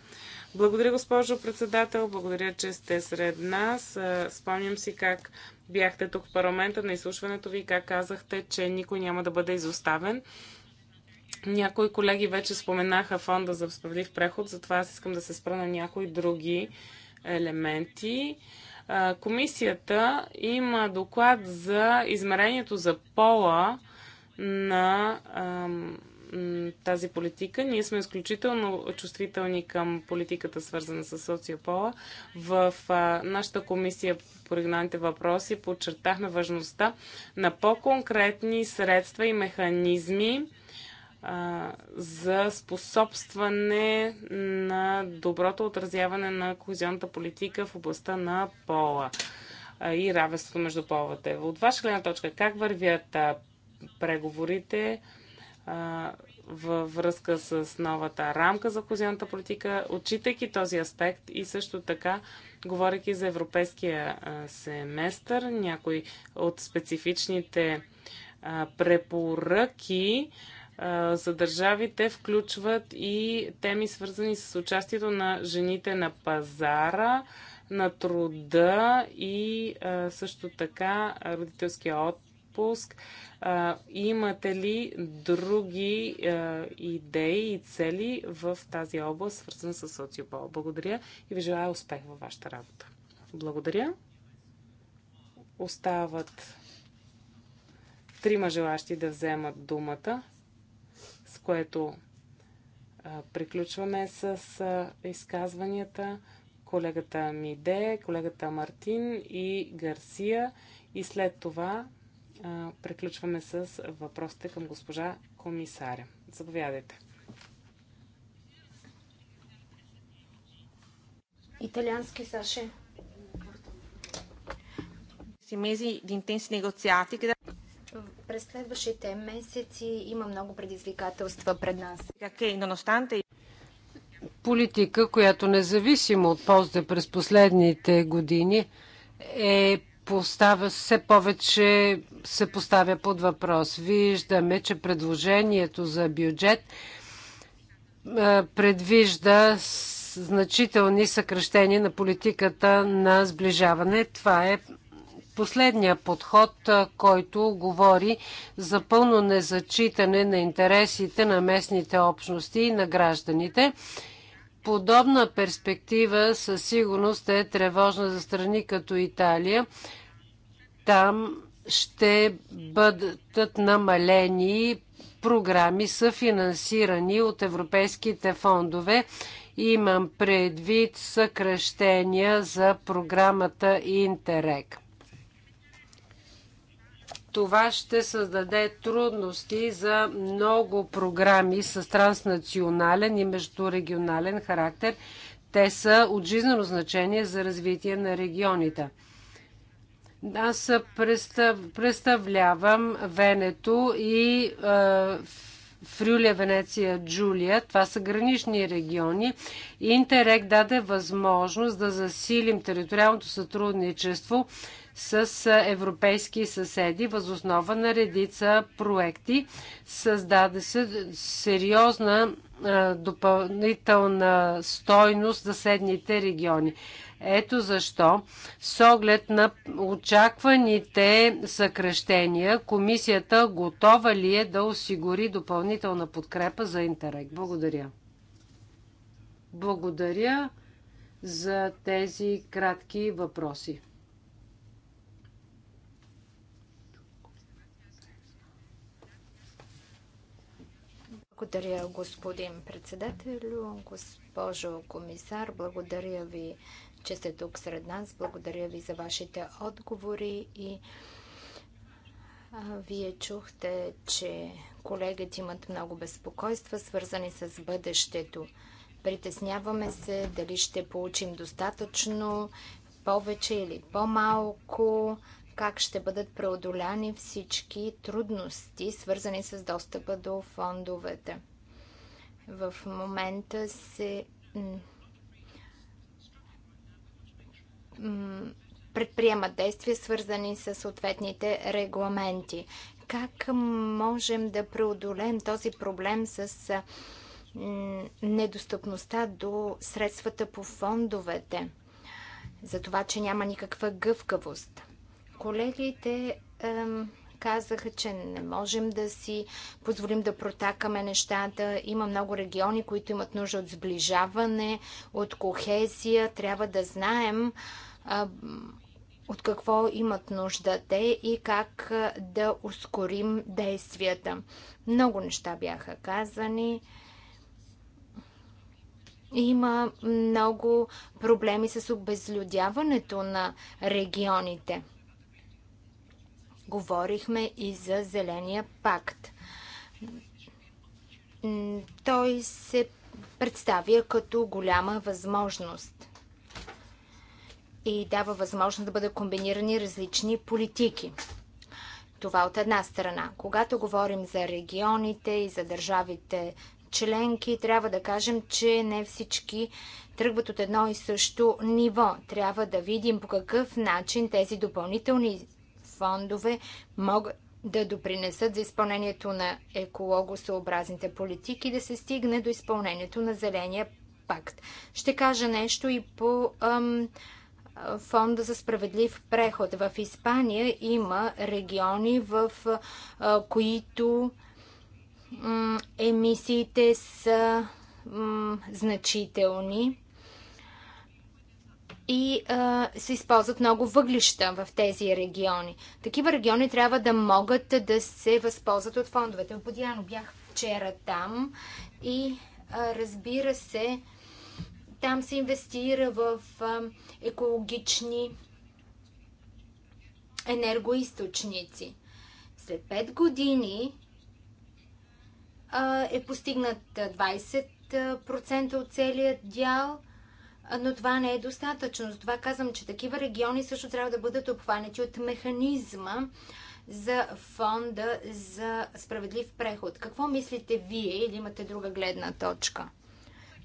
Благодаря, госпожо председател. Благодаря, че сте сред нас. Спомням си как бяхте тук в парламента на изслушването ви и как казахте, че никой няма да бъде изоставен. Някои колеги вече споменаха фонда за справедлив преход, затова аз искам да се спра на някои други елементи. Комисията има доклад за измерението за пола на тази политика. Ние сме изключително чувствителни към политиката, свързана с социопола. В нашата комисия по регионалните въпроси подчертахме важността на по-конкретни средства и механизми за способстване на доброто отразяване на кохезионната политика в областта на пола и равенството между половете. От ваша гледна точка, как вървят преговорите във връзка с новата рамка за кохезионната политика, отчитайки този аспект и също така говоряки за европейския семестър, някои от специфичните препоръки, за държавите включват и теми свързани с участието на жените на пазара, на труда и също така родителския отпуск. Имате ли други идеи и цели в тази област, свързана с социопол? Благодаря и ви желая успех във вашата работа. Благодаря. Остават трима желащи да вземат думата което а, приключваме с а, изказванията. Колегата Миде, колегата Мартин и Гарсия. И след това а, приключваме с въпросите към госпожа комисаря. Заповядайте. Италиански Саше. Mesi di intensi negoziati през следващите месеци има много предизвикателства пред нас. Политика, която независимо от ползда през последните години е поставя все повече се поставя под въпрос. Виждаме, че предложението за бюджет предвижда значителни съкръщения на политиката на сближаване. Това е последния подход, който говори за пълно незачитане на интересите на местните общности и на гражданите. Подобна перспектива със сигурност е тревожна за страни като Италия. Там ще бъдат намалени програми, съфинансирани от европейските фондове. Имам предвид съкръщения за програмата Интерек това ще създаде трудности за много програми с транснационален и междурегионален характер. Те са от жизнено значение за развитие на регионите. Аз представлявам Венето и е, Венеция, Джулия. Това са гранични региони. Интерек даде възможност да засилим териториалното сътрудничество с европейски съседи, възоснова на редица проекти. Създаде се сериозна допълнителна стойност за седните региони. Ето защо, с оглед на очакваните съкръщения, комисията готова ли е да осигури допълнителна подкрепа за Интерек? Благодаря. Благодаря за тези кратки въпроси. Благодаря, господин председателю, госпожо комисар. Благодаря ви, че сте тук сред нас. Благодаря ви за вашите отговори и вие чухте, че колегите имат много безпокойства, свързани с бъдещето. Притесняваме се дали ще получим достатъчно, повече или по-малко как ще бъдат преодоляни всички трудности, свързани с достъпа до фондовете. В момента се предприемат действия, свързани с съответните регламенти. Как можем да преодолеем този проблем с недостъпността до средствата по фондовете? За това, че няма никаква гъвкавост. Колегите ем, казаха, че не можем да си позволим да протакаме нещата. Има много региони, които имат нужда от сближаване, от кохезия. Трябва да знаем ем, от какво имат нужда те и как да ускорим действията. Много неща бяха казани. Има много проблеми с обезлюдяването на регионите. Говорихме и за Зеления пакт. Той се представя като голяма възможност и дава възможност да бъдат комбинирани различни политики. Това от една страна. Когато говорим за регионите и за държавите членки, трябва да кажем, че не всички тръгват от едно и също ниво. Трябва да видим по какъв начин тези допълнителни фондове могат да допринесат за изпълнението на екологосъобразните политики и да се стигне до изпълнението на Зеления пакт. Ще кажа нещо и по ам, Фонда за справедлив преход. В Испания има региони, в а, които емисиите са м, значителни и а, се използват много въглища в тези региони. Такива региони трябва да могат да се възползват от фондовете. Подяно бях вчера там и а, разбира се, там се инвестира в а, екологични енергоисточници. След 5 години а, е постигнат 20% от целият дял – но това не е достатъчно. Затова казвам, че такива региони също трябва да бъдат обхванати от механизма за фонда за справедлив преход. Какво мислите вие или имате друга гледна точка?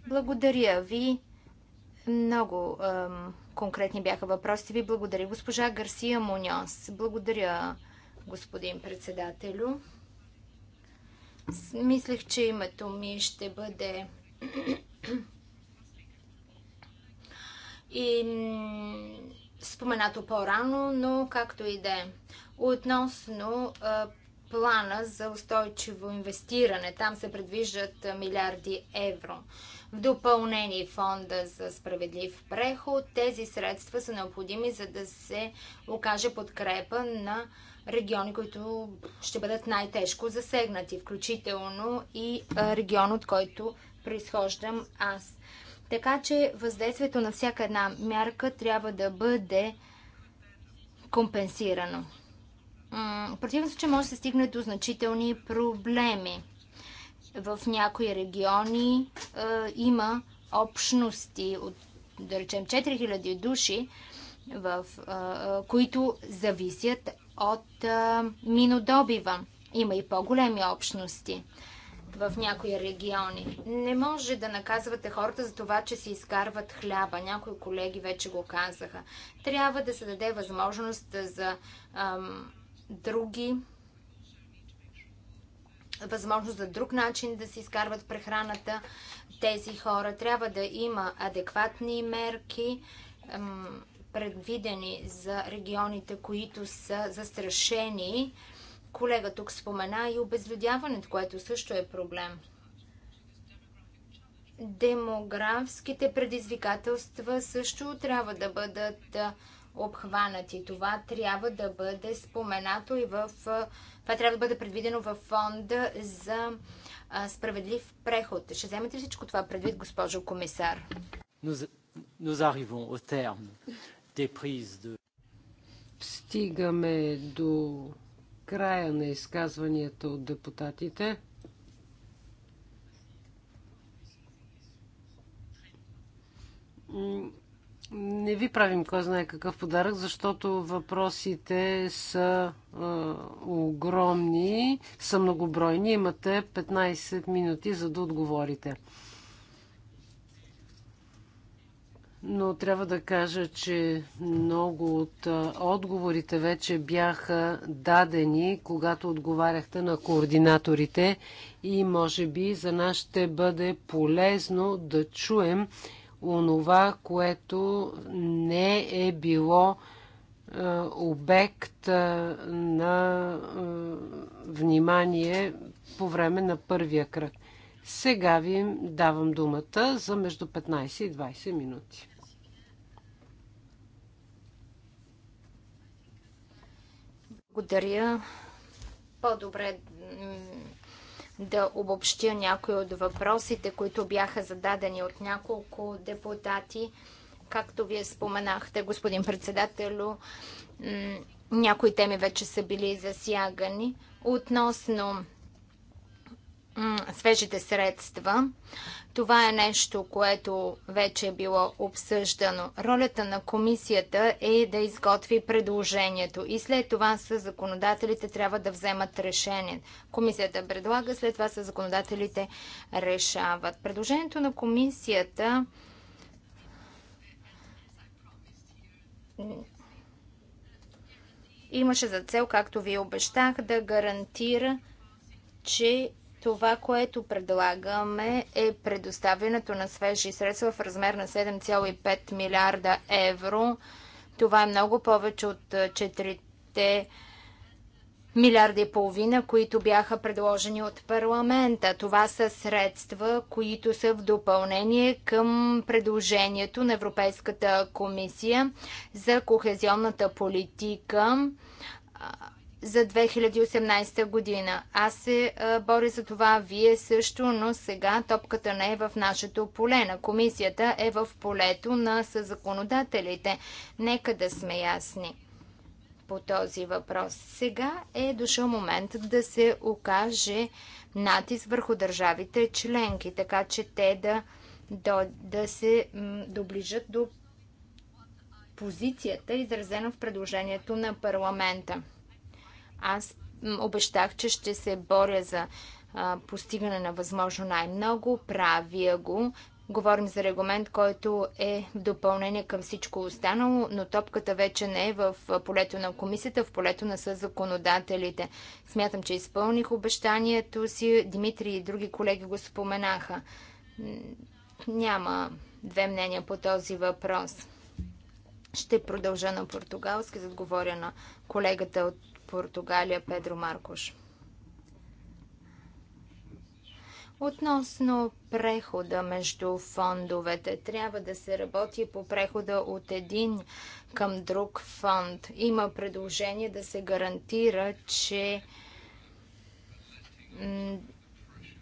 Благодаря ви. Много ем, конкретни бяха въпросите ви. Благодаря, госпожа Гарсия Муньос. Благодаря, господин председателю. Мислех, че името ми ще бъде и споменато по-рано, но както и да е. Относно плана за устойчиво инвестиране, там се предвиждат милиарди евро. В допълнение фонда за справедлив преход, тези средства са необходими за да се окаже подкрепа на региони, които ще бъдат най-тежко засегнати, включително и регион, от който произхождам аз. Така че въздействието на всяка една мярка трябва да бъде компенсирано. В противен случай може да се стигне до значителни проблеми. В някои региони е, има общности от, да речем, 4000 души, в, е, които зависят от е, минодобива. Има и по-големи общности в някои региони. Не може да наказвате хората за това, че се изкарват хляба. Някои колеги вече го казаха. Трябва да се даде възможност за ам, други възможност за друг начин да се изкарват прехраната тези хора. Трябва да има адекватни мерки, ам, предвидени за регионите, които са застрашени Колега тук спомена и обезлюдяването, което също е проблем. Демографските предизвикателства също трябва да бъдат обхванати. Това трябва да бъде споменато и в... Това трябва да бъде предвидено в фонда за справедлив преход. Ще вземете всичко това предвид, госпожо комисар. Стигаме до края на изказванията от депутатите. Не ви правим кой знае какъв подарък, защото въпросите са огромни, са многобройни. Имате 15 минути, за да отговорите. но трябва да кажа, че много от отговорите вече бяха дадени, когато отговаряхте на координаторите и може би за нас ще бъде полезно да чуем онова, което не е било обект на внимание по време на първия кръг. Сега ви давам думата за между 15 и 20 минути. Благодаря. По-добре да обобщя някои от въпросите, които бяха зададени от няколко депутати. Както вие споменахте, господин председателю, някои теми вече са били засягани. Относно свежите средства. Това е нещо, което вече е било обсъждано. Ролята на комисията е да изготви предложението и след това с законодателите трябва да вземат решение. Комисията предлага, след това с законодателите решават. Предложението на комисията имаше за цел, както ви обещах, да гарантира, че това, което предлагаме е предоставянето на свежи средства в размер на 7,5 милиарда евро. Това е много повече от 4 милиарда и половина, които бяха предложени от парламента. Това са средства, които са в допълнение към предложението на Европейската комисия за кохезионната политика за 2018 година. Аз се боря за това, вие също, но сега топката не е в нашето поле. На комисията е в полето на съзаконодателите. Нека да сме ясни по този въпрос. Сега е дошъл момент да се окаже натиск върху държавите членки, така че те да, да, да се доближат до позицията, изразена в предложението на парламента. Аз обещах, че ще се боря за постигане на възможно най-много. Правя го. Говорим за регламент, който е в допълнение към всичко останало, но топката вече не е в полето на комисията, в полето на съзаконодателите. Смятам, че изпълних обещанието си. Димитри и други колеги го споменаха. Няма две мнения по този въпрос. Ще продължа на португалски, за да говоря на колегата от Португалия Педро Маркош. Относно прехода между фондовете, трябва да се работи по прехода от един към друг фонд. Има предложение да се гарантира, че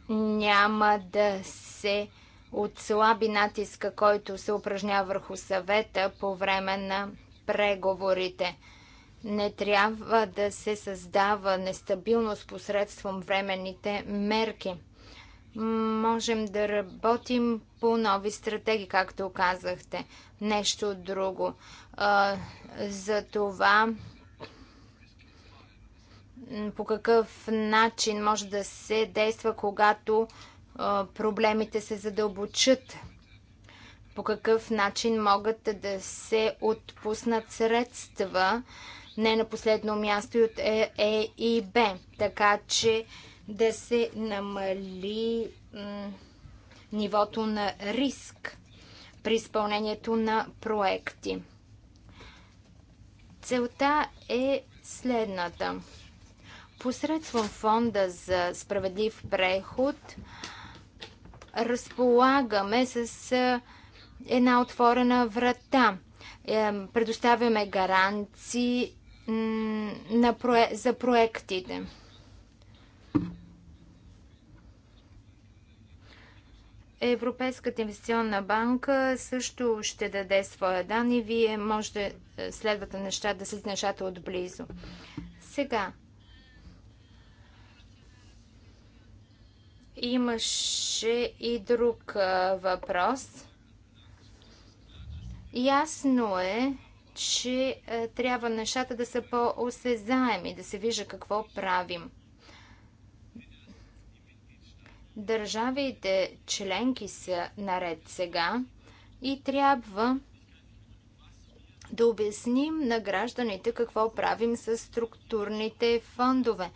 няма да се отслаби натиска, който се упражнява върху съвета по време на преговорите. Не трябва да се създава нестабилност посредством временните мерки. Можем да работим по нови стратегии, както казахте. Нещо друго. За това по какъв начин може да се действа, когато проблемите се задълбочат? По какъв начин могат да се отпуснат средства? не на последно място и от е, е и Б, така че да се намали нивото на риск при изпълнението на проекти. Целта е следната. Посредством фонда за справедлив преход разполагаме с една отворена врата. Предоставяме гаранции на прое... за проектите. Европейската инвестиционна банка също ще даде своя дан и вие може да е, следвате неща, да следите нещата отблизо. Сега, имаше и друг въпрос. Ясно е, че е, трябва нещата да са по-осезаеми, да се вижда какво правим. Държавите членки са наред сега и трябва да обясним на гражданите какво правим с структурните фондове,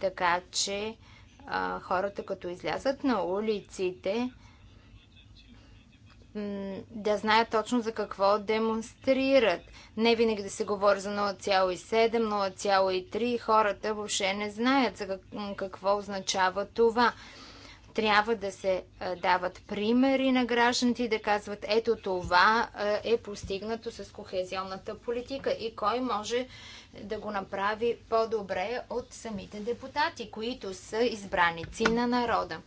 така че а, хората като излязат на улиците, да знаят точно за какво демонстрират. Не винаги да се говори за 0,7, 0,3. Хората въобще не знаят за какво означава това. Трябва да се дават примери на гражданите и да казват, ето това е постигнато с кохезионната политика и кой може да го направи по-добре от самите депутати, които са избраници на народа.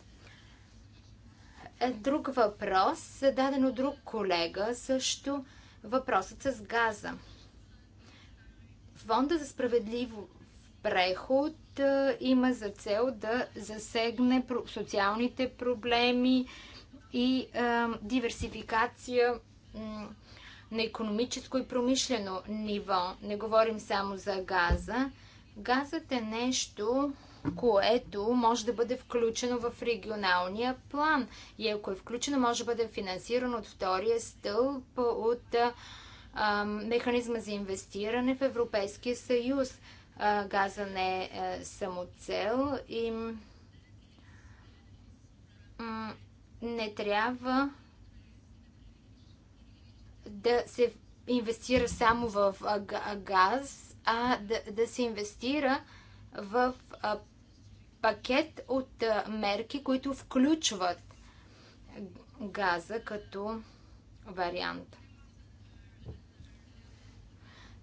Е, друг въпрос, зададен от друг колега, също въпросът с газа. Фонда за справедлив преход е, има за цел да засегне социалните проблеми и е, диверсификация на економическо и промишлено ниво. Не говорим само за газа. Газът е нещо, което може да бъде включено в регионалния план. И ако е включено, може да бъде финансирано от втория стълб от механизма за инвестиране в Европейския съюз. газа не е самоцел и не трябва да се инвестира само в газ, а да, да се инвестира в пакет от мерки, които включват газа като вариант.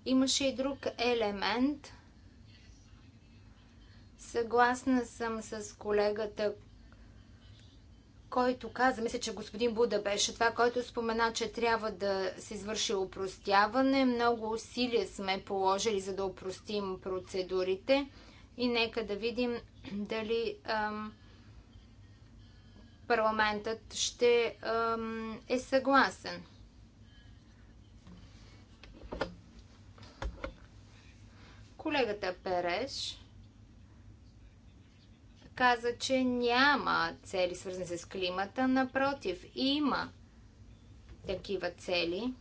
Имаше и друг елемент. Съгласна съм с колегата, който каза, мисля, че господин Буда беше това, който спомена, че трябва да се извърши опростяване. Много усилия сме положили, за да опростим процедурите. И нека да видим дали ам, парламентът ще ам, е съгласен. Колегата Переш каза, че няма цели свързани с климата. Напротив, има такива цели.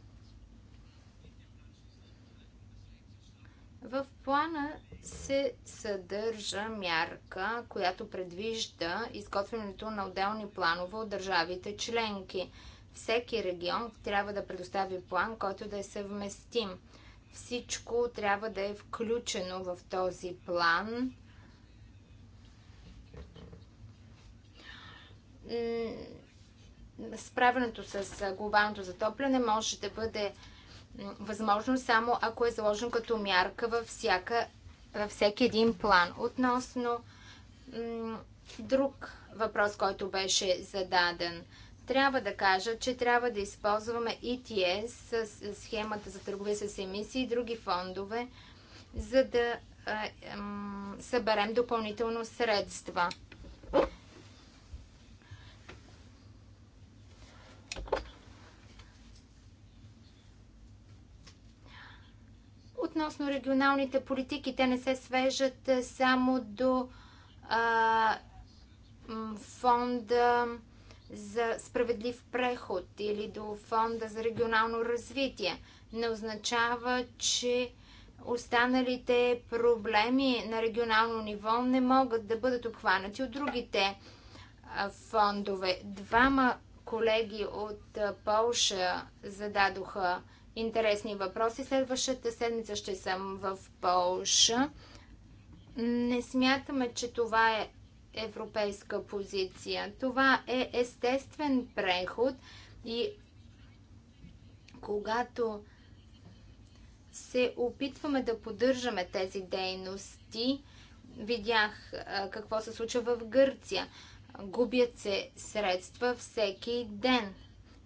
В плана се съдържа мярка, която предвижда изготвянето на отделни планове от държавите членки. Всеки регион трябва да предостави план, който да е съвместим. Всичко трябва да е включено в този план. Справянето с глобалното затопляне може да бъде възможно само ако е заложен като мярка във, всяка, във всеки един план. Относно друг въпрос, който беше зададен. Трябва да кажа, че трябва да използваме ETS, схемата за търговия с емисии и други фондове, за да а, ам, съберем допълнително средства. относно регионалните политики, те не се свежат само до а, фонда за справедлив преход или до фонда за регионално развитие. Не означава, че останалите проблеми на регионално ниво не могат да бъдат обхванати от другите фондове. Двама колеги от Полша зададоха интересни въпроси. Следващата седмица ще съм в Полша. Не смятаме, че това е европейска позиция. Това е естествен преход и когато се опитваме да поддържаме тези дейности, видях какво се случва в Гърция. Губят се средства всеки ден.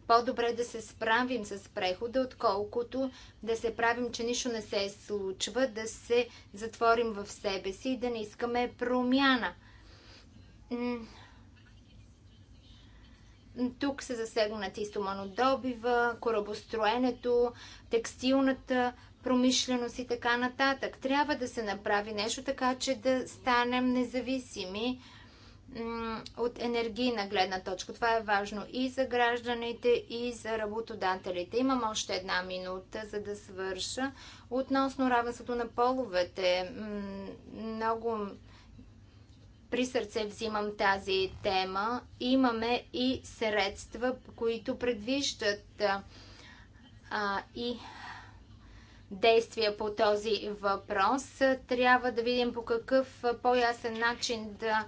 По-добре да се справим с прехода, отколкото да се правим, че нищо не се случва, да се затворим в себе си и да не искаме промяна. Тук са засегнат и стоманодобива, корабостроенето, текстилната промишленост и така нататък. Трябва да се направи нещо така, че да станем независими от енергийна гледна точка. Това е важно и за гражданите, и за работодателите. Имам още една минута, за да свърша. Относно равенството на половете, много при сърце взимам тази тема. Имаме и средства, които предвиждат а, и действия по този въпрос. Трябва да видим по какъв по-ясен начин да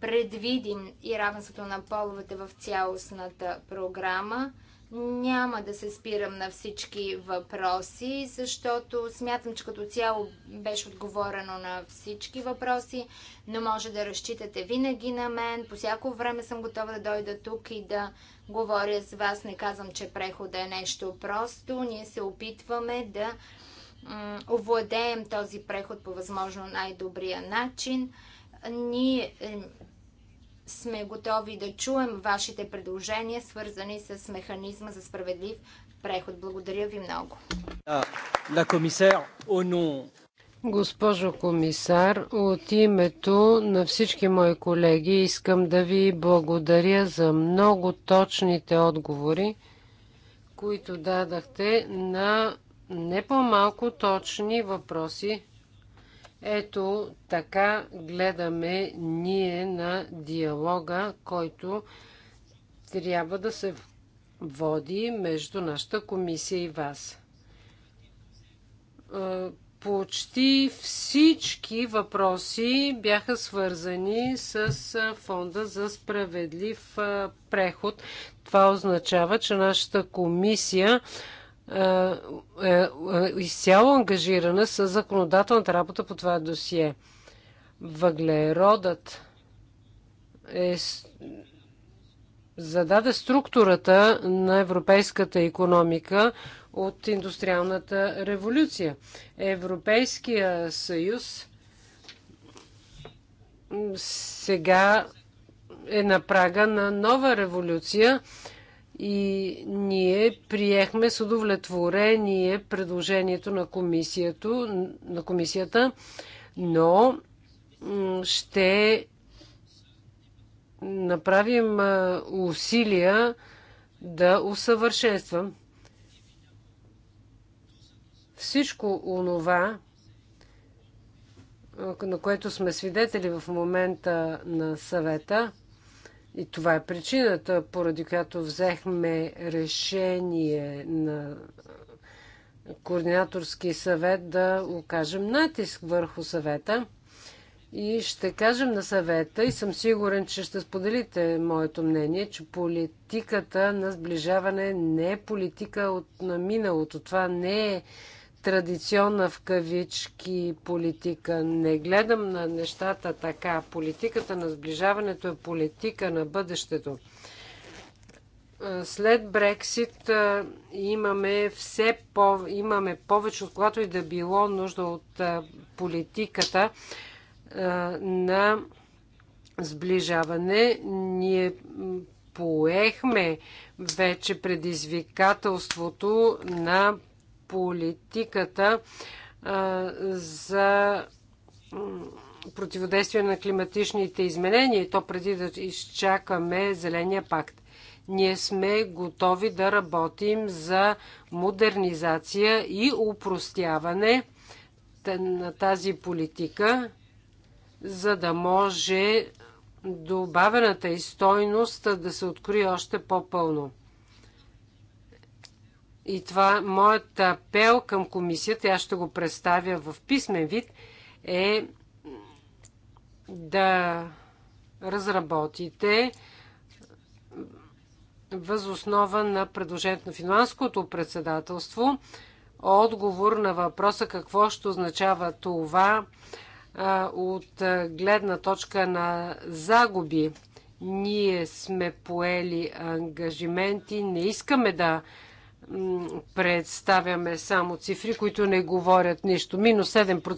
предвидим и равенството на половете в цялостната програма. Няма да се спирам на всички въпроси, защото смятам, че като цяло беше отговорено на всички въпроси, но може да разчитате винаги на мен. По всяко време съм готова да дойда тук и да говоря с вас. Не казвам, че прехода е нещо просто. Ние се опитваме да овладеем този преход по възможно най-добрия начин. Ние сме готови да чуем вашите предложения, свързани с механизма за справедлив преход. Благодаря ви много. Госпожо комисар, от името на всички мои колеги искам да ви благодаря за много точните отговори, които дадахте на не по-малко точни въпроси. Ето така гледаме ние на диалога, който трябва да се води между нашата комисия и вас. Почти всички въпроси бяха свързани с Фонда за справедлив преход. Това означава, че нашата комисия е, е, е изцяло ангажирана с законодателната работа по това досие. Въглеродът е зададе структурата на европейската економика от индустриалната революция. Европейския съюз сега е на прага на нова революция – и ние приехме с удовлетворение предложението на, на комисията, но ще направим усилия да усъвършенствам всичко онова, на което сме свидетели в момента на съвета, и това е причината, поради която взехме решение на координаторски съвет да окажем натиск върху съвета. И ще кажем на съвета, и съм сигурен, че ще споделите моето мнение, че политиката на сближаване не е политика от на миналото. Това не е традиционна в кавички политика. Не гледам на нещата така. Политиката на сближаването е политика на бъдещето. След Брексит имаме, все по, имаме повече, от когато и да било нужда от политиката на сближаване. Ние поехме вече предизвикателството на политиката за противодействие на климатичните изменения и то преди да изчакаме Зеления пакт. Ние сме готови да работим за модернизация и упростяване на тази политика, за да може добавената и стойност да се открои още по-пълно. И това моят апел към комисията, аз ще го представя в писмен вид, е да разработите възоснова на предложението на финансовото председателство отговор на въпроса какво ще означава това от гледна точка на загуби. Ние сме поели ангажименти, не искаме да представяме само цифри, които не говорят нищо. Минус 7%